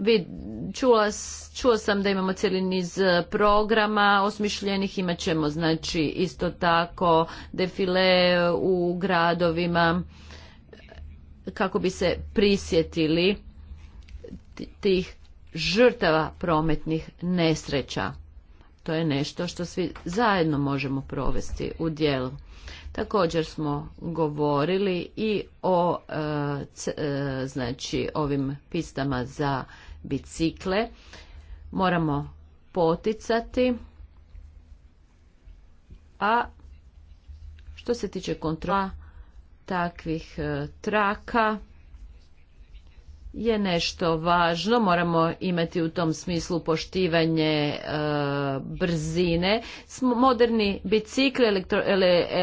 Vi, čula, čuo sam da imamo cijeli niz e, programa osmišljenih, imat ćemo znači isto tako defile u gradovima kako bi se prisjetili tih žrtava prometnih nesreća. To je nešto što svi zajedno možemo provesti u dijelu. Također smo govorili i o e, e, znači ovim pistama za bicikle. Moramo poticati a što se tiče kontrola takvih e, traka je nešto važno, moramo imati u tom smislu poštivanje e, brzine. Moderni bicikli,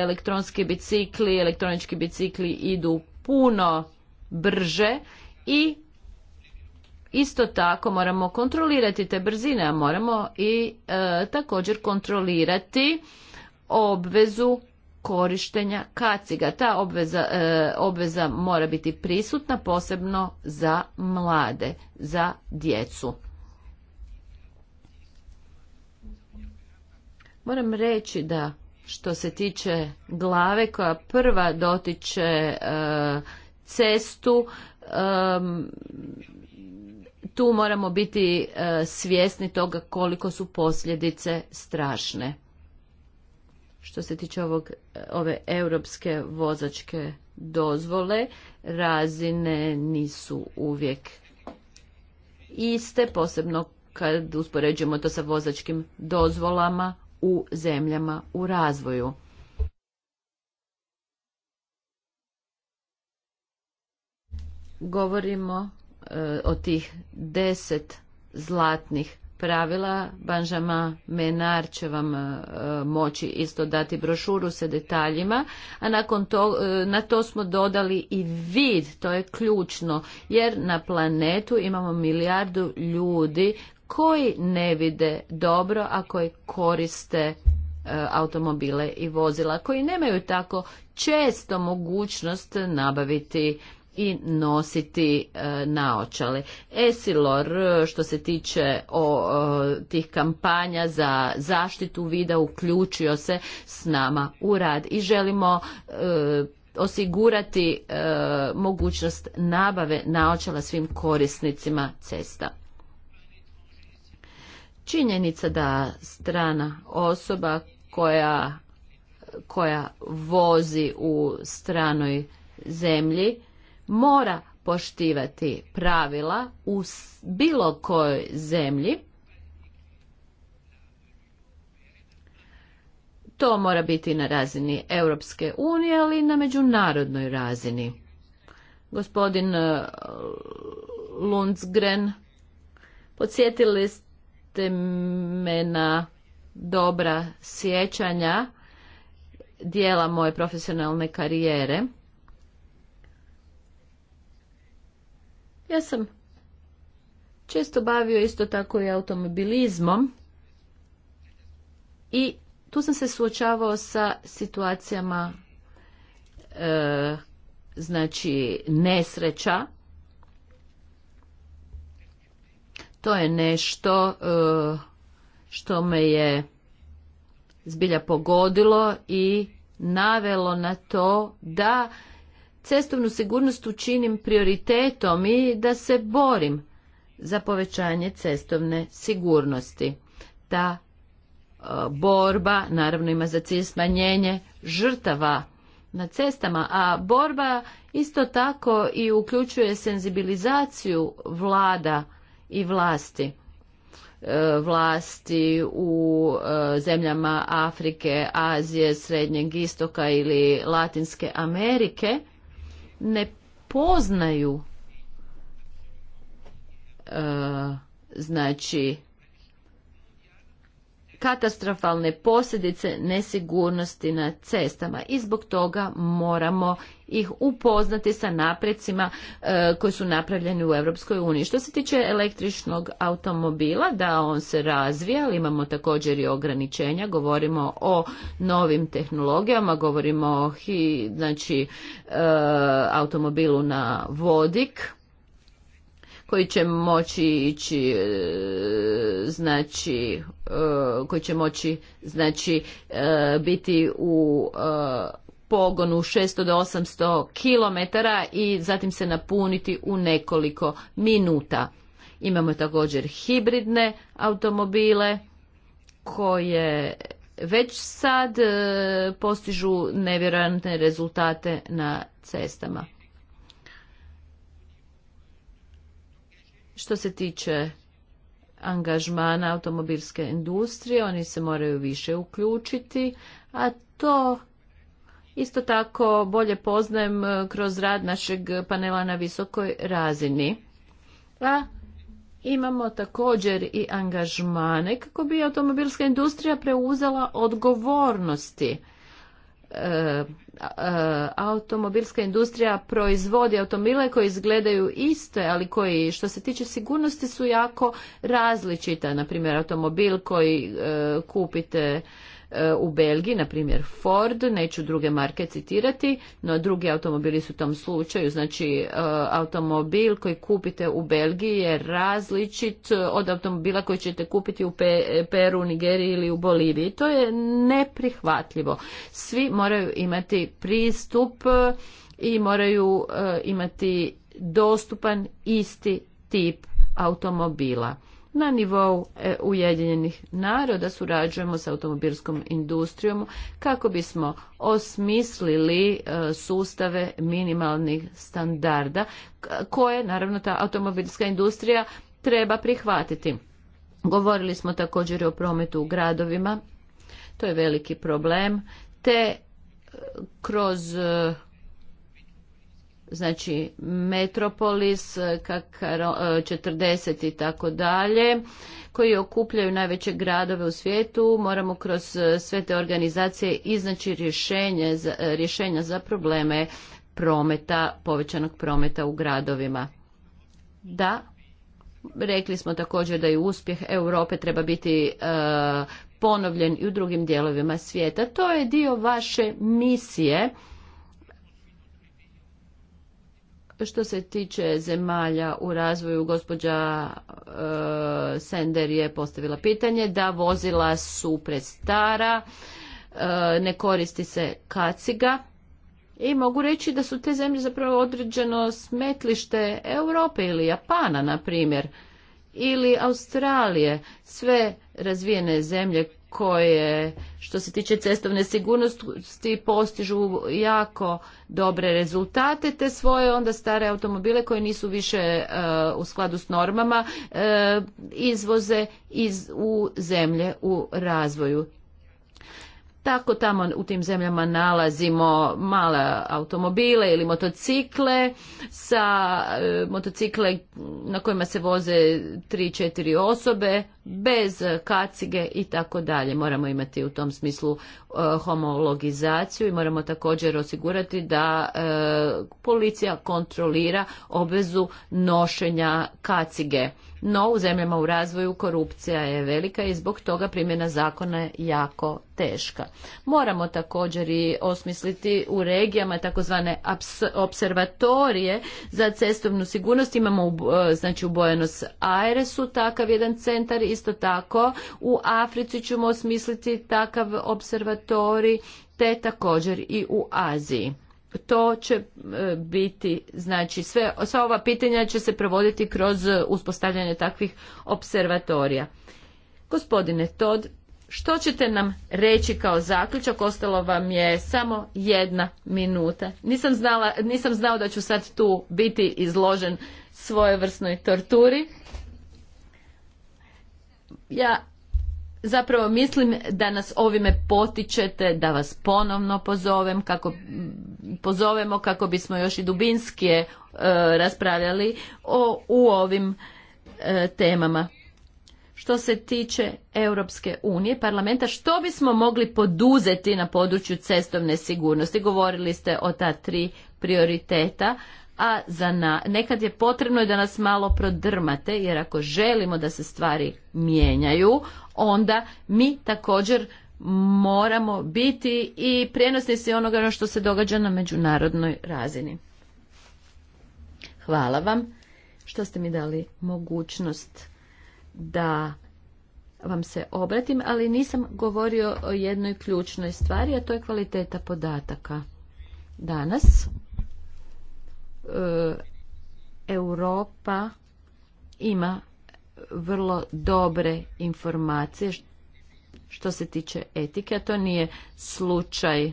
elektronski bicikli, elektronički bicikli idu puno brže i isto tako moramo kontrolirati te brzine, a moramo i e, također kontrolirati obvezu korištenja kaciga. Ta obveza, e, obveza mora biti prisutna posebno za mlade, za djecu. Moram reći da što se tiče glave koja prva dotiče e, cestu, tu moramo biti e, svjesni toga koliko su posljedice strašne što se tiče ovog, ove europske vozačke dozvole, razine nisu uvijek iste, posebno kad uspoređujemo to sa vozačkim dozvolama u zemljama u razvoju. Govorimo e, o tih deset zlatnih pravila. Banžama Menar će vam e, moći isto dati brošuru sa detaljima, a nakon to, e, na to smo dodali i vid, to je ključno, jer na planetu imamo milijardu ljudi koji ne vide dobro, a koji koriste e, automobile i vozila, koji nemaju tako često mogućnost nabaviti i nositi e, naočale. Esilor e, što se tiče o, e, tih kampanja za zaštitu vida uključio se s nama u rad i želimo e, osigurati mogućnost nabave naočala svim korisnicima cesta. Činjenica da strana osoba koja koja vozi u stranoj zemlji mora poštivati pravila u bilo kojoj zemlji. To mora biti na razini Europske unije, ali i na međunarodnoj razini. Gospodin e, Lundsgren, podsjetili ste me na dobra sjećanja dijela moje profesionalne karijere – Ja sam često bavio isto tako i automobilizmom i tu sam se suočavao sa situacijama e, znači nesreća. To je nešto e, što me je zbilja pogodilo i navelo na to da cestovnu sigurnost učinim prioritetom i da se borim za povećanje cestovne sigurnosti. Ta e, borba naravno ima za cilj smanjenje žrtava na cestama, a borba isto tako i uključuje senzibilizaciju vlada i vlasti e, vlasti u e, zemljama Afrike, Azije, Srednjeg istoka ili Latinske Amerike ne poznaju e, znači katastrofalne posljedice nesigurnosti na cestama i zbog toga moramo ih upoznati sa naprecima e, koji su napravljeni u Europskoj uniji. Što se tiče električnog automobila, da on se razvija, ali imamo također i ograničenja, govorimo o novim tehnologijama, govorimo o hi, znači, e, automobilu na vodik, koji će moći ići e, znači koji će moći znači biti u pogonu 600 do 800 km i zatim se napuniti u nekoliko minuta. Imamo također hibridne automobile koje već sad e, postižu nevjerojatne rezultate na cestama. Što se tiče angažmana automobilske industrije, oni se moraju više uključiti, a to Isto tako bolje poznajem e, kroz rad našeg panela na visokoj razini. A imamo također i angažmane kako bi automobilska industrija preuzela odgovornosti. E, automobilska industrija proizvodi automobile koji izgledaju isto, ali koji što se tiče sigurnosti su jako različita. primjer automobil koji e, kupite E, u Belgiji, na primjer Ford, neću druge marke citirati, no drugi automobili su u tom slučaju, znači e, automobil koji kupite u Belgiji je različit od automobila koji ćete kupiti u Peru, Nigeriji ili u Boliviji. To je neprihvatljivo. Svi moraju imati pristup e, i moraju imati dostupan isti tip automobila. Na nivou e, Ujedinjenih naroda surađujemo sa automobilskom industrijom kako bismo osmislili e, sustave minimalnih standarda koje naravno ta automobilska industrija treba prihvatiti. Govorili smo također i o prometu u gradovima, to je veliki problem, te e, kroz znači Metropolis, Kakaro, 40 e, i tako dalje, koji okupljaju najveće gradove u svijetu, moramo kroz e, sve te organizacije iznaći rješenje, e, rješenja za probleme prometa, povećanog prometa u gradovima. Da, rekli smo također da i uspjeh Europe treba biti ponovljen i u drugim dijelovima svijeta. To je dio vaše misije što se tiče zemalja u razvoju, gospođa e, Sender je postavila pitanje da vozila su prestara, e, ne koristi se kaciga. I mogu reći da su te zemlje zapravo određeno smetlište Europe ili Japana, na primjer, ili Australije. Sve razvijene zemlje koje što se tiče cestovne sigurnosti postižu jako dobre rezultate te svoje onda stare automobile koji nisu više e, u skladu s normama e, izvoze iz, u zemlje u razvoju. Tako tamo u tim zemljama nalazimo male automobile ili motocikle sa e, motocikle na kojima se voze 3-4 osobe bez kacige i tako dalje. Moramo imati u tom smislu e, homologizaciju i moramo također osigurati da e, policija kontrolira obvezu nošenja kacige no u zemljama u razvoju korupcija je velika i zbog toga primjena zakona je jako teška. Moramo također i osmisliti u regijama takozvane observatorije za cestovnu sigurnost. Imamo u, e, znači u Buenos Airesu takav jedan centar, isto tako u Africi ćemo osmisliti takav observatori, te također i u Aziji to će e, biti, znači sve, sva ova pitanja će se provoditi kroz uspostavljanje takvih observatorija. Gospodine Tod, što ćete nam reći kao zaključak? Ostalo vam je samo jedna minuta. Nisam, znala, nisam znao da ću sad tu biti izložen svojevrsnoj torturi. Ja Zapravo mislim da nas ovime potičete, da vas ponovno pozovem kako, pozovemo kako bismo još i dubinskije e, raspravljali o, u ovim e, temama. Što se tiče Europske unije, parlamenta, što bismo mogli poduzeti na području cestovne sigurnosti? Govorili ste o ta tri prioriteta, a za na, nekad je potrebno da nas malo prodrmate, jer ako želimo da se stvari mijenjaju, onda mi također moramo biti i se onoga što se događa na međunarodnoj razini. Hvala vam što ste mi dali mogućnost da vam se obratim, ali nisam govorio o jednoj ključnoj stvari, a to je kvaliteta podataka. Danas e, Europa ima vrlo dobre informacije što se tiče etike, a to nije slučaj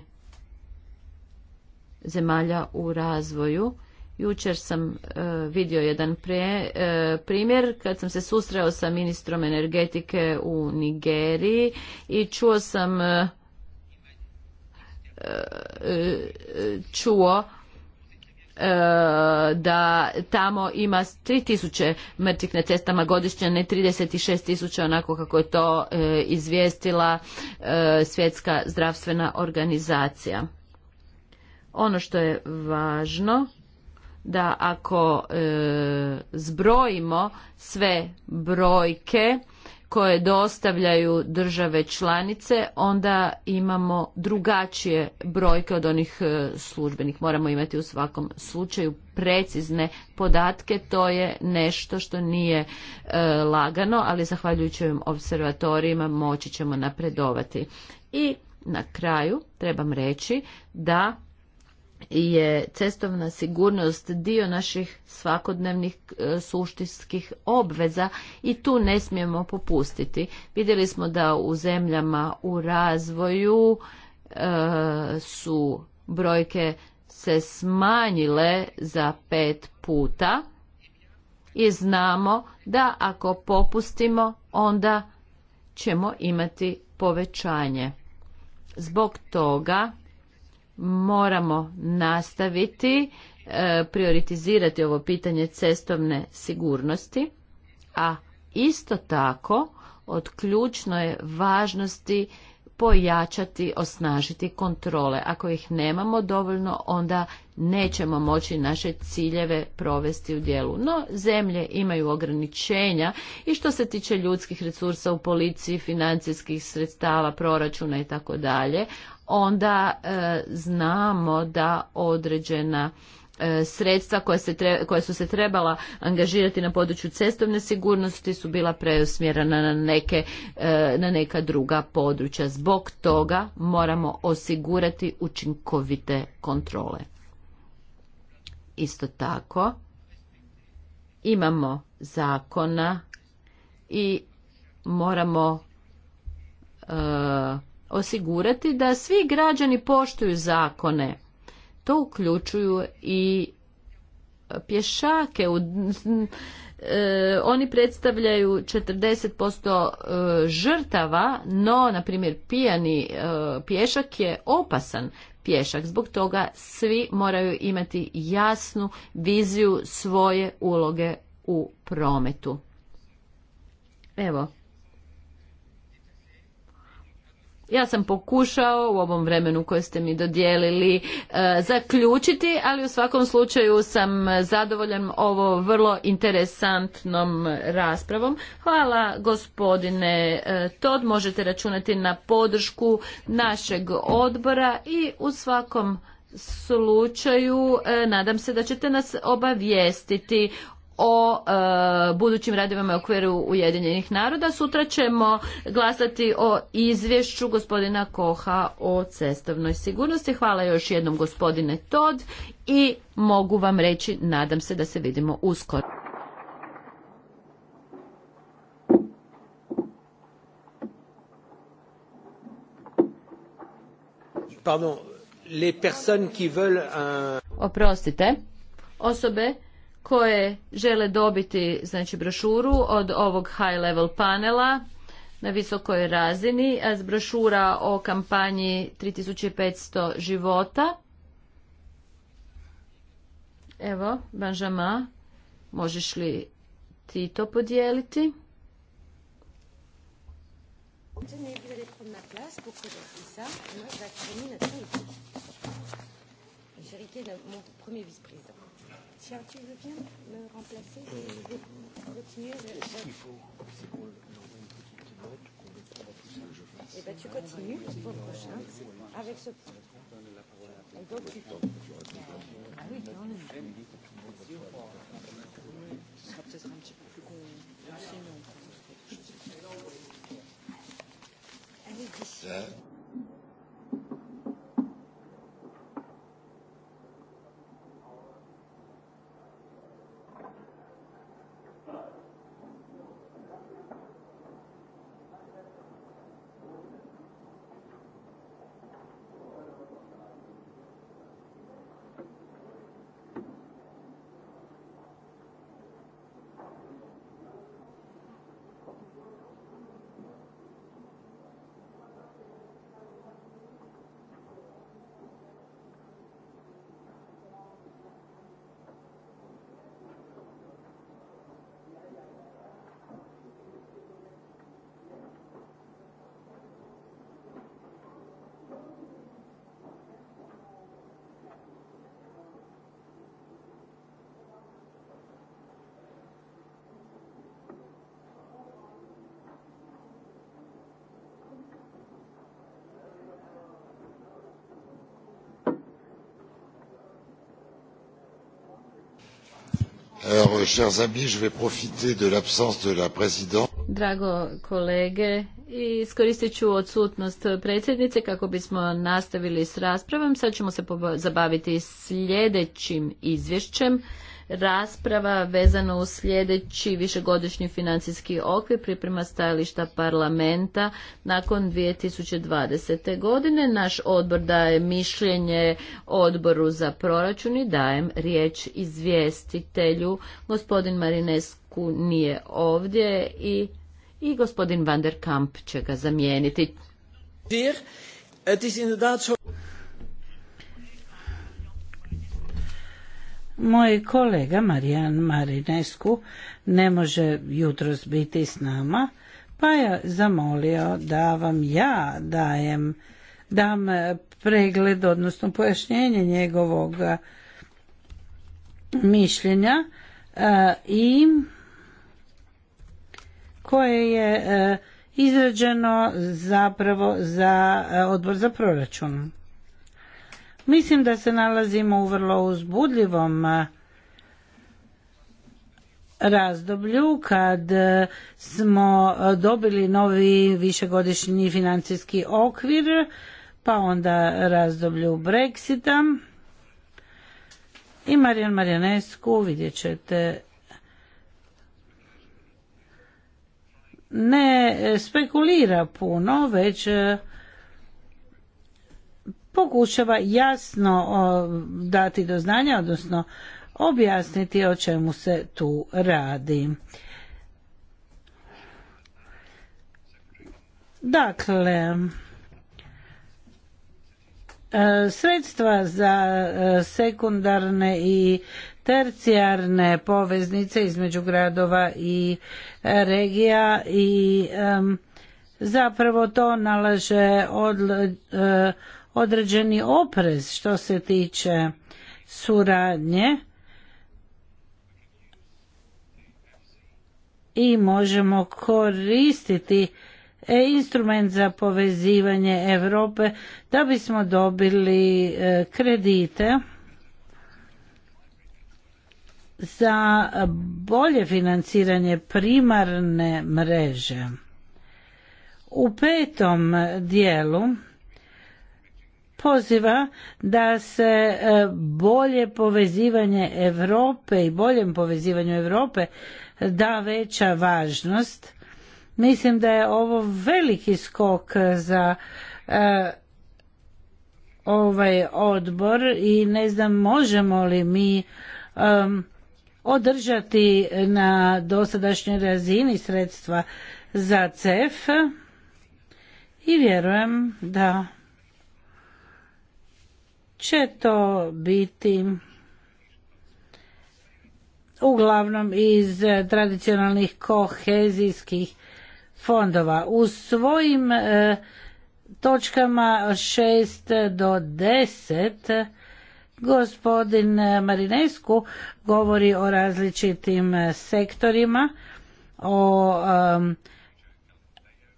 zemalja u razvoju. Jučer sam e, vidio jedan e, primjer kad sam se susreo sa ministrom energetike u Nigeriji i čuo sam e, čuo E, da tamo ima 3000 mrtvih na cestama godišnje, ne 36.000 onako kako je to e, izvijestila e, svjetska zdravstvena organizacija. Ono što je važno da ako zbrojimo sve brojke koje dostavljaju države članice, onda imamo drugačije brojke od onih e, službenih. Moramo imati u svakom slučaju precizne podatke, to je nešto što nije e, lagano, ali zahvaljujući ovim observatorijima moći ćemo napredovati. I na kraju trebam reći da je cestovna sigurnost dio naših svakodnevnih e, suštinskih obveza i tu ne smijemo popustiti. Vidjeli smo da u zemljama u razvoju e, su brojke se smanjile za pet puta i znamo da ako popustimo onda ćemo imati povećanje. Zbog toga moramo nastaviti e, prioritizirati ovo pitanje cestovne sigurnosti, a isto tako od ključnoj važnosti pojačati, osnažiti kontrole. Ako ih nemamo dovoljno, onda nećemo moći naše ciljeve provesti u dijelu. No, zemlje imaju ograničenja i što se tiče ljudskih resursa u policiji, financijskih sredstava, proračuna i tako dalje, onda e, znamo da određena e, sredstva koja, se su se trebala angažirati na području cestovne sigurnosti su bila preusmjerena na, neke, e, na neka druga područja. Zbog toga moramo osigurati učinkovite kontrole. Isto tako imamo zakona i moramo osigurati da svi građani poštuju zakone. To uključuju i pješake. E, oni predstavljaju 40% e, žrtava, no, na primjer, pijani e, pješak je opasan pješak. Zbog toga svi moraju imati jasnu viziju svoje uloge u prometu. Evo, Ja sam pokušao u ovom vremenu koje ste mi dodijelili e, zaključiti, ali u svakom slučaju sam zadovoljan ovo vrlo interesantnom raspravom. Hvala gospodine e, Tod, možete računati na podršku našeg odbora i u svakom slučaju e, nadam se da ćete nas obavijestiti o e, budućim radovima u okviru Ujedinjenih naroda. Sutra ćemo glasati o izvješću gospodina Koha o cestovnoj sigurnosti. Hvala još jednom gospodine Tod i mogu vam reći, nadam se da se vidimo uskoro. Pardon, les personnes qui veulent un... Oprostite, osobe koje žele dobiti znači brošuru od ovog high level panela na visokoj razini, s brošura o kampanji 3500 života. Evo, Benjamin, možeš li ti to podijeliti? Tiens, tu veux bien me remplacer et faut, c'est qu'on une petite note, qu'on tout je fasse. Eh bien, tu continues pour le prochain, avec ce point. Ah oui, Euh, Drago kolege, iskoristit ću odsutnost predsjednice kako bismo nastavili s raspravom. Sad ćemo se zabaviti sljedećim izvješćem rasprava vezano uz sljedeći višegodišnji financijski okvir priprema stajališta parlamenta nakon 2020. godine. Naš odbor daje mišljenje odboru za proračun i dajem riječ izvjestitelju. Gospodin Marinesku nije ovdje i, i gospodin Van der Kamp će ga zamijeniti. Moj kolega Marijan Marinescu ne može jutros biti s nama, pa je zamolio da vam ja dajem dam pregled, odnosno pojašnjenje njegovog e, mišljenja e, i koje je e, izrađeno zapravo za odbor za proračun. Mislim da se nalazimo u vrlo uzbudljivom razdoblju kad e, smo e, dobili novi višegodišnji financijski okvir, pa onda razdoblju Brexita. I Marijan Marijanesku vidjet ćete ne e, spekulira puno, već pokušava jasno dati do znanja, odnosno objasniti o čemu se tu radi. Dakle, e, sredstva za e, sekundarne i tercijarne poveznice između gradova i e, regija i zapravo to nalaže od određeni oprez što se tiče suradnje i možemo koristiti e, instrument za povezivanje Europe da bismo dobili e, kredite za bolje financiranje primarne mreže. U petom dijelu poziva da se e, bolje povezivanje Europe i boljem povezivanju Europe da veća važnost. Mislim da je ovo veliki skok za e, ovaj odbor i ne znam možemo li mi održati na dosadašnjoj razini sredstva za CEF i vjerujem da će to biti uglavnom iz tradicionalnih kohezijskih fondova. U svojim e, točkama 6 do 10 gospodin Marinesku govori o različitim sektorima, o e,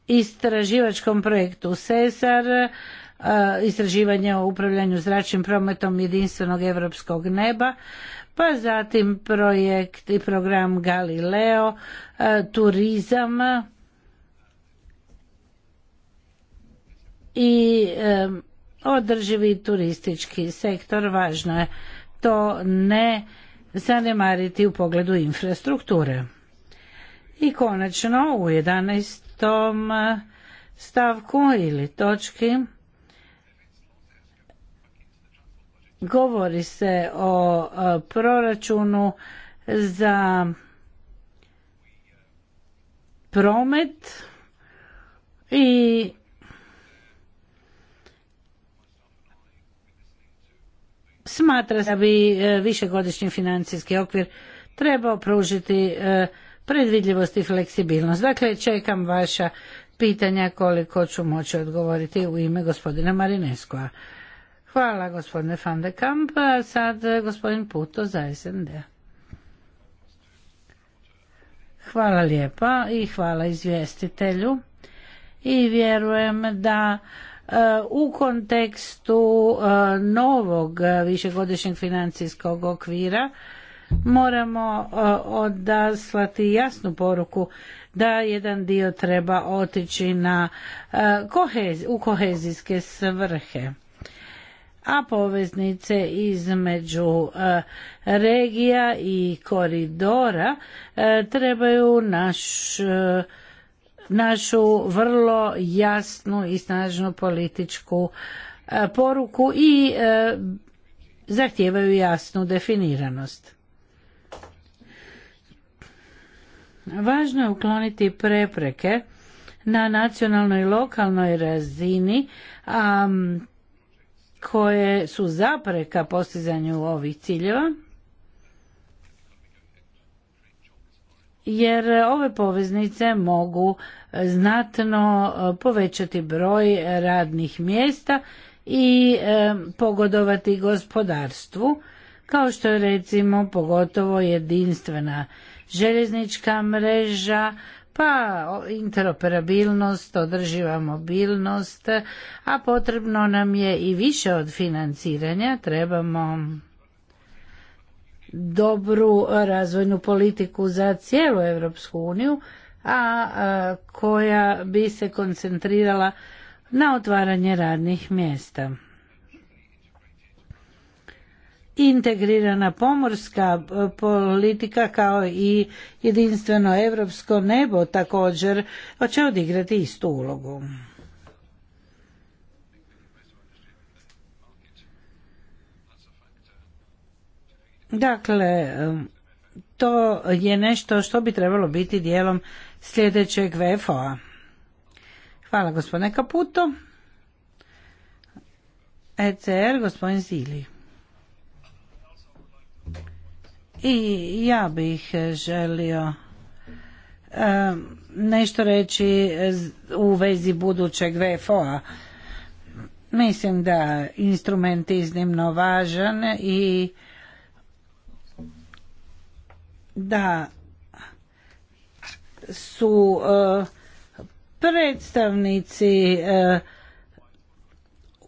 istraživačkom projektu Cesar, E, istraživanja o upravljanju zračnim prometom jedinstvenog europskog neba, pa zatim projekt i program Galileo, e, turizam i e, održivi turistički sektor. Važno je to ne zanemariti u pogledu infrastrukture. I konačno u 11. stavku ili točki govori se o e, proračunu za promet i smatra se da bi e, višegodišnji financijski okvir trebao pružiti e, predvidljivost i fleksibilnost. Dakle, čekam vaša pitanja koliko ću moći odgovoriti u ime gospodina Marineskoa. Hvala gospodine van de Kamp. Sad e, gospodin Puto za Hvala lijepa i hvala izvjestitelju. I vjerujem da e, u kontekstu e, novog višegodišnjeg financijskog okvira moramo odaslati jasnu poruku da jedan dio treba otići na u kohezijske svrhe a poveznice između e, regija i koridora e, trebaju naš e, našu vrlo jasnu i snažnu političku poruku i zahtijevaju jasnu definiranost. Važno je ukloniti prepreke na nacionalnoj i lokalnoj razini, a koje su zapreka postizanju ovih ciljeva jer ove poveznice mogu znatno e, povećati broj radnih mjesta i e, pogodovati gospodarstvu kao što je recimo pogotovo jedinstvena željeznička mreža pa interoperabilnost, održiva mobilnost, a potrebno nam je i više od financiranja, trebamo dobru razvojnu politiku za cijelu Europsku uniju, a koja bi se koncentrirala na otvaranje radnih mjesta integrirana pomorska e, politika kao i jedinstveno europsko nebo također će odigrati istu ulogu. Dakle, e, to je nešto što bi trebalo biti dijelom sljedećeg VFO-a. Hvala gospodine Kaputo. ECR, gospodin Zili. I ja bih e, želio e, nešto reći u vezi budućeg VFO-a. Mislim da instrument iznimno važan i da su e, predstavnici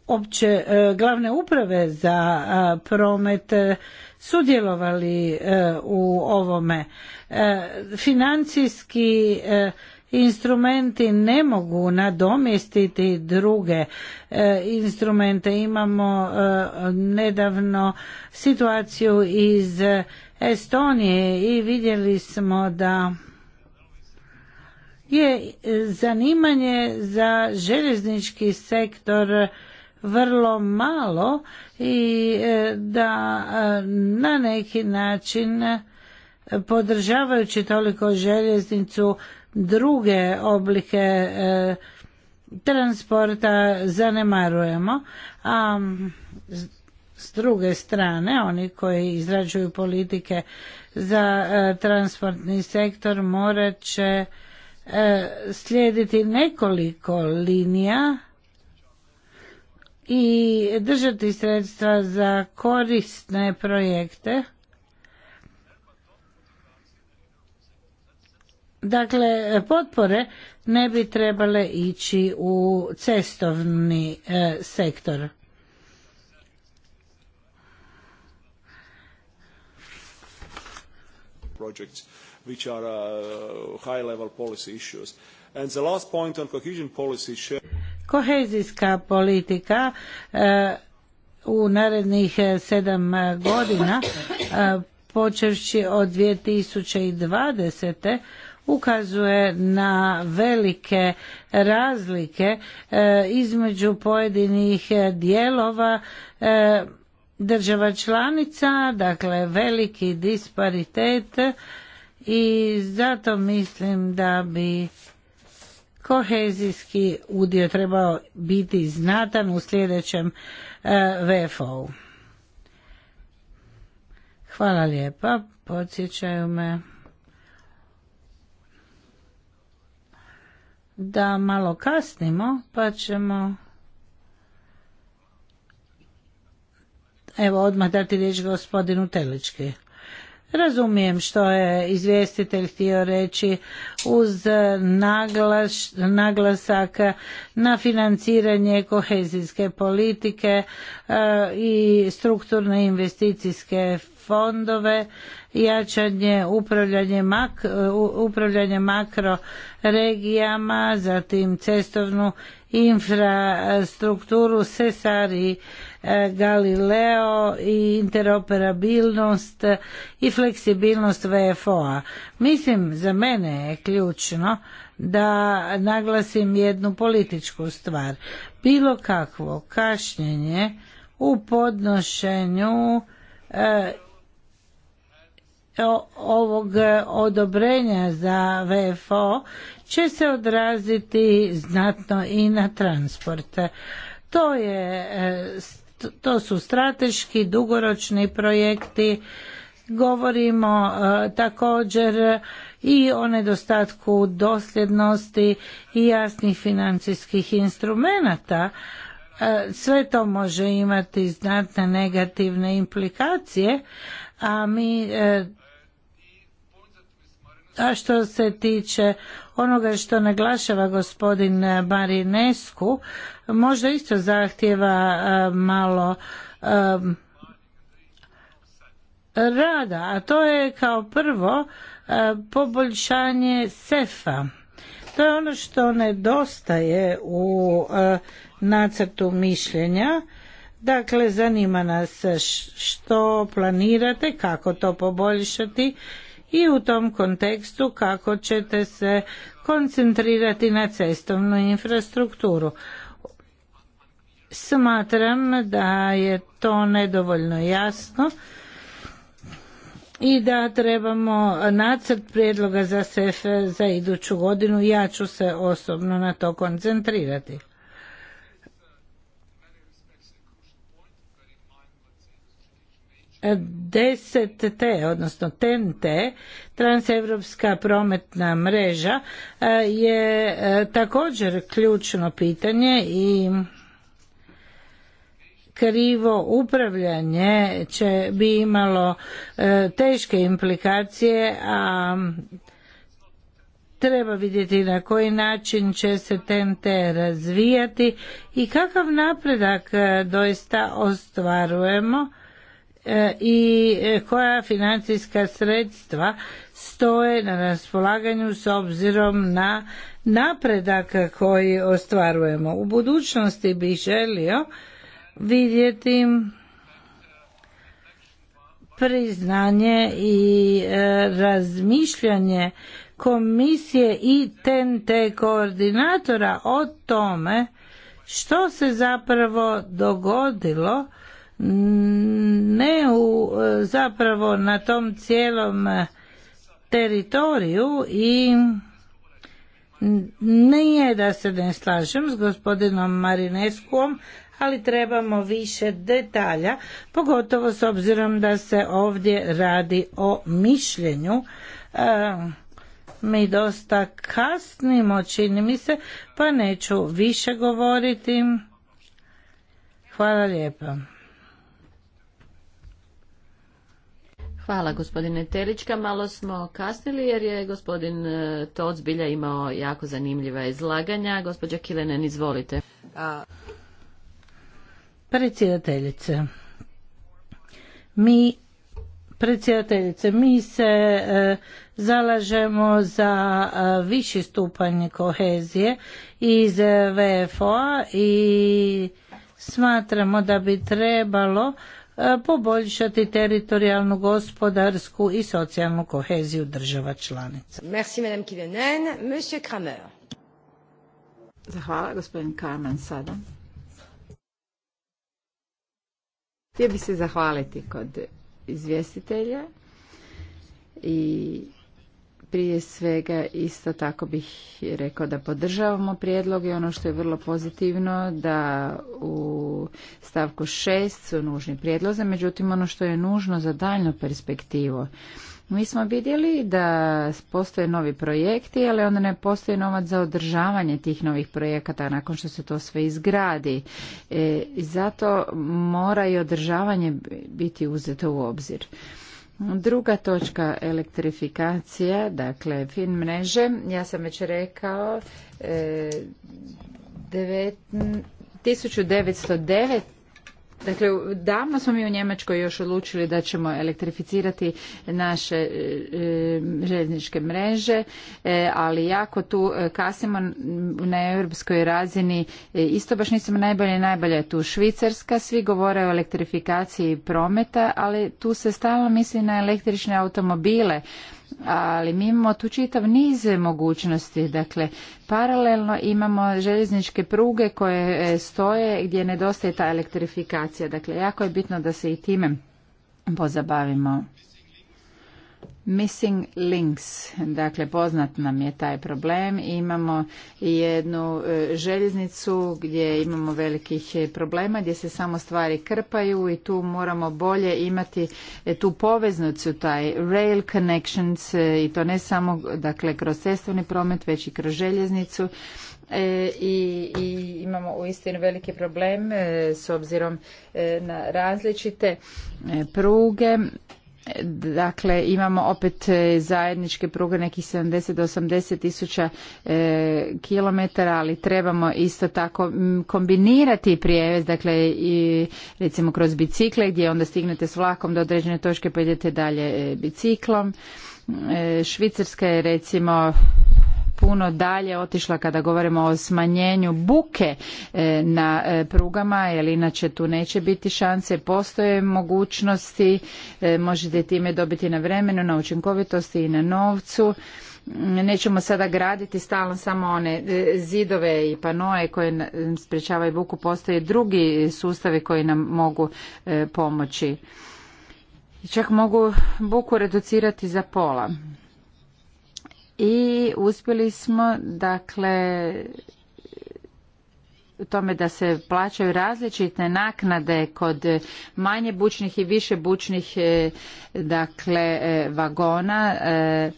opće glavne uprave za promet sudjelovali e, u ovome. E, financijski e, instrumenti ne mogu nadomjestiti druge instrumente. Imamo nedavno situaciju iz Estonije i vidjeli smo da je zanimanje za željeznički sektor vrlo malo i e, da e, na neki način e, podržavajući toliko željeznicu druge oblike transporta zanemarujemo a s druge strane oni koji izrađuju politike za transportni sektor morat će slijediti nekoliko linija i držati sredstva za korisne projekte. Dakle, potpore ne bi trebale ići u cestovni e, sektor. Projects which are uh, high level policy issues. Kohezijska politika eh, u narednih eh, sedam eh, godina počevši od 2020 ukazuje na velike razlike između pojedinih dijelova država članica, dakle veliki disparitet i zato mislim da bi kohezijski udio trebao biti znatan u sljedećem e, VFO-u. Hvala lijepa, podsjećaju me da malo kasnimo, pa ćemo evo odmah dati riječ gospodinu Telički. Razumijem što je izvjestitelj htio reći uz naglas, naglasak na financiranje kohezijske politike e, i strukturne investicijske fondove, jačanje upravljanje, mak, upravljanje makro regijama, zatim cestovnu infrastrukturu, sesari E, Galileo i interoperabilnost i fleksibilnost VFO-a. Mislim, za mene je ključno da naglasim jednu političku stvar. Bilo kakvo kašnjenje u podnošenju e, ovog odobrenja za VFO će se odraziti znatno i na transport. To je e, to su strateški dugoročni projekti govorimo e, također i o nedostatku dosljednosti i jasnih financijskih instrumenata e, sve to može imati znatne negativne implikacije a mi e, a što se tiče onoga što naglašava gospodin Marinesku, možda isto zahtjeva e, malo e, rada, a to je kao prvo e, poboljšanje sefa. To je ono što nedostaje u nacrtu mišljenja. Dakle, zanima nas što planirate, kako to poboljšati i u tom kontekstu kako ćete se koncentrirati na cestovnu infrastrukturu. Smatram da je to nedovoljno jasno i da trebamo nacrt prijedloga za SEF za iduću godinu. Ja ću se osobno na to koncentrirati. 10T, odnosno TNT, transeuropska prometna mreža, e, je e, također ključno pitanje i krivo upravljanje će bi imalo e, teške implikacije, a treba vidjeti na koji način će se TNT razvijati i kakav napredak doista ostvarujemo E, i e, koja financijska sredstva stoje na raspolaganju s obzirom na napredak koji ostvarujemo. U budućnosti bih želio vidjeti priznanje i e, razmišljanje komisije i TNT koordinatora o tome što se zapravo dogodilo ne u, zapravo na tom cijelom e, teritoriju i nije da se ne slažem s gospodinom Marineskom, ali trebamo više detalja, pogotovo s obzirom da se ovdje radi o mišljenju. E, mi dosta kasnimo, čini mi se, pa neću više govoriti. Hvala lijepa. Hvala gospodine Telička. Malo smo kasnili jer je gospodin e, Toc Bilja imao jako zanimljiva izlaganja. Gospođa Kilenen, izvolite. Predsjedateljice, mi predsjedateljice, mi se e, zalažemo za e, viši stupanj kohezije iz e, VFO-a i smatramo da bi trebalo poboljšati teritorijalnu, gospodarsku i socijalnu koheziju država članica. Merci madame monsieur Kramer. Zahvala gospodin sada. Htio bi se zahvaliti kod izvjestitelja i prije svega isto tako bih rekao da podržavamo prijedlog i ono što je vrlo pozitivno da u stavku 6 su nužni prijedloze, međutim ono što je nužno za daljnu perspektivu. Mi smo vidjeli da postoje novi projekti, ali onda ne postoji novac za održavanje tih novih projekata nakon što se to sve izgradi. E, zato mora i održavanje biti uzeto u obzir. Druga točka elektrifikacija, dakle fin mreže. Ja sam već rekao, 1909. E, Dakle, davno smo mi u Njemačkoj još odlučili da ćemo elektrificirati naše e, e željezničke mreže, e, ali jako tu e, kasimo na europskoj razini. E, isto baš nismo najbolje, najbolje je tu Švicarska, svi govore o elektrifikaciji prometa, ali tu se stalno misli na električne automobile ali mi imamo tu čitav niz mogućnosti. Dakle, paralelno imamo željezničke pruge koje e, stoje gdje nedostaje ta elektrifikacija. Dakle, jako je bitno da se i time pozabavimo. Missing links, dakle poznat nam je taj problem. Imamo jednu e, željeznicu gdje imamo velikih e, problema, gdje se samo stvari krpaju i tu moramo bolje imati e, tu poveznicu, taj rail connections i to ne samo dakle, kroz cestovni promet, već i kroz željeznicu. i, i imamo uistinu veliki problem s obzirom na različite pruge Dakle, imamo opet e, zajedničke pruge nekih 70 do 80 tisuća e, kilometara, ali trebamo isto tako kombinirati prijevez, dakle i recimo kroz bicikle gdje onda stignete s vlakom do određene točke pa idete dalje e, biciklom. Švicarska je recimo puno dalje otišla kada govorimo o smanjenju buke e, na e, prugama jer inače tu neće biti šanse postoje mogućnosti e, možete time dobiti na vremenu na učinkovitosti i na novcu mm, nećemo sada graditi stalno samo one zidove i panoje koje sprečavaju buku postoje drugi sustavi koji nam mogu pomoći čak mogu buku reducirati za pola i uspjeli smo dakle u tome da se plaćaju različite naknade kod manje bučnih i više bučnih e, dakle e, vagona e,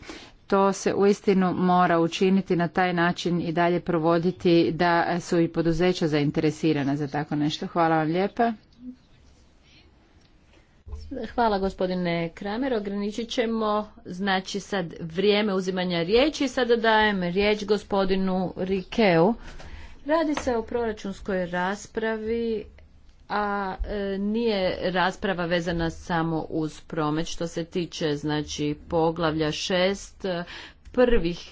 to se uistinu mora učiniti na taj način i dalje provoditi da su i poduzeća zainteresirana za tako nešto. Hvala vam lijepa. Hvala gospodine Kramer. Ograničit ćemo znači sad vrijeme uzimanja riječi. Sada dajem riječ gospodinu Rikeu. Radi se o proračunskoj raspravi, a e, nije rasprava vezana samo uz promet. Što se tiče znači poglavlja šest prvih,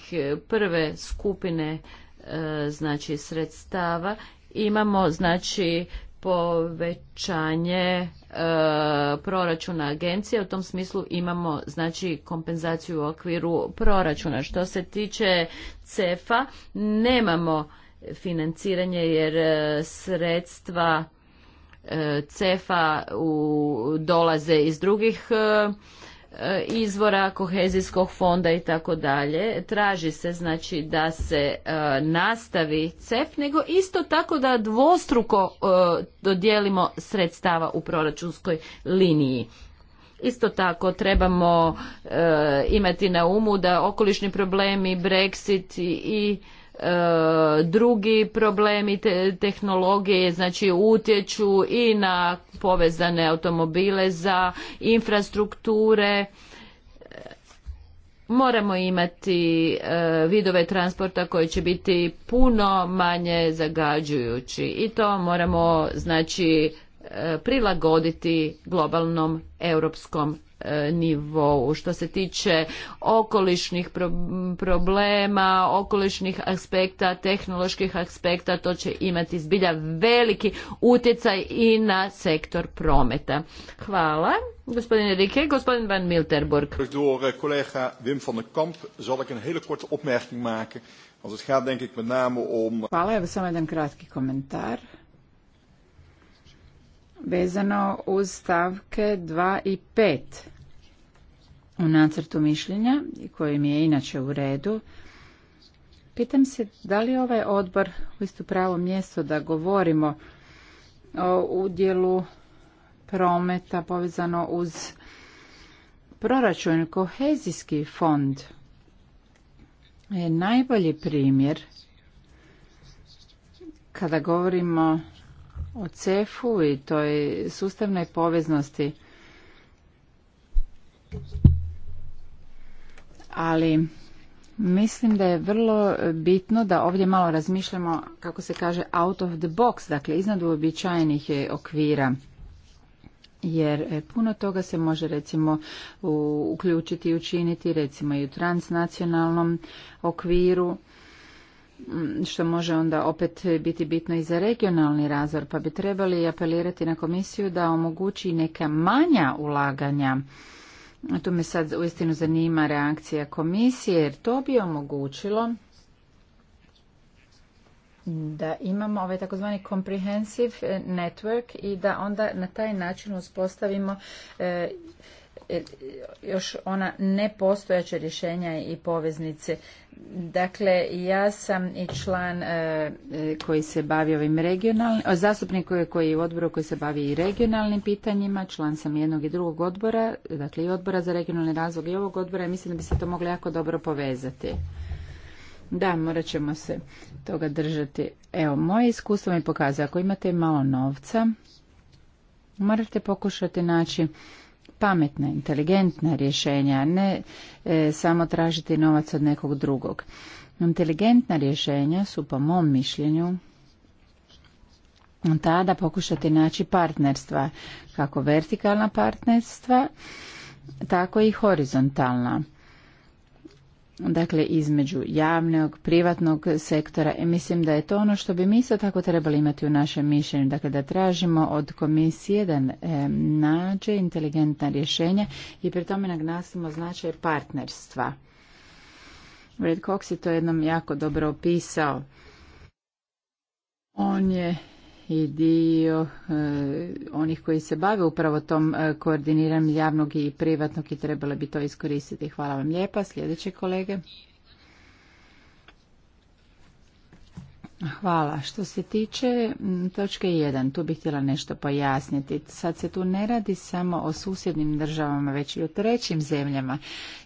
prve skupine e, znači sredstava imamo znači povećanje E, proračuna agencije. U tom smislu imamo znači kompenzaciju u okviru proračuna. Što se tiče CEFA, nemamo financiranje jer e, sredstva e, CEFA dolaze iz drugih E, izvora kohezijskog fonda i tako dalje. Traži se znači da se e, nastavi CEF, nego isto tako da dvostruko e, dodijelimo sredstava u proračunskoj liniji. Isto tako trebamo imati na umu da okolišni problemi, Brexit i E, drugi problemi te, tehnologije znači utječu i na povezane automobile za infrastrukture e, moramo imati e, vidove transporta koji će biti puno manje zagađujući i to moramo znači prilagoditi globalnom europskom E, nivou. Što se tiče okolišnih problema, okolišnih aspekta, tehnoloških aspekta, to će imati zbilja veliki utjecaj i na sektor prometa. Hvala. Gospodine Rike, gospodin Van Milterburg. Door eh, collega Wim van der Kamp zal ik een hele korte opmerking maken. Want het gaat denk ik met name om... Hvala, evo samo jedan kratki komentar vezano uz stavke 2 i 5 u nacrtu mišljenja, koji mi je inače u redu. Pitam se da li ovaj odbor u isto pravo mjesto da govorimo o udjelu prometa povezano uz proračun kohezijski fond je najbolji primjer kada govorimo o cefu u i toj sustavnoj poveznosti. Ali mislim da je vrlo bitno da ovdje malo razmišljamo, kako se kaže, out of the box, dakle iznad uobičajenih okvira. Jer e, puno toga se može recimo uključiti i učiniti recimo i u transnacionalnom okviru što može onda opet biti bitno i za regionalni razvoj, pa bi trebali apelirati na komisiju da omogući neka manja ulaganja. Tu me sad uistinu zanima reakcija komisije, jer to bi omogućilo da imamo ovaj takozvani comprehensive eh, network i da onda na taj način uspostavimo eh, eh, još ona nepostojeća rješenja i poveznice Dakle, ja sam i član e, koji se bavi ovim regionalnim, zastupnik koji je u odboru koji se bavi i regionalnim pitanjima, član sam jednog i drugog odbora, dakle i odbora za regionalni razlog i ovog odbora i mislim da bi se to moglo jako dobro povezati. Da, morat ćemo se toga držati. Evo, moje iskustvo mi pokazuje, ako imate malo novca, morate pokušati naći pametna, inteligentna rješenja, ne e, samo tražiti novac od nekog drugog. Inteligentna rješenja su po mom mišljenju tada pokušati naći partnerstva, kako vertikalna partnerstva, tako i horizontalna dakle između javnog, privatnog sektora i mislim da je to ono što bi mi isto tako trebali imati u našem mišljenju, dakle da tražimo od komisije da e, nađe inteligentna rješenja i pri tome naglasimo značaj partnerstva. Red Cox je to jednom jako dobro opisao. On je i dio e, onih koji se bave upravo tom e, koordiniranjem javnog i privatnog i trebale bi to iskoristiti. Hvala vam lijepa. Sljedeće kolege. Hvala. Što se tiče točke 1, tu bih htjela nešto pojasniti. Sad se tu ne radi samo o susjednim državama, već i o trećim zemljama,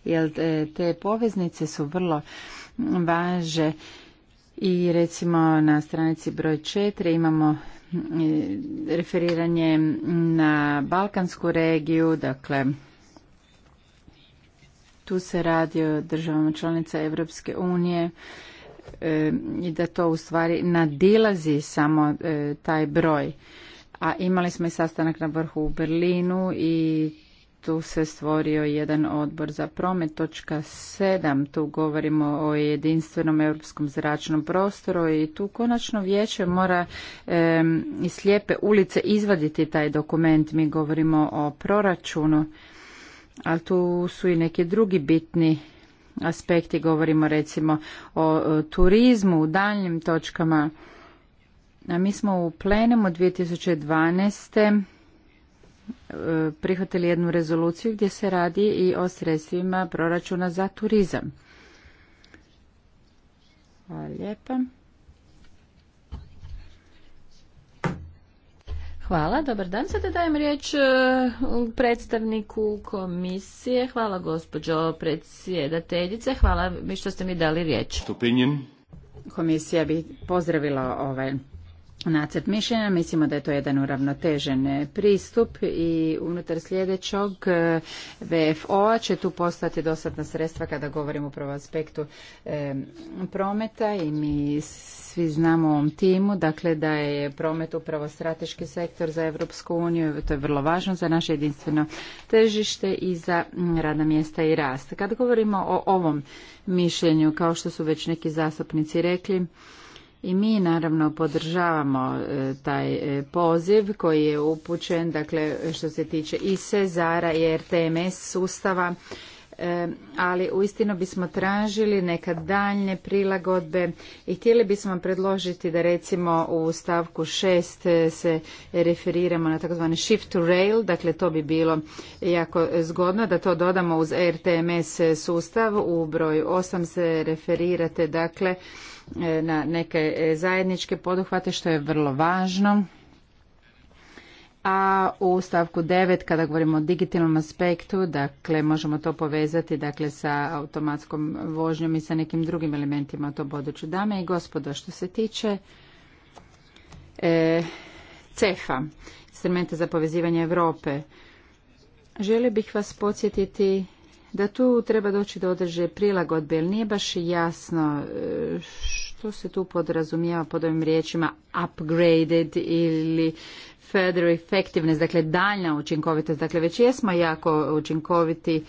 jer e, te poveznice su vrlo važe i recimo na stranici broj četiri imamo mm, e, referiranje na Balkansku regiju, dakle tu se radi o državama članica Europske unije e, i da to u stvari nadilazi samo e, taj broj. A imali smo i sastanak na vrhu u Berlinu i tu se stvorio jedan odbor za promet. Točka 7, tu govorimo o jedinstvenom europskom zračnom prostoru i tu konačno vijeće mora e, iz slijepe ulice izvaditi taj dokument. Mi govorimo o proračunu, ali tu su i neki drugi bitni aspekti. Govorimo recimo o, turizmu u daljnjim točkama. A mi smo u plenemu 2012 prihvatili jednu rezoluciju gdje se radi i o sredstvima proračuna za turizam. Hvala lijepa. Hvala, dobar dan. Sada dajem riječ e, predstavniku komisije. Hvala gospođo predsjedateljice. Hvala mi što ste mi dali riječ. Komisija bi pozdravila ovaj nacrt mišljenja. Mislimo da je to jedan uravnotežen pristup i unutar sljedećeg e, VFO-a će tu postati dostatna sredstva kada govorimo upravo o aspektu e, prometa i mi svi znamo o ovom timu, dakle da je promet upravo strateški sektor za Europsku uniju, to je vrlo važno za naše jedinstveno tržište i za radna mjesta i rast. Kad govorimo o ovom mišljenju, kao što su već neki zastupnici rekli, i mi naravno podržavamo e, taj e, poziv koji je upućen, dakle što se tiče i Sezara i RTMS sustava, e, ali uistinu bismo tražili neka daljnje prilagodbe i htjeli bismo vam predložiti da recimo u stavku 6 se referiramo na takozvani shift to rail, dakle to bi bilo jako zgodno da to dodamo uz RTMS sustav, u broju 8 se referirate dakle E, na neke e, zajedničke poduhvate što je vrlo važno. A u stavku 9 kada govorimo o digitalnom aspektu, dakle možemo to povezati dakle sa automatskom vožnjom i sa nekim drugim elementima to tom Dame i gospodo, što se tiče e, CEFA, instrumenta za povezivanje Europe, želio bih vas podsjetiti da tu treba doći do određe prilagodbe, jer nije baš jasno e, što se tu podrazumijeva pod ovim riječima upgraded ili further effectiveness, dakle daljna učinkovitost. Dakle, već jesmo jako učinkoviti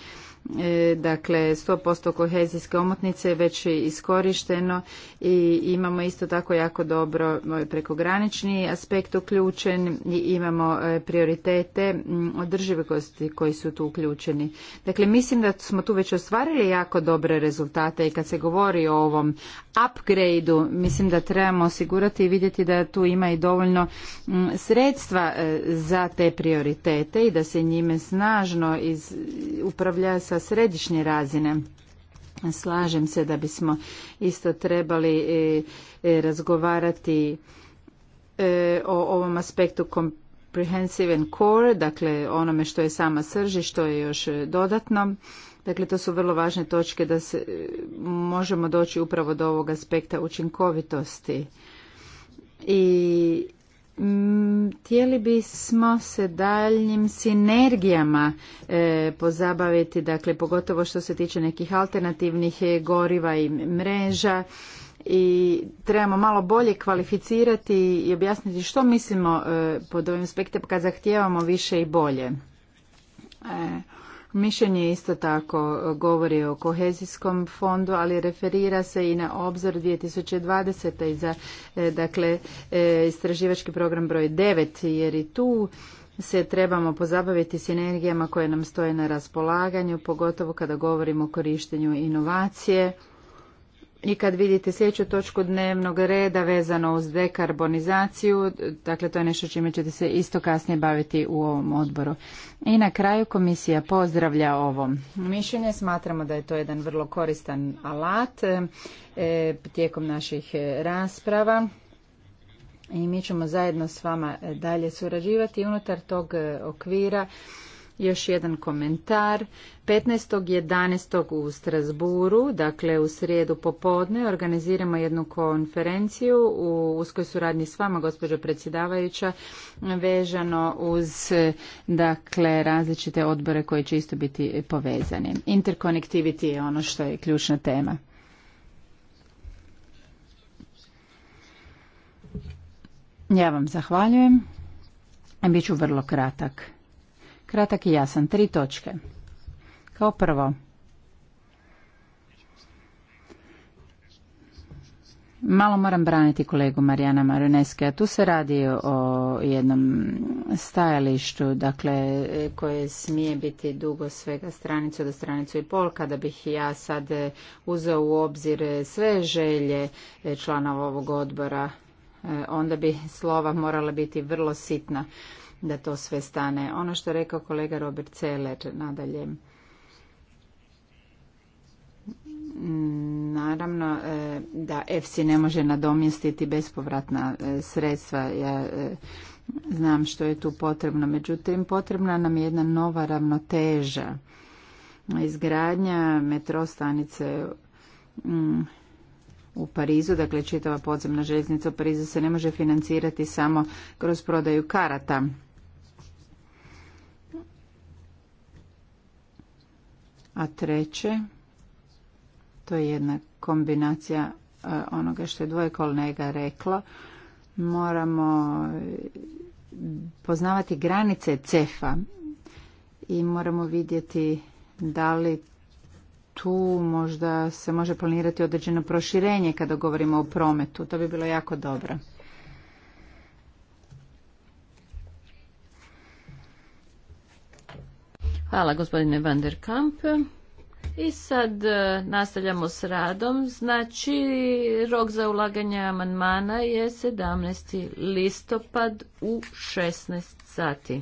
E, dakle 100% kohezijske omotnice već je iskorišteno i imamo isto tako jako dobro e, prekogranični aspekt uključen i imamo e, prioritete održivosti koji su tu uključeni. Dakle, mislim da smo tu već ostvarili jako dobre rezultate i kad se govori o ovom upgradeu, mislim da trebamo osigurati i vidjeti da tu ima i dovoljno sredstva za te prioritete i da se njime snažno upravlja upravlja sa središnje razine. Slažem se da bismo isto trebali e, e, razgovarati e, o ovom aspektu comprehensive and core, dakle onome što je sama srži, što je još dodatno. Dakle, to su vrlo važne točke da se možemo doći upravo do ovog aspekta učinkovitosti. I Mm, htjeli bismo se daljnjim sinergijama e, pozabaviti, dakle pogotovo što se tiče nekih alternativnih goriva i mreža i trebamo malo bolje kvalificirati i objasniti što mislimo e, pod ovim aspektom kad zahtijevamo više i bolje. E, Mišljenje isto tako govori o kohezijskom fondu, ali referira se i na obzor 2020. i za e, dakle, e, istraživački program broj 9, jer i tu se trebamo pozabaviti sinergijama koje nam stoje na raspolaganju, pogotovo kada govorimo o korištenju inovacije i kad vidite sljedeću točku dnevnog reda vezano uz dekarbonizaciju, dakle to je nešto čime ćete se isto kasnije baviti u ovom odboru. I na kraju komisija pozdravlja ovo mišljenje, smatramo da je to jedan vrlo koristan alat e, tijekom naših e, rasprava i mi ćemo zajedno s vama e, dalje surađivati unutar tog okvira još jedan komentar. 15.11. u Strasburu, dakle u srijedu popodne, organiziramo jednu konferenciju u uskoj suradnji s vama, gospođo predsjedavajuća, vežano uz dakle, različite odbore koji će isto biti povezani. Interconnectivity je ono što je ključna tema. Ja vam zahvaljujem. Biću vrlo kratak kratak i jasan. Tri točke. Kao prvo, Malo moram braniti kolegu Marijana Maruneske, a tu se radi o jednom stajalištu, dakle, koje smije biti dugo svega stranicu do stranicu i pol, kada bih ja sad uzeo u obzir sve želje članova ovog odbora, e, onda bi slova morala biti vrlo sitna da to sve stane. Ono što je rekao kolega Robert Celer nadalje. Naravno e, da EFSI ne može nadomjestiti bespovratna e, sredstva. Ja e, znam što je tu potrebno. Međutim, potrebna nam je jedna nova ravnoteža. Izgradnja metrostanice mm, u Parizu, dakle čitava podzemna željeznica u Parizu se ne može financirati samo kroz prodaju karata. A treće, to je jedna kombinacija e, onoga što je dvoje kolega rekla, moramo e, poznavati granice cefa i moramo vidjeti da li tu možda se može planirati određeno proširenje kada govorimo o prometu. To bi bilo jako dobro. Hvala gospodine Van der Kamp. I sad e, nastavljamo s radom. Znači, rok za ulaganje amandmana je 17. listopad u 16 sati.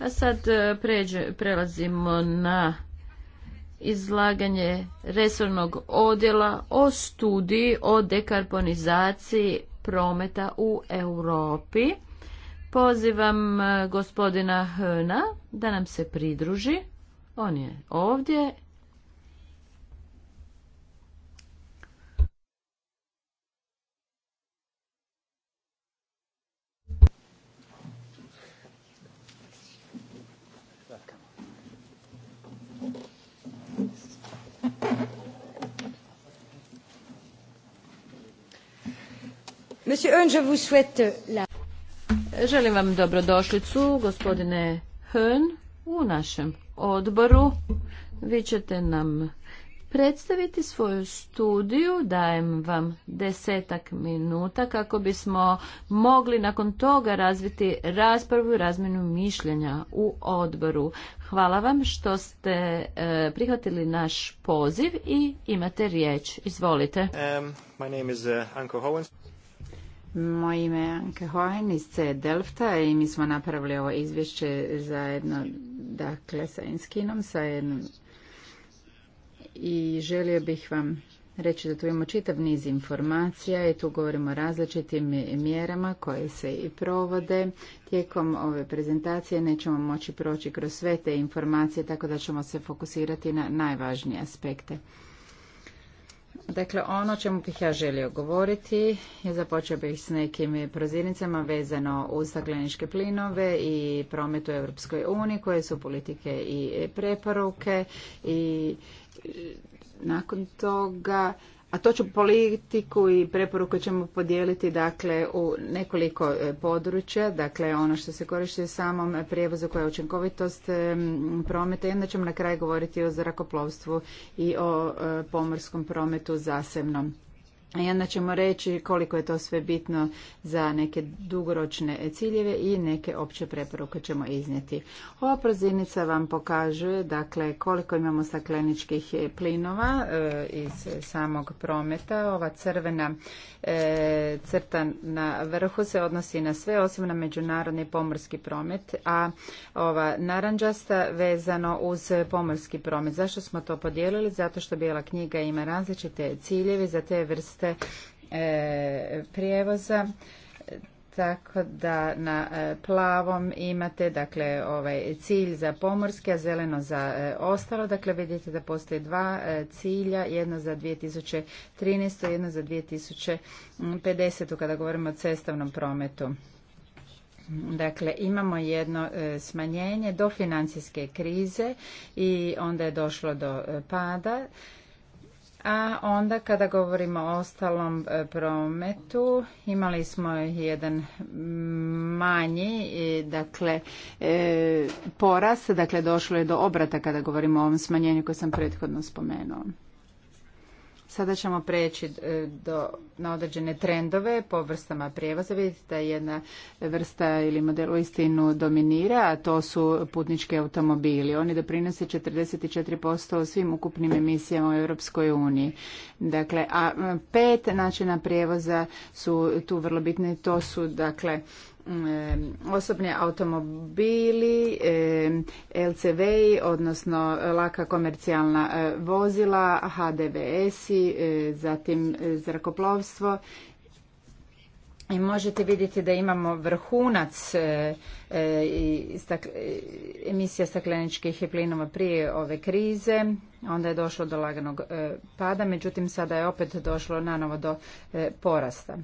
A sad e, prelazimo na izlaganje resornog odjela o studiji o dekarbonizaciji prometa u Europi. Pozivam e, gospodina Hrna da nam se pridruži. On je ovdje. Monsieur Eun, je vous souhaite la Želim vam dobrodošlicu, gospodine Hrn, u našem odboru. Vi ćete nam predstaviti svoju studiju. Dajem vam desetak minuta kako bismo mogli nakon toga razviti raspravu i razmjenu mišljenja u odboru. Hvala vam što ste e, prihvatili naš poziv i imate riječ. Izvolite. Um, my name is, uh, moje ime je Anke Hohen iz C Delfta i mi smo napravili ovo izvješće zajedno dakle, sa Inskinom. sa i želio bih vam reći da tu imamo čitav niz informacija i tu govorimo o različitim mjerama koje se i provode. Tijekom ove prezentacije nećemo moći proći kroz sve te informacije, tako da ćemo se fokusirati na najvažnije aspekte. Dakle, ono čemu bih ja želio govoriti je započeo bih s nekim prozirnicama vezano uz stakleničke plinove i promet u Europskoj uniji, koje su politike i preporuke i nakon toga a to ću politiku i preporuku ćemo podijeliti dakle u nekoliko e, područja, dakle ono što se koristi u samom prijevozu koja je učinkovitost e, prometa i onda ćemo na kraj govoriti o zrakoplovstvu i o e, pomorskom prometu zasebnom. I onda ćemo reći koliko je to sve bitno za neke dugoročne ciljeve i neke opće preporuke ćemo iznijeti. Ova prozirnica vam pokazuje dakle, koliko imamo stakleničkih plinova e, iz samog prometa. Ova crvena e, crta na vrhu se odnosi na sve osim na međunarodni pomorski promet, a ova naranđasta vezano uz pomorski promet. Zašto smo to podijelili? Zato što Bijela knjiga ima različite ciljeve za te vrste vrste e, prijevoza tako da na e, plavom imate dakle ovaj cilj za pomorske, a zeleno za e, ostalo. Dakle vidite da postoje dva cilja, jedno za 2013. jedno za 2050. kada govorimo o cestovnom prometu. Dakle, imamo jedno smanjenje do financijske krize i onda je došlo do pada a onda kada govorimo o ostalom e, prometu, imali smo jedan manji dakle, e, porast, dakle došlo je do obrata kada govorimo o ovom smanjenju koje sam prethodno spomenuo. Sada ćemo preći e, do, na određene trendove po vrstama prijevoza. Vidite da jedna vrsta ili model u istinu dominira, a to su putnički automobili. Oni doprinose 44% svim ukupnim emisijama u Europskoj uniji. Dakle, a pet načina prijevoza su tu vrlo bitne. To su, dakle, osobni automobili, LCV, odnosno eh, laka komercijalna eh, vozila, HDVS-i, eh, zatim zrakoplovstvo. I možete vidjeti da imamo vrhunac emisija stakleničkih plinova prije ove krize. Onda je došlo do laganog pada, međutim sada je opet došlo nanovo do porasta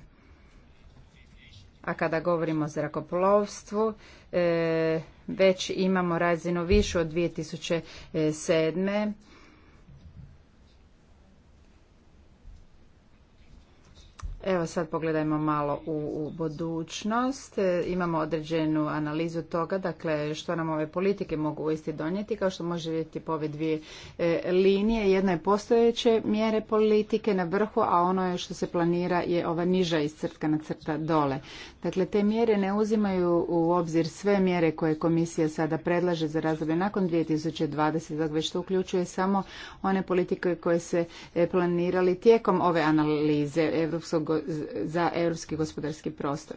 a kada govorimo o zrakoplovstvu e, već imamo razinu višu od 2007. Evo sad pogledajmo malo u, budućnost. E, imamo određenu analizu toga, dakle što nam ove politike mogu uisti donijeti. Kao što može vidjeti po ove dvije e, linije, jedna je postojeće mjere politike na vrhu, a ono je što se planira je ova niža na crta dole. Dakle, te mjere ne uzimaju u obzir sve mjere koje komisija sada predlaže za razdoblje nakon 2020, dakle već uključuje samo one politike koje se e, planirali tijekom ove analize Europskog za europski gospodarski prostor.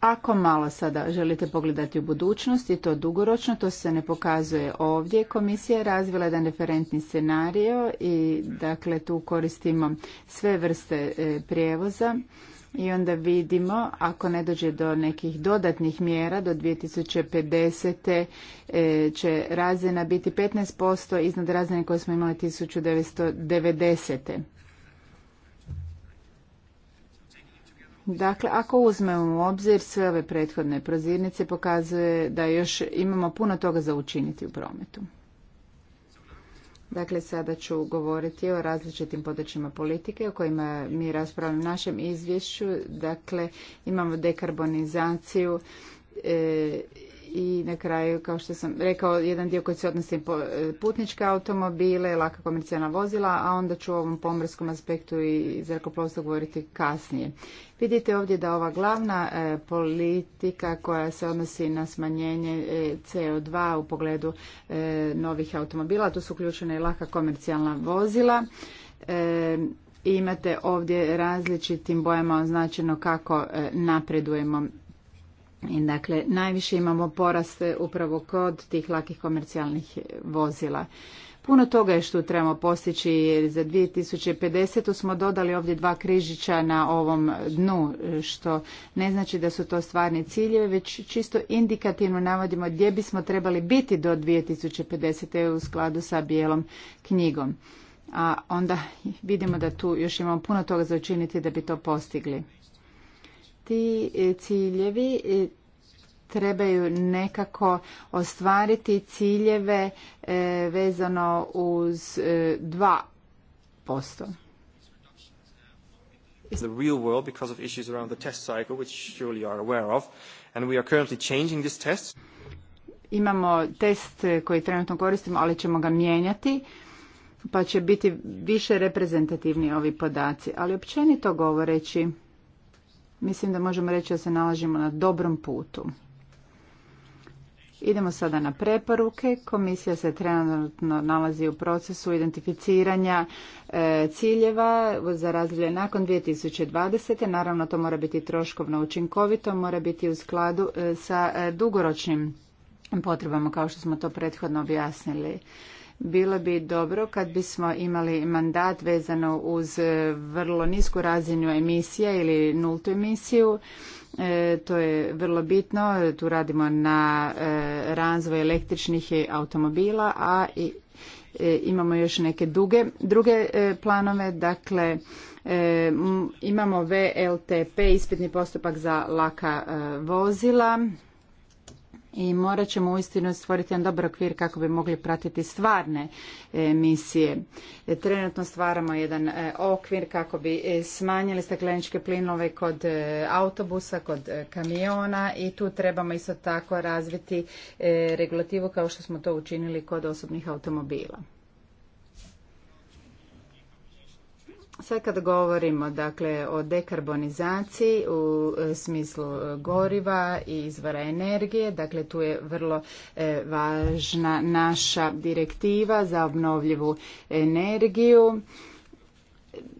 Ako malo sada želite pogledati u budućnost i to dugoročno, to se ne pokazuje ovdje. Komisija je razvila jedan referentni scenario i dakle tu koristimo sve vrste e, prijevoza i onda vidimo ako ne dođe do nekih dodatnih mjera do 2050. E, će razina biti 15% iznad razine koje smo imali 1990. Dakle, ako uzmemo u obzir sve ove prethodne prozirnice, pokazuje da još imamo puno toga za učiniti u prometu. Dakle, sada ću govoriti o različitim područjima politike o kojima mi raspravljamo u našem izvješću. Dakle, imamo dekarbonizaciju e, i na kraju, kao što sam rekao, jedan dio koji se odnosi e, putničke automobile, laka komercijalna vozila, a onda ću o ovom pomorskom aspektu i zrakoplovstvo govoriti kasnije. Vidite ovdje da ova glavna e, politika koja se odnosi na smanjenje e, CO2 u pogledu novih automobila, tu su uključena i laka komercijalna vozila, imate ovdje različitim bojama označeno kako napredujemo Dakle, najviše imamo poraste upravo kod tih lakih komercijalnih vozila. Puno toga je što trebamo postići jer za 2050. smo dodali ovdje dva križića na ovom dnu, što ne znači da su to stvarni ciljevi, već čisto indikativno navodimo gdje bismo trebali biti do 2050. u skladu sa bijelom knjigom. A onda vidimo da tu još imamo puno toga za učiniti da bi to postigli ti e, ciljevi e, trebaju nekako ostvariti ciljeve e, vezano uz 2%. The real world because of issues around the test cycle, which surely are aware of, and we are currently changing this test. Imamo test koji trenutno koristimo, ali ćemo ga mijenjati, pa će biti više reprezentativni ovi podaci. Ali općenito govoreći, Mislim da možemo reći da se nalazimo na dobrom putu. Idemo sada na preporuke. Komisija se trenutno nalazi u procesu identificiranja e, ciljeva za razdoblje nakon 2020. Naravno, to mora biti troškovno učinkovito, mora biti u skladu e, sa e, dugoročnim potrebama, kao što smo to prethodno objasnili. Bilo bi dobro kad bismo imali mandat vezano uz e, vrlo nisku razinu emisija ili nultu emisiju. E, to je vrlo bitno. Tu radimo na e, razvoj električnih automobila, a i e, imamo još neke duge, druge planove. Dakle, imamo VLTP, ispitni postupak za laka vozila i morat ćemo uistinu stvoriti jedan dobar okvir kako bi mogli pratiti stvarne emisije. E, trenutno stvaramo jedan e, okvir kako bi e, smanjili stakleničke plinove kod autobusa, kod kamiona i tu trebamo isto tako razviti regulativu kao što smo to učinili kod osobnih automobila. Sad kad govorimo dakle, o dekarbonizaciji u e, smislu e, goriva i izvora energije, dakle tu je vrlo e, važna naša direktiva za obnovljivu energiju.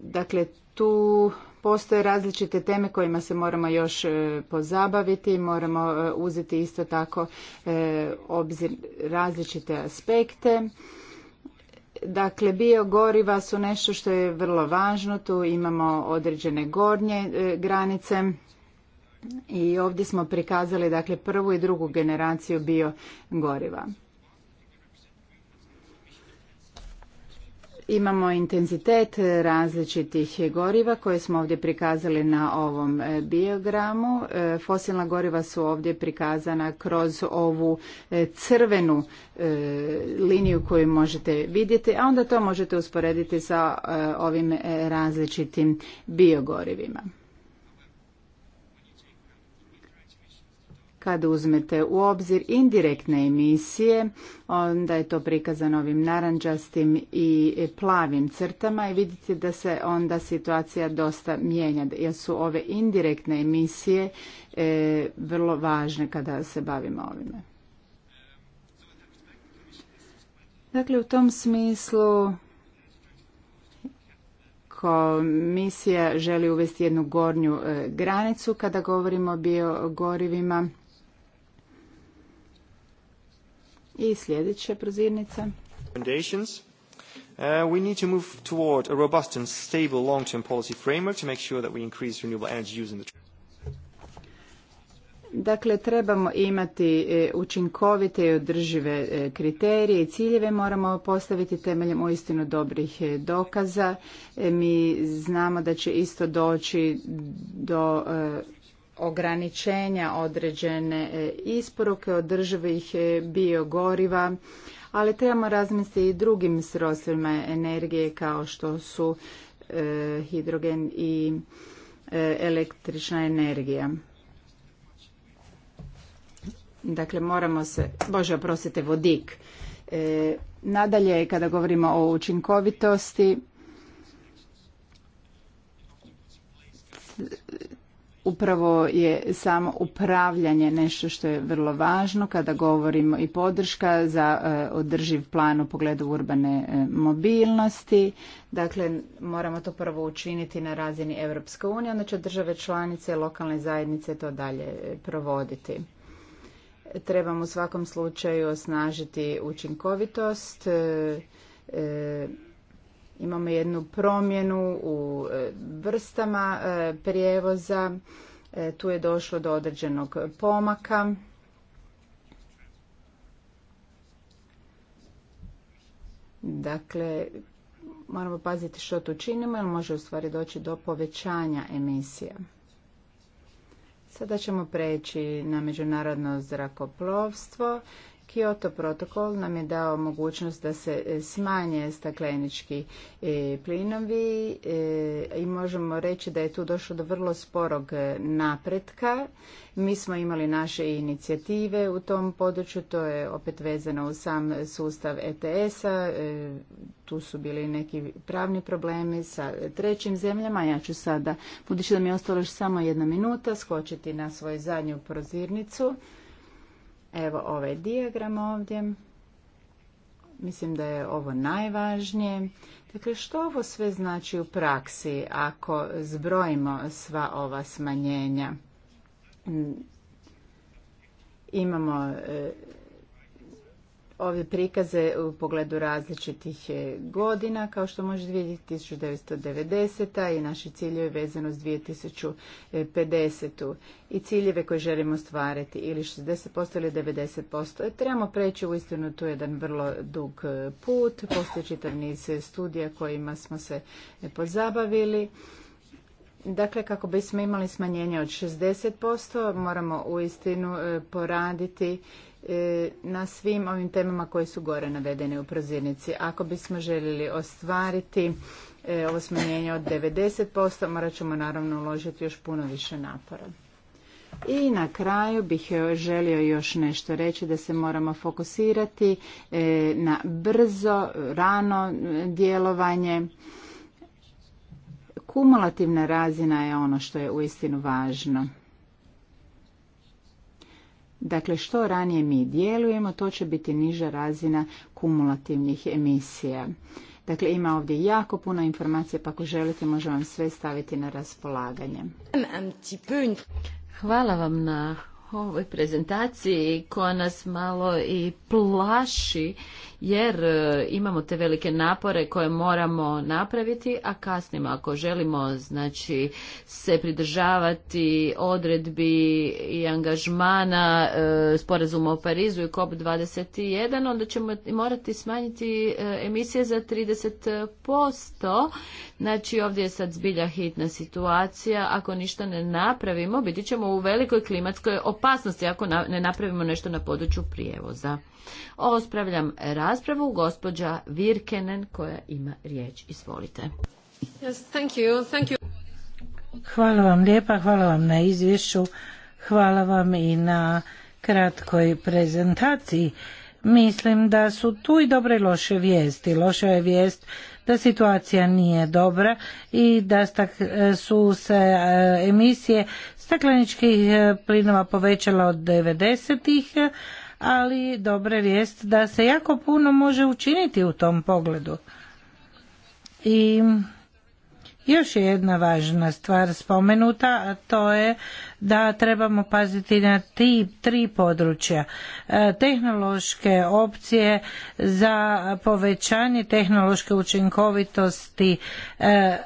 Dakle, tu postoje različite teme kojima se moramo još pozabaviti, moramo uzeti isto tako obzir različite aspekte. Dakle, biogoriva su nešto što je vrlo važno, tu imamo određene gornje e, granice i ovdje smo prikazali dakle prvu i drugu generaciju biogoriva. Imamo intenzitet različitih goriva koje smo ovdje prikazali na ovom e, biogramu. E, fosilna goriva su ovdje prikazana kroz ovu e, crvenu liniju koju možete vidjeti, a onda to možete usporediti sa ovim različitim biogorivima. Kada uzmete u obzir indirektne emisije, onda je to prikazano ovim naranđastim i plavim crtama i vidite da se onda situacija dosta mijenja, jer su ove indirektne emisije e, vrlo važne kada se bavimo ovime. Dakle, u tom smislu komisija želi uvesti jednu gornju e, granicu kada govorimo o biogorivima I sljedeća prozirnica. Uh, we need to move toward a robust and stable long-term policy framework to make sure that we increase renewable energy use in the Dakle, trebamo imati e, učinkovite i održive e, kriterije i ciljeve moramo postaviti temeljem uistinu dobrih e, dokaza. Mi znamo da će isto doći do ograničenja određene e, isporuke održivih e, biogoriva, ali trebamo razmisliti i drugim srodstvima energije kao što su e, hidrogen i električna energija. Dakle, moramo se, bože oprostite, vodik. nadalje, kada govorimo o učinkovitosti, upravo je samo upravljanje nešto što je vrlo važno kada govorimo i podrška za e, održiv plan u pogledu urbane e, mobilnosti. Dakle, moramo to prvo učiniti na razini Europske unije, onda će države članice lokalne zajednice to dalje provoditi. Trebamo u svakom slučaju osnažiti učinkovitost, e, Imamo jednu promjenu u e, vrstama e, prijevoza, e, tu je došlo do određenog pomaka. Dakle, moramo paziti što tu činimo jer može u stvari doći do povećanja emisija. Sada ćemo preći na međunarodno zrakoplovstvo Kyoto protokol nam je dao mogućnost da se e, smanje staklenički e, plinovi e, i možemo reći da je tu došlo do vrlo sporog napretka. Mi smo imali naše inicijative u tom području, to je opet vezano u sam sustav ETS-a, tu su bili neki pravni problemi sa trećim zemljama. Ja ću sada, budući da mi je ostalo još samo jedna minuta, skočiti na svoju zadnju prozirnicu. Evo ovaj dijagram ovdje. Mislim da je ovo najvažnije. Dakle, što ovo sve znači u praksi ako zbrojimo sva ova smanjenja? Imamo e, ove prikaze u pogledu različitih e, godina. Kao što možete vidjeti 1990. i naši ciljevi vezano s 2050. i ciljeve koje želimo stvariti ili 60% ili 90%. E, trebamo preći u istinu tu jedan vrlo dug e, put. Postoji čitav niz studija kojima smo se pozabavili. Dakle, kako bismo imali smanjenje od 60%, moramo uistinu poraditi E, na svim ovim temama koje su gore navedene u prozirnici. Ako bismo željeli ostvariti e, ovo smanjenje od 90%, morat ćemo naravno uložiti još puno više napora. I na kraju bih želio još nešto reći da se moramo fokusirati e, na brzo, rano djelovanje. Kumulativna razina je ono što je uistinu važno. Dakle, što ranije mi djelujemo, to će biti niža razina kumulativnih emisija. Dakle, ima ovdje jako puno informacije, pa ako želite možemo vam sve staviti na raspolaganje. Hvala vam na ovoj prezentaciji koja nas malo i plaši jer e, imamo te velike napore koje moramo napraviti, a kasnimo ako želimo znači se pridržavati odredbi i angažmana e, sporazuma o Parizu i COP21, onda ćemo morati smanjiti e, emisije za 30%. Znači ovdje je sad zbilja hitna situacija, ako ništa ne napravimo, biti ćemo u velikoj klimatskoj opasnosti ako ne napravimo nešto na području prijevoza. Ospravljam raspravu gospođa Virkenen koja ima riječ. Izvolite. Yes, thank you. Thank you. Hvala vam lijepa, hvala vam na izvješću, hvala vam i na kratkoj prezentaciji. Mislim da su tu i dobre i loše vijesti. Loša je vijest da situacija nije dobra i da su se e, emisije stakleničkih e, plinova povećala od 90-ih, ali dobra vijest da se jako puno može učiniti u tom pogledu. I još je jedna važna stvar spomenuta, a to je da trebamo paziti na ti, tri područja. E, tehnološke opcije za povećanje tehnološke učinkovitosti e,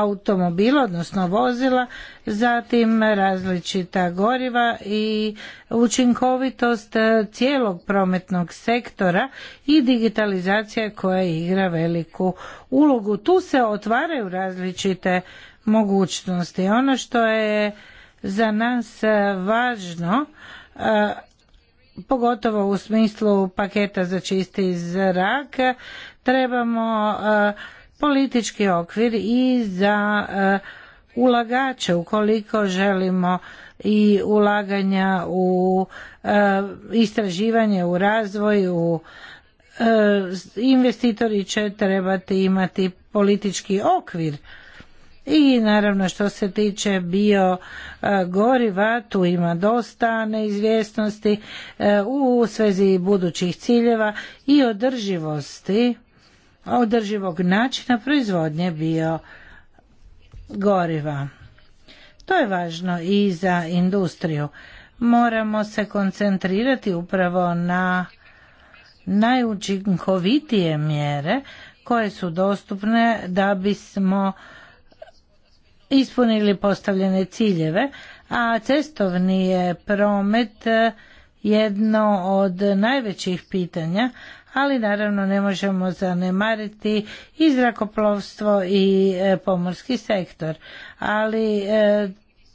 automobila, odnosno vozila, zatim različita goriva i učinkovitost e, cijelog prometnog sektora i digitalizacija koja igra veliku ulogu. Tu se otvaraju različite mogućnosti. Ono što je za nas važno e, pogotovo u smislu paketa za čisti zrak trebamo e, politički okvir i za e, ulagače ukoliko želimo i ulaganja u e, istraživanje u razvoj u e, investitori će trebati imati politički okvir i naravno što se tiče bio goriva tu ima dosta neizvjesnosti u svezi budućih ciljeva i održivosti održivog načina proizvodnje bio goriva. To je važno i za industriju. Moramo se koncentrirati upravo na najučinkovitije mjere koje su dostupne da bismo ispunili postavljene ciljeve, a cestovni je promet jedno od najvećih pitanja, ali naravno ne možemo zanemariti i zrakoplovstvo i e, pomorski sektor. Ali e,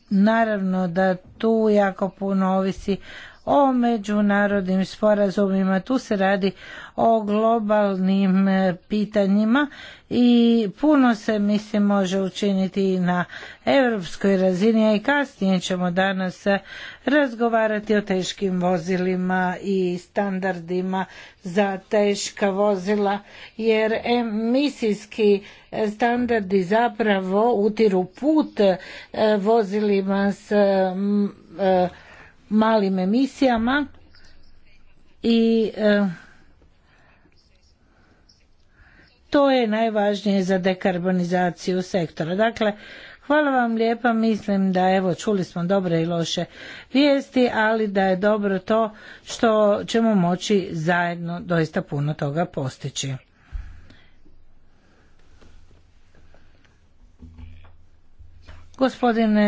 naravno da tu jako puno ovisi o međunarodnim sporazumima. Tu se radi o globalnim e, pitanjima i puno se mislim može učiniti i na europskoj razini, a i kasnije ćemo danas e, razgovarati o teškim vozilima i standardima za teška vozila jer emisijski standardi zapravo utiru put e, vozilima s malim emisijama i e, to je najvažnije za dekarbonizaciju sektora. Dakle, hvala vam lijepa, mislim da evo čuli smo dobre i loše vijesti, ali da je dobro to što ćemo moći zajedno doista puno toga postići. Gospodine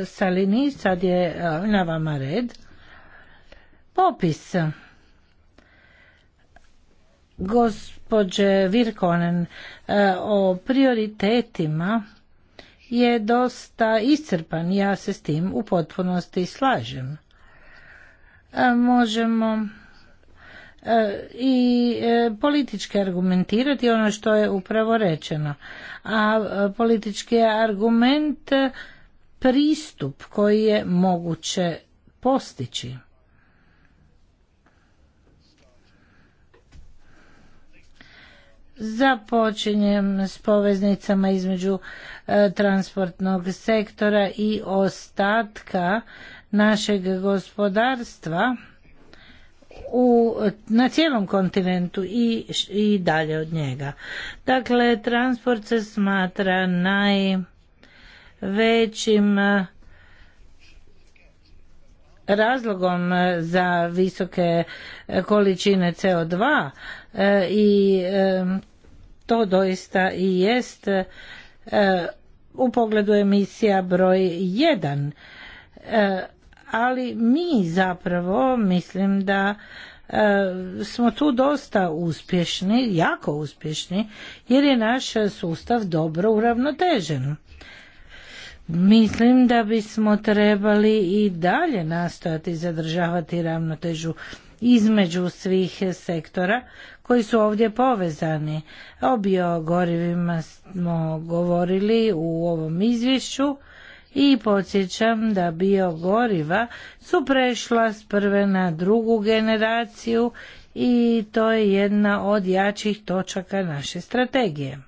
e, Salini, sad je e, na vama red. Popis. Gospođe Virkonen e, o prioritetima je dosta iscrpan, ja se s tim u potpunosti slažem. Možemo E, i e, politički argumentirati ono što je upravo rečeno. A e, politički je argument pristup koji je moguće postići. Započinjem s poveznicama između transportnog sektora i ostatka našeg gospodarstva u, na cijelom kontinentu i, i dalje od njega. Dakle, transport se smatra najvećim e, razlogom e, za visoke e, količine CO2 i to doista i jest u pogledu emisija broj 1 ali mi zapravo mislim da e, smo tu dosta uspješni, jako uspješni, jer je naš sustav dobro uravnotežen. Mislim da bismo trebali i dalje nastojati zadržavati ravnotežu između svih sektora koji su ovdje povezani. O biogorivima smo govorili u ovom izvješću i podsjećam da biogoriva su prešla s prve na drugu generaciju i to je jedna od jačih točaka naše strategije.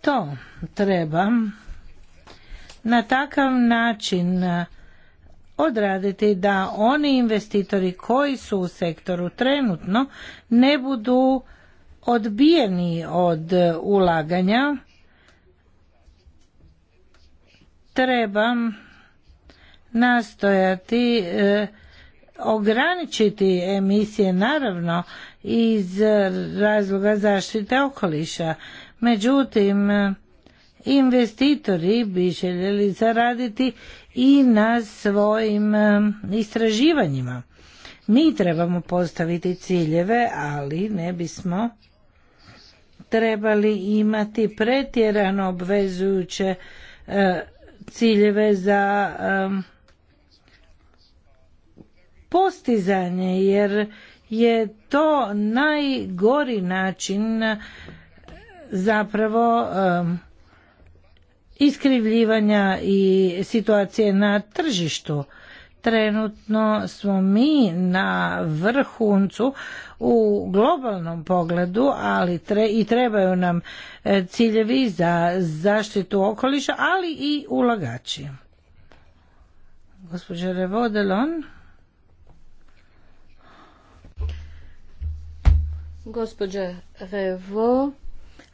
To treba na takav način odraditi da oni investitori koji su u sektoru trenutno ne budu odbijeni od ulaganja treba nastojati e, ograničiti emisije naravno iz razloga zaštite okoliša međutim investitori bi željeli zaraditi i na svojim e, istraživanjima mi trebamo postaviti ciljeve ali ne bismo trebali imati pretjerano obvezujuće e, ciljeve za e, postizanje jer je to najgori način e, zapravo iskrivljivanja i situacije na tržištu trenutno smo mi na vrhuncu u globalnom pogledu, ali tre, i trebaju nam e, ciljevi za zaštitu okoliša, ali i ulagači. Gospođa Revodelon. Gospođa Revo,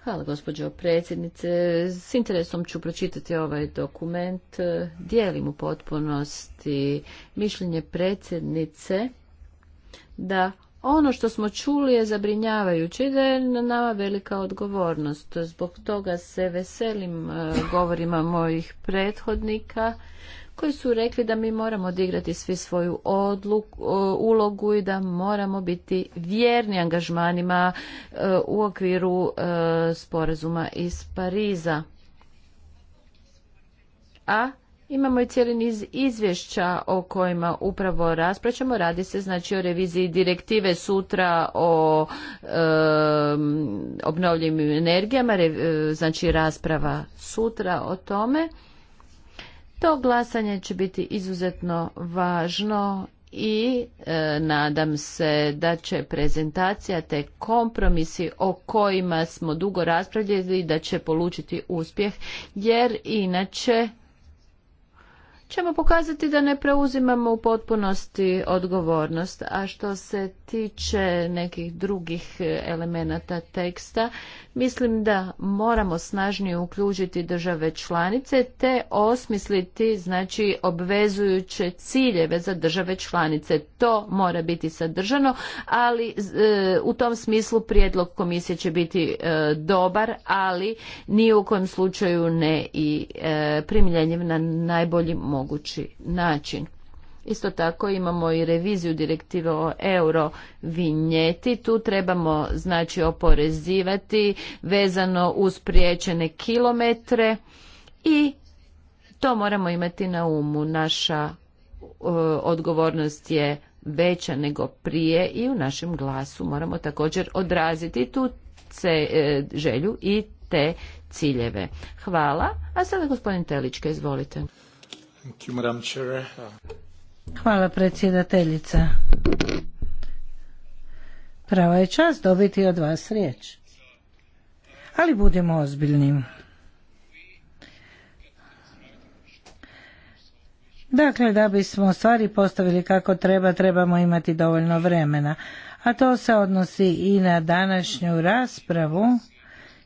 hvala gospođo predsjednice, s interesom ću pročitati ovaj dokument, dijelim u potpunosti mišljenje predsjednice da ono što smo čuli je zabrinjavajuće da je na nama velika odgovornost. Zbog toga se veselim e, govorima mojih prethodnika koji su rekli da mi moramo odigrati svi svoju odluk e, ulogu i da moramo biti vjerni angažmanima e, u okviru sporazuma iz Pariza. A Imamo i cijeli niz izvješća o kojima upravo raspraćamo. Radi se znači o reviziji direktive sutra o obnovljivim energijama, e, znači rasprava sutra o tome. To glasanje će biti izuzetno važno i e, nadam se da će prezentacija te kompromisi o kojima smo dugo raspravljali da će polučiti uspjeh jer inače ćemo pokazati da ne preuzimamo u potpunosti odgovornost. A što se tiče nekih drugih elemenata teksta, mislim da moramo snažnije uključiti države članice te osmisliti znači obvezujuće ciljeve za države članice. To mora biti sadržano, ali e, u tom smislu prijedlog komisije će biti e, dobar, ali ni u kojem slučaju ne i e, na najbolji mogući način. Isto tako imamo i reviziju direktive o euro vinjeti. Tu trebamo znači oporezivati vezano uz priječene kilometre i to moramo imati na umu. Naša e, odgovornost je veća nego prije i u našem glasu moramo također odraziti tu e, želju i te ciljeve. Hvala. A sada gospodin Telička, izvolite. Hvala predsjedateljica. Prava je čast dobiti od vas riječ. Ali budemo ozbiljni. Dakle, da bismo stvari postavili kako treba, trebamo imati dovoljno vremena. A to se odnosi i na današnju raspravu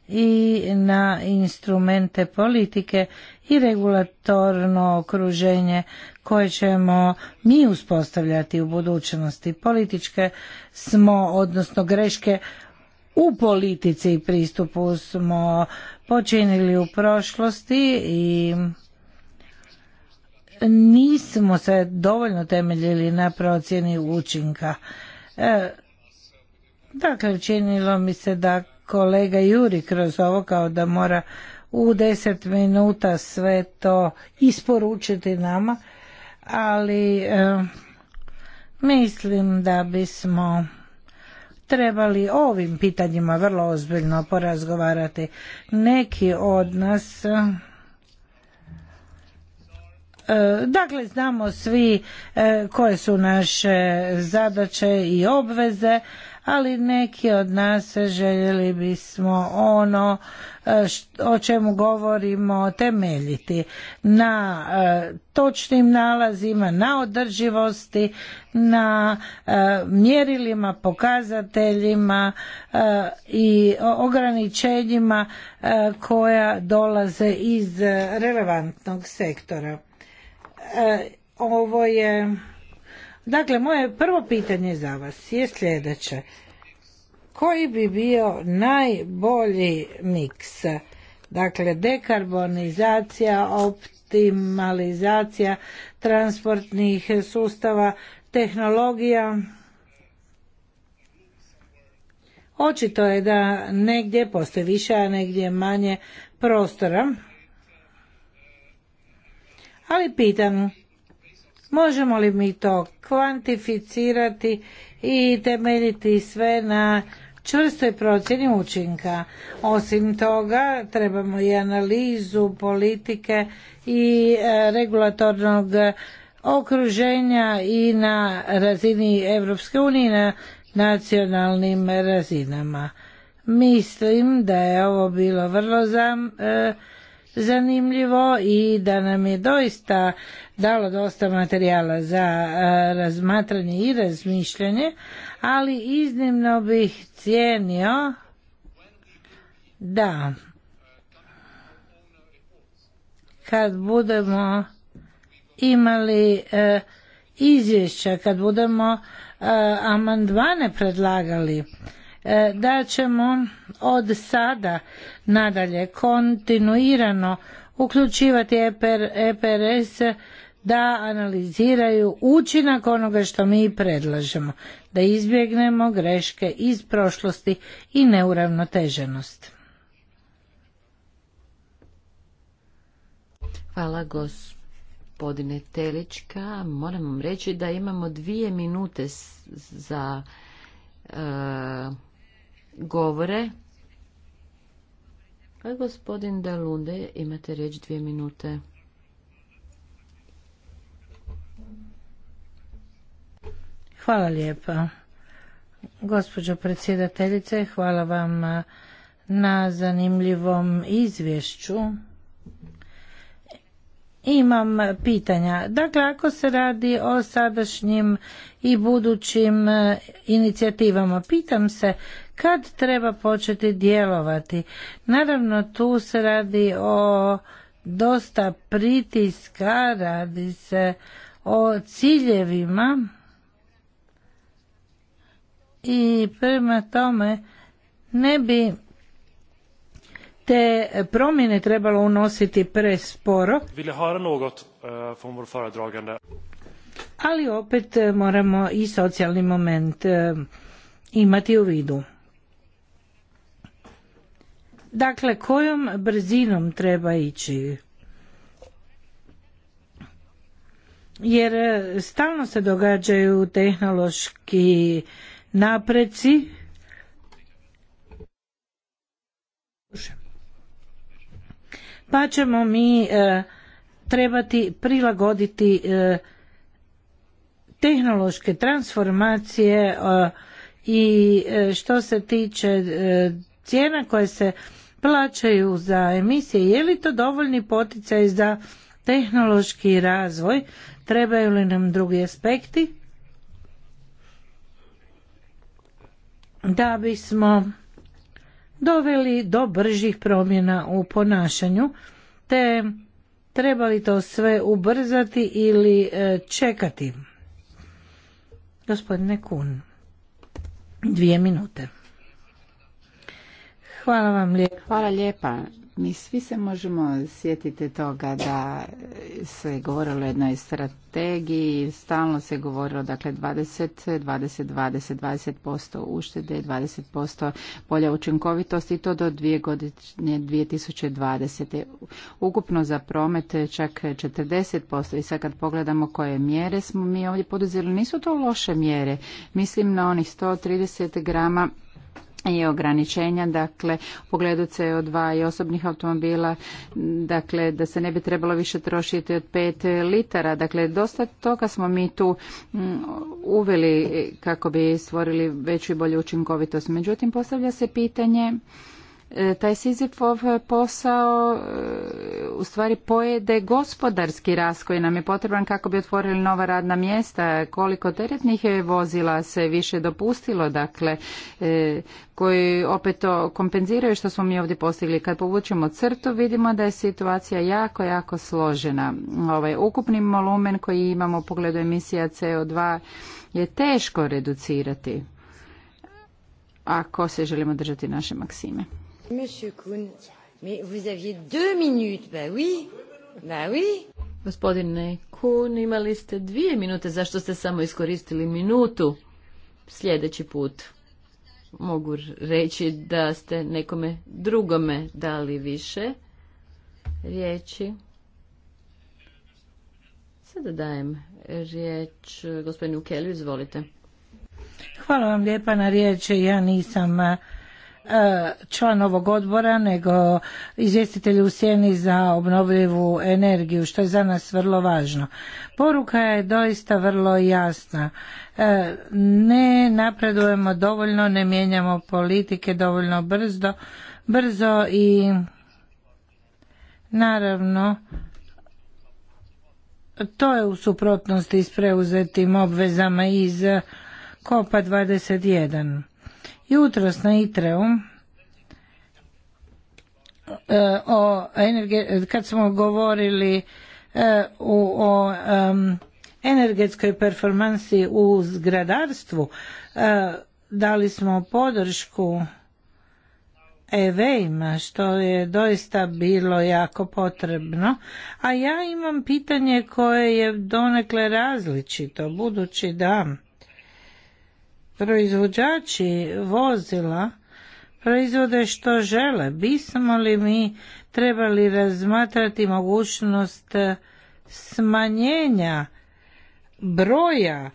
i na instrumente politike i regulatorno okruženje koje ćemo mi uspostavljati u budućnosti. Političke smo, odnosno greške u politici i pristupu smo počinili u prošlosti i nismo se dovoljno temeljili na procjeni učinka. E, dakle, činilo mi se da kolega Juri kroz ovo kao da mora u deset minuta sve to isporučiti nama, ali e, mislim da bismo trebali ovim pitanjima vrlo ozbiljno porazgovarati. Neki od nas e, Dakle, znamo svi e, koje su naše zadaće i obveze, ali neki od nas željeli bismo ono e, o čemu govorimo temeljiti na e, točnim nalazima, na održivosti, na e, mjerilima, pokazateljima i ograničenjima koja dolaze iz relevantnog sektora. Ovo je Dakle, moje prvo pitanje za vas je sljedeće. Koji bi bio najbolji miks? Dakle, dekarbonizacija, optimalizacija transportnih sustava, tehnologija. Očito je da negdje postoji više, a negdje manje prostora. Ali pitam, Možemo li mi to kvantificirati i temeljiti sve na čvrstoj procjeni učinka. Osim toga, trebamo i analizu politike i e, regulatornog okruženja i na razini Europske unije na nacionalnim razinama. Mislim da je ovo bilo vrlo e, zanimljivo i da nam je doista dalo dosta materijala za e, razmatranje i razmišljanje, ali iznimno bih cijenio da kad budemo imali e, izvješća, kad budemo e, amandmane predlagali, da ćemo od sada nadalje kontinuirano uključivati EPRS da analiziraju učinak onoga što mi predlažemo, da izbjegnemo greške iz prošlosti i neuravnoteženost. Hvala gospodine Telička. Moram vam reći da imamo dvije minute za e, govore. Pa gospodin Dalunde, imate riječ dvije minute. Hvala lijepa. Gospođo predsjedateljice, hvala vam eh, na zanimljivom izvješću. Imam pitanja. Dakle, ako se radi o sadašnjim i budućim eh, inicijativama, pitam se kad treba početi djelovati. Naravno, tu se radi o dosta pritiska, radi se o ciljevima i prema tome ne bi te promjene trebalo unositi presporo. Eh, Ali opet eh, moramo i socijalni moment eh, imati u vidu. Dakle, kojom brzinom treba ići? Jer stalno se događaju tehnološki napreci pa ćemo mi e, trebati prilagoditi e, tehnološke transformacije e, i što se tiče cijena koje se plaćaju za emisije, je li to dovoljni poticaj za tehnološki razvoj, trebaju li nam drugi aspekti? da bismo doveli do bržih promjena u ponašanju te treba li to sve ubrzati ili e, čekati? Gospodine Kun, dvije minute. Hvala vam lijepa. Hvala lijepa. Mi svi se možemo sjetiti toga da se govorilo o jednoj strategiji, stalno se govorilo dakle 20, 20, 20, 20% uštede, 20% bolja učinkovitosti i to do dvije godine 2020. Ukupno za promet čak 40% i sad kad pogledamo koje mjere smo mi ovdje poduzeli, nisu to loše mjere. Mislim na onih 130 grama i ograničenja, dakle, u pogledu CO2 i osobnih automobila, dakle, da se ne bi trebalo više trošiti od pet litara. Dakle, dosta toga smo mi tu mm, uveli kako bi stvorili veću i bolju učinkovitost. Međutim, postavlja se pitanje E, taj Sizifov e, posao e, u stvari pojede gospodarski rast koji nam je potreban kako bi otvorili nova radna mjesta, koliko teretnih vozila se više dopustilo, dakle, koji opet to kompenziraju što smo mi ovdje postigli. Kad povučemo crtu vidimo da je situacija jako, jako složena. Ovaj ukupni volumen koji imamo u pogledu emisija CO2 je teško reducirati ako se želimo držati naše maksime. Monsieur mais vous aviez minutes, oui, Gospodine Kuhn, imali ste dvije minute, zašto ste samo iskoristili minutu? Sljedeći put mogu reći da ste nekome drugome dali više riječi. Sada dajem riječ gospodinu Kelju, izvolite. Hvala vam lijepa na riječi, ja nisam E, član ovog odbora nego izvjestitelj u sjeni za obnovljivu energiju što je za nas vrlo važno. Poruka je doista vrlo jasna. E, ne napredujemo dovoljno, ne mijenjamo politike dovoljno brzo, brzo i naravno to je u suprotnosti s preuzetim obvezama iz Kopa 21 jutros na ITREU e, o kad smo govorili e, o energetskoj performansi u zgradarstvu e, dali smo podršku EV-ima, što je doista bilo jako potrebno a ja imam pitanje koje je donekle različito budući da proizvođači vozila proizvode što žele. Bismo li mi trebali razmatrati mogućnost smanjenja broja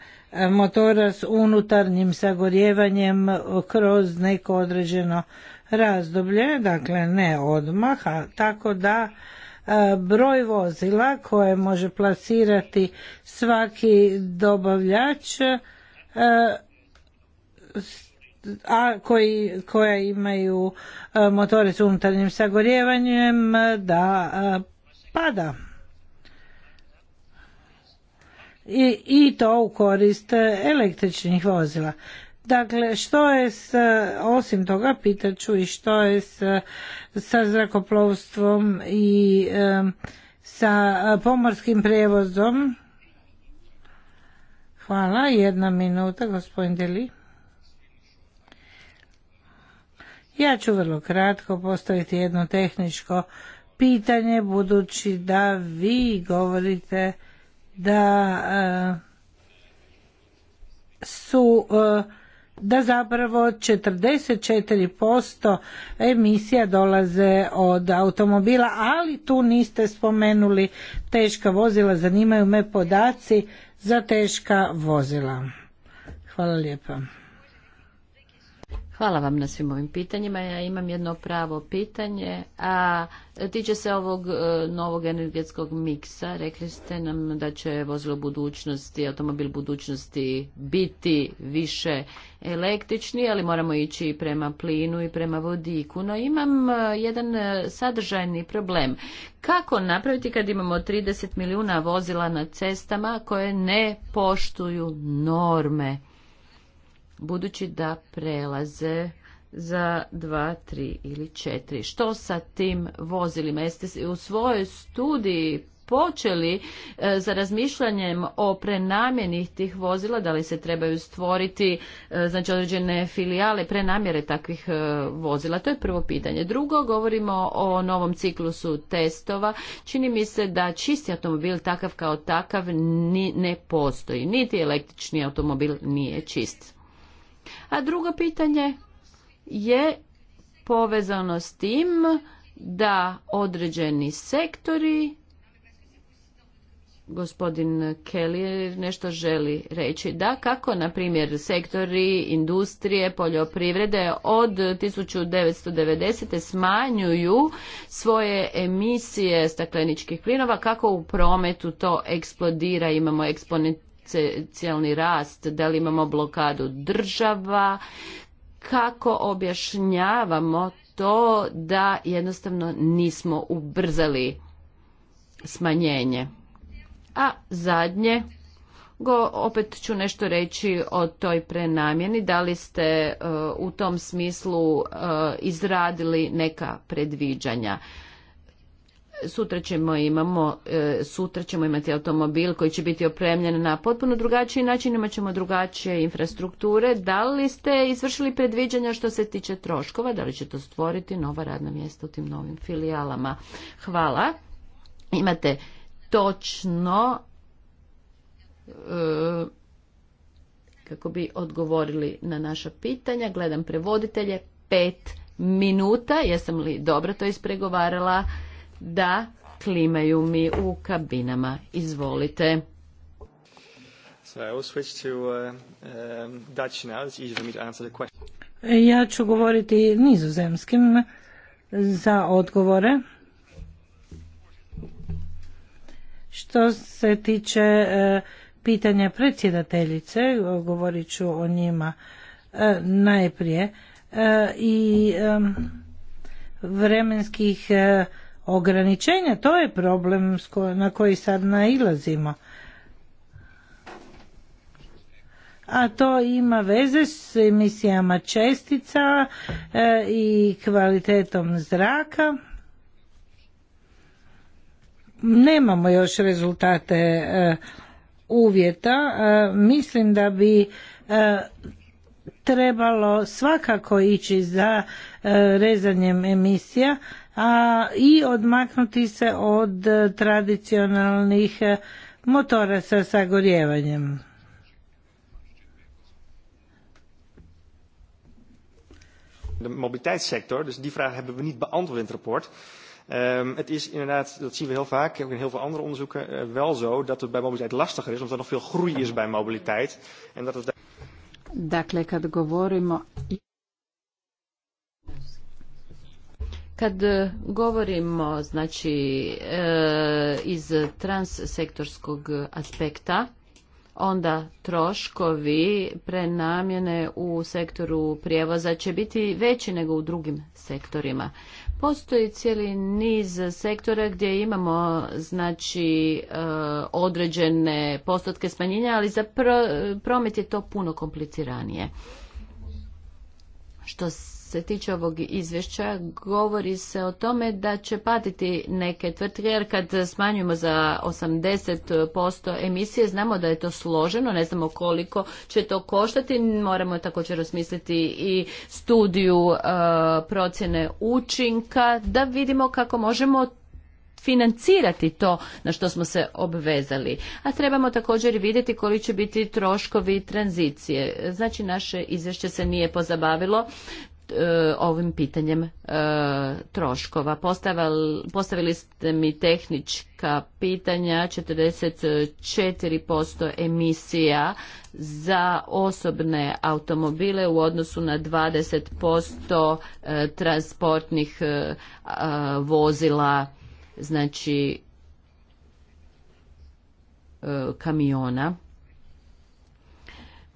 motora s unutarnjim sagorjevanjem kroz neko određeno razdoblje, dakle ne odmah, a tako da e, broj vozila koje može plasirati svaki dobavljač e, a koji, koja imaju e, motore s unutarnjim sagorjevanjem e, da e, pada I, i to u korist električnih vozila. Dakle, što je s, osim toga, pitaću i što je s, sa zrakoplovstvom i sa pomorskim prevozom. Hvala, jedna minuta, gospodin Deli. Ja ću vrlo kratko postaviti jedno tehničko pitanje budući da vi govorite da e, su e, da zapravo 44% emisija dolaze od automobila, ali tu niste spomenuli teška vozila. Zanimaju me podaci za teška vozila. Hvala lijepa. Hvala vam na svim ovim pitanjima. Ja imam jedno pravo pitanje, a tiče se ovog e, novog energetskog miksa. Rekli ste nam da će vozilo budućnosti, automobil budućnosti biti više električni, ali moramo ići i prema plinu i prema vodiku. No imam e, jedan e, sadržajni problem. Kako napraviti kad imamo 30 milijuna vozila na cestama koje ne poštuju norme? budući da prelaze za dva, tri ili četiri. Što sa tim vozilima? Jeste u svojoj studiji počeli e, za razmišljanjem o prenamjeni tih vozila, da li se trebaju stvoriti e, znači određene filijale prenamjere takvih e, vozila, to je prvo pitanje. Drugo, govorimo o novom ciklusu testova. Čini mi se da čisti automobil takav kao takav ni, ne postoji. Niti električni automobil nije čist. A drugo pitanje je povezano s tim da određeni sektori gospodin Kelly nešto želi reći. Da, kako, na primjer, sektori industrije, poljoprivrede od 1990. smanjuju svoje emisije stakleničkih plinova, kako u prometu to eksplodira, imamo eksponent socijalni rast, da li imamo blokadu država, kako objašnjavamo to da jednostavno nismo ubrzali smanjenje. A zadnje, go opet ću nešto reći o toj prenamjeni. Da li ste e, u tom smislu e, izradili neka predviđanja? sutra ćemo imamo e, sutra ćemo imati automobil koji će biti opremljen na potpuno drugačiji način imat ćemo drugačije infrastrukture da li ste izvršili predviđanja što se tiče troškova da li će to stvoriti nova radna mjesta u tim novim filijalama hvala imate točno e, kako bi odgovorili na naša pitanja gledam prevoditelje pet minuta jesam li dobro to ispregovarala da, klimaju mi u kabinama. Izvolite. Uh, um, ja ću govoriti nizozemskim za odgovore. Što se tiče e, pitanja predsjedateljice, govorit ću o njima e, najprije, e, i vremenskih ograničenja. To je problem na koji sad nailazimo. a to ima veze s emisijama čestica e, i kvalitetom zraka. Nemamo još rezultate e, uvjeta. E, mislim da bi trebalo svakako ići za rezanjem emisija a i odmaknuti se od tradicionalnih motora sa sagorjevanjem. De mobiliteitssector, dus die vraag hebben we niet beantwoord in het rapport. Um, het is inderdaad, dat zien we heel vaak, ook in heel veel andere onderzoeken, uh, wel zo dat het bij mobiliteit lastiger is, omdat er nog veel groei is bij mobiliteit. En dat het Dakle, kad govorimo Kad e, govorimo znači e, iz transsektorskog aspekta, onda troškovi prenamjene u sektoru prijevoza će biti veći nego u drugim sektorima. Postoji cijeli niz sektora gdje imamo znači e, određene postotke smanjenja, ali za promet je to puno kompliciranije. Što se tiče ovog izvješća, govori se o tome da će patiti neke tvrtke, jer kad smanjujemo za 80% emisije, znamo da je to složeno, ne znamo koliko će to koštati, moramo također razmisliti i studiju e, procjene učinka, da vidimo kako možemo financirati to na što smo se obvezali. A trebamo također vidjeti koji će biti troškovi tranzicije. Znači naše izvješće se nije pozabavilo E, ovim pitanjem e, troškova. Postavili ste mi tehnička pitanja, 44% emisija za osobne automobile u odnosu na 20% e, transportnih vozila, znači kamiona.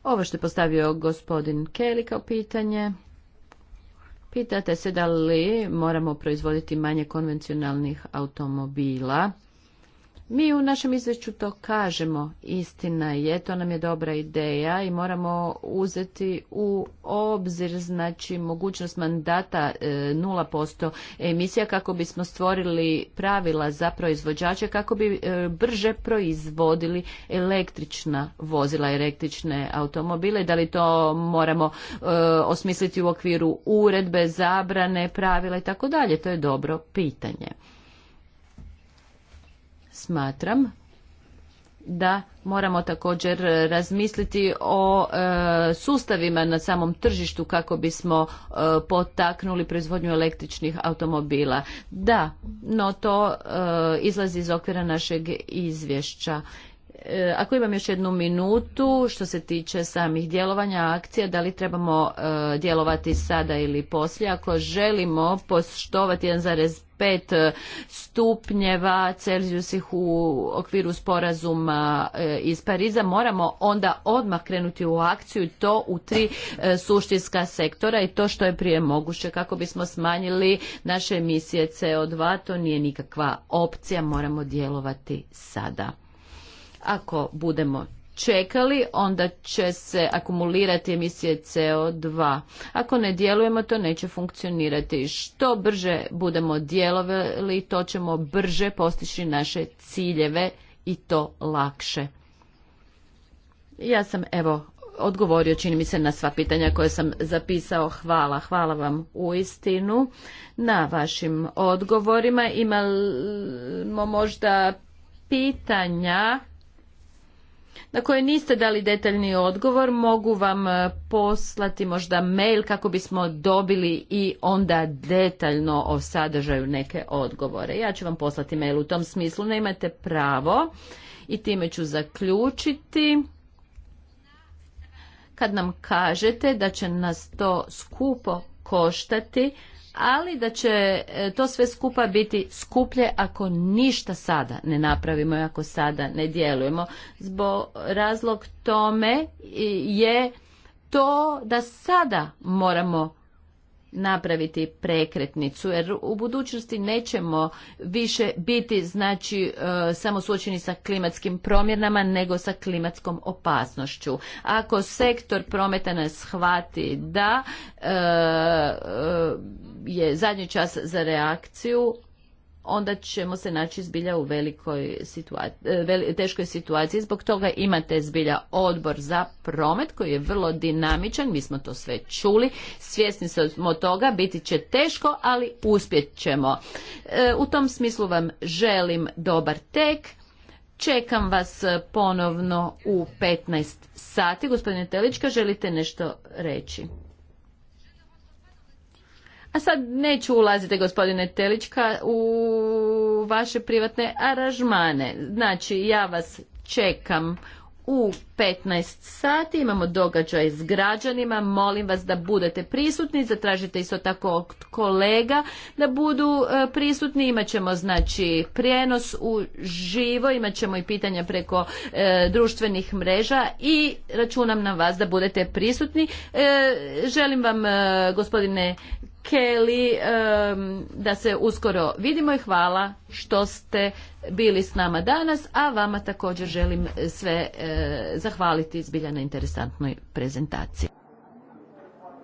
Ovo što je postavio gospodin Kelly kao pitanje. Pitate se da li moramo proizvoditi manje konvencionalnih automobila mi u našem izvješću to kažemo, istina je, to nam je dobra ideja i moramo uzeti u obzir znači mogućnost mandata 0% e, emisija kako bismo stvorili pravila za proizvođače kako bi e, brže proizvodili električna vozila, električne automobile, da li to moramo e, osmisliti u okviru uredbe, zabrane, pravila i tako dalje, to je dobro pitanje smatram da moramo također razmisliti o e, sustavima na samom tržištu kako bismo e, potaknuli proizvodnju električnih automobila. Da, no to e, izlazi iz okvira našeg izvješća E, ako imam još jednu minutu što se tiče samih djelovanja akcija, da li trebamo e, djelovati sada ili poslije, ako želimo poštovati 1,5 e, stupnjeva Celzijusih u okviru sporazuma iz Pariza, moramo onda odmah krenuti u akciju to u tri suštinska sektora i to što je prije moguće kako bismo smanjili naše emisije CO2, to nije nikakva opcija, moramo djelovati sada. Ako budemo čekali, onda će se akumulirati emisije CO2. Ako ne djelujemo, to neće funkcionirati. Što brže budemo djelovali, to ćemo brže postići naše ciljeve i to lakše. Ja sam, evo, odgovorio, čini mi se, na sva pitanja koje sam zapisao. Hvala, hvala vam u istinu na vašim odgovorima. Imamo možda pitanja na koje niste dali detaljni odgovor mogu vam e, poslati možda mail kako bismo dobili i onda detaljno o sadržaju neke odgovore. Ja ću vam poslati mail u tom smislu, ne imate pravo i time ću zaključiti. Kad nam kažete da će nas to skupo koštati, ali da će e, to sve skupa biti skuplje ako ništa sada ne napravimo i ako sada ne djelujemo. Zbog razlog tome je to da sada moramo napraviti prekretnicu jer u budućnosti nećemo više biti znači e, samo suočeni sa klimatskim promjenama nego sa klimatskom opasnošću. Ako sektor prometa nas shvati da e, e, je zadnji čas za reakciju onda ćemo se naći zbilja u velikoj situaciji, e, teškoj situaciji. Zbog toga imate zbilja odbor za promet koji je vrlo dinamičan, mi smo to sve čuli, svjesni smo toga, biti će teško, ali uspjet ćemo. E, u tom smislu vam želim dobar tek. Čekam vas ponovno u 15 sati. Gospodine Telička, želite nešto reći? A sad neću ulaziti, gospodine Telička, u vaše privatne aranžmane. Znači, ja vas čekam u 15 sati imamo događaj s građanima, molim vas da budete prisutni, zatražite isto tako od kolega da budu e, prisutni, imat ćemo znači prijenos u živo, imat ćemo i pitanja preko e, društvenih mreža i računam na vas da budete prisutni. E, želim vam e, gospodine Kelly, da se uskoro vidimo i hvala što ste bili s nama danas, a vama također želim sve eh, zahvaliti zbilja na interesantnoj prezentaciji.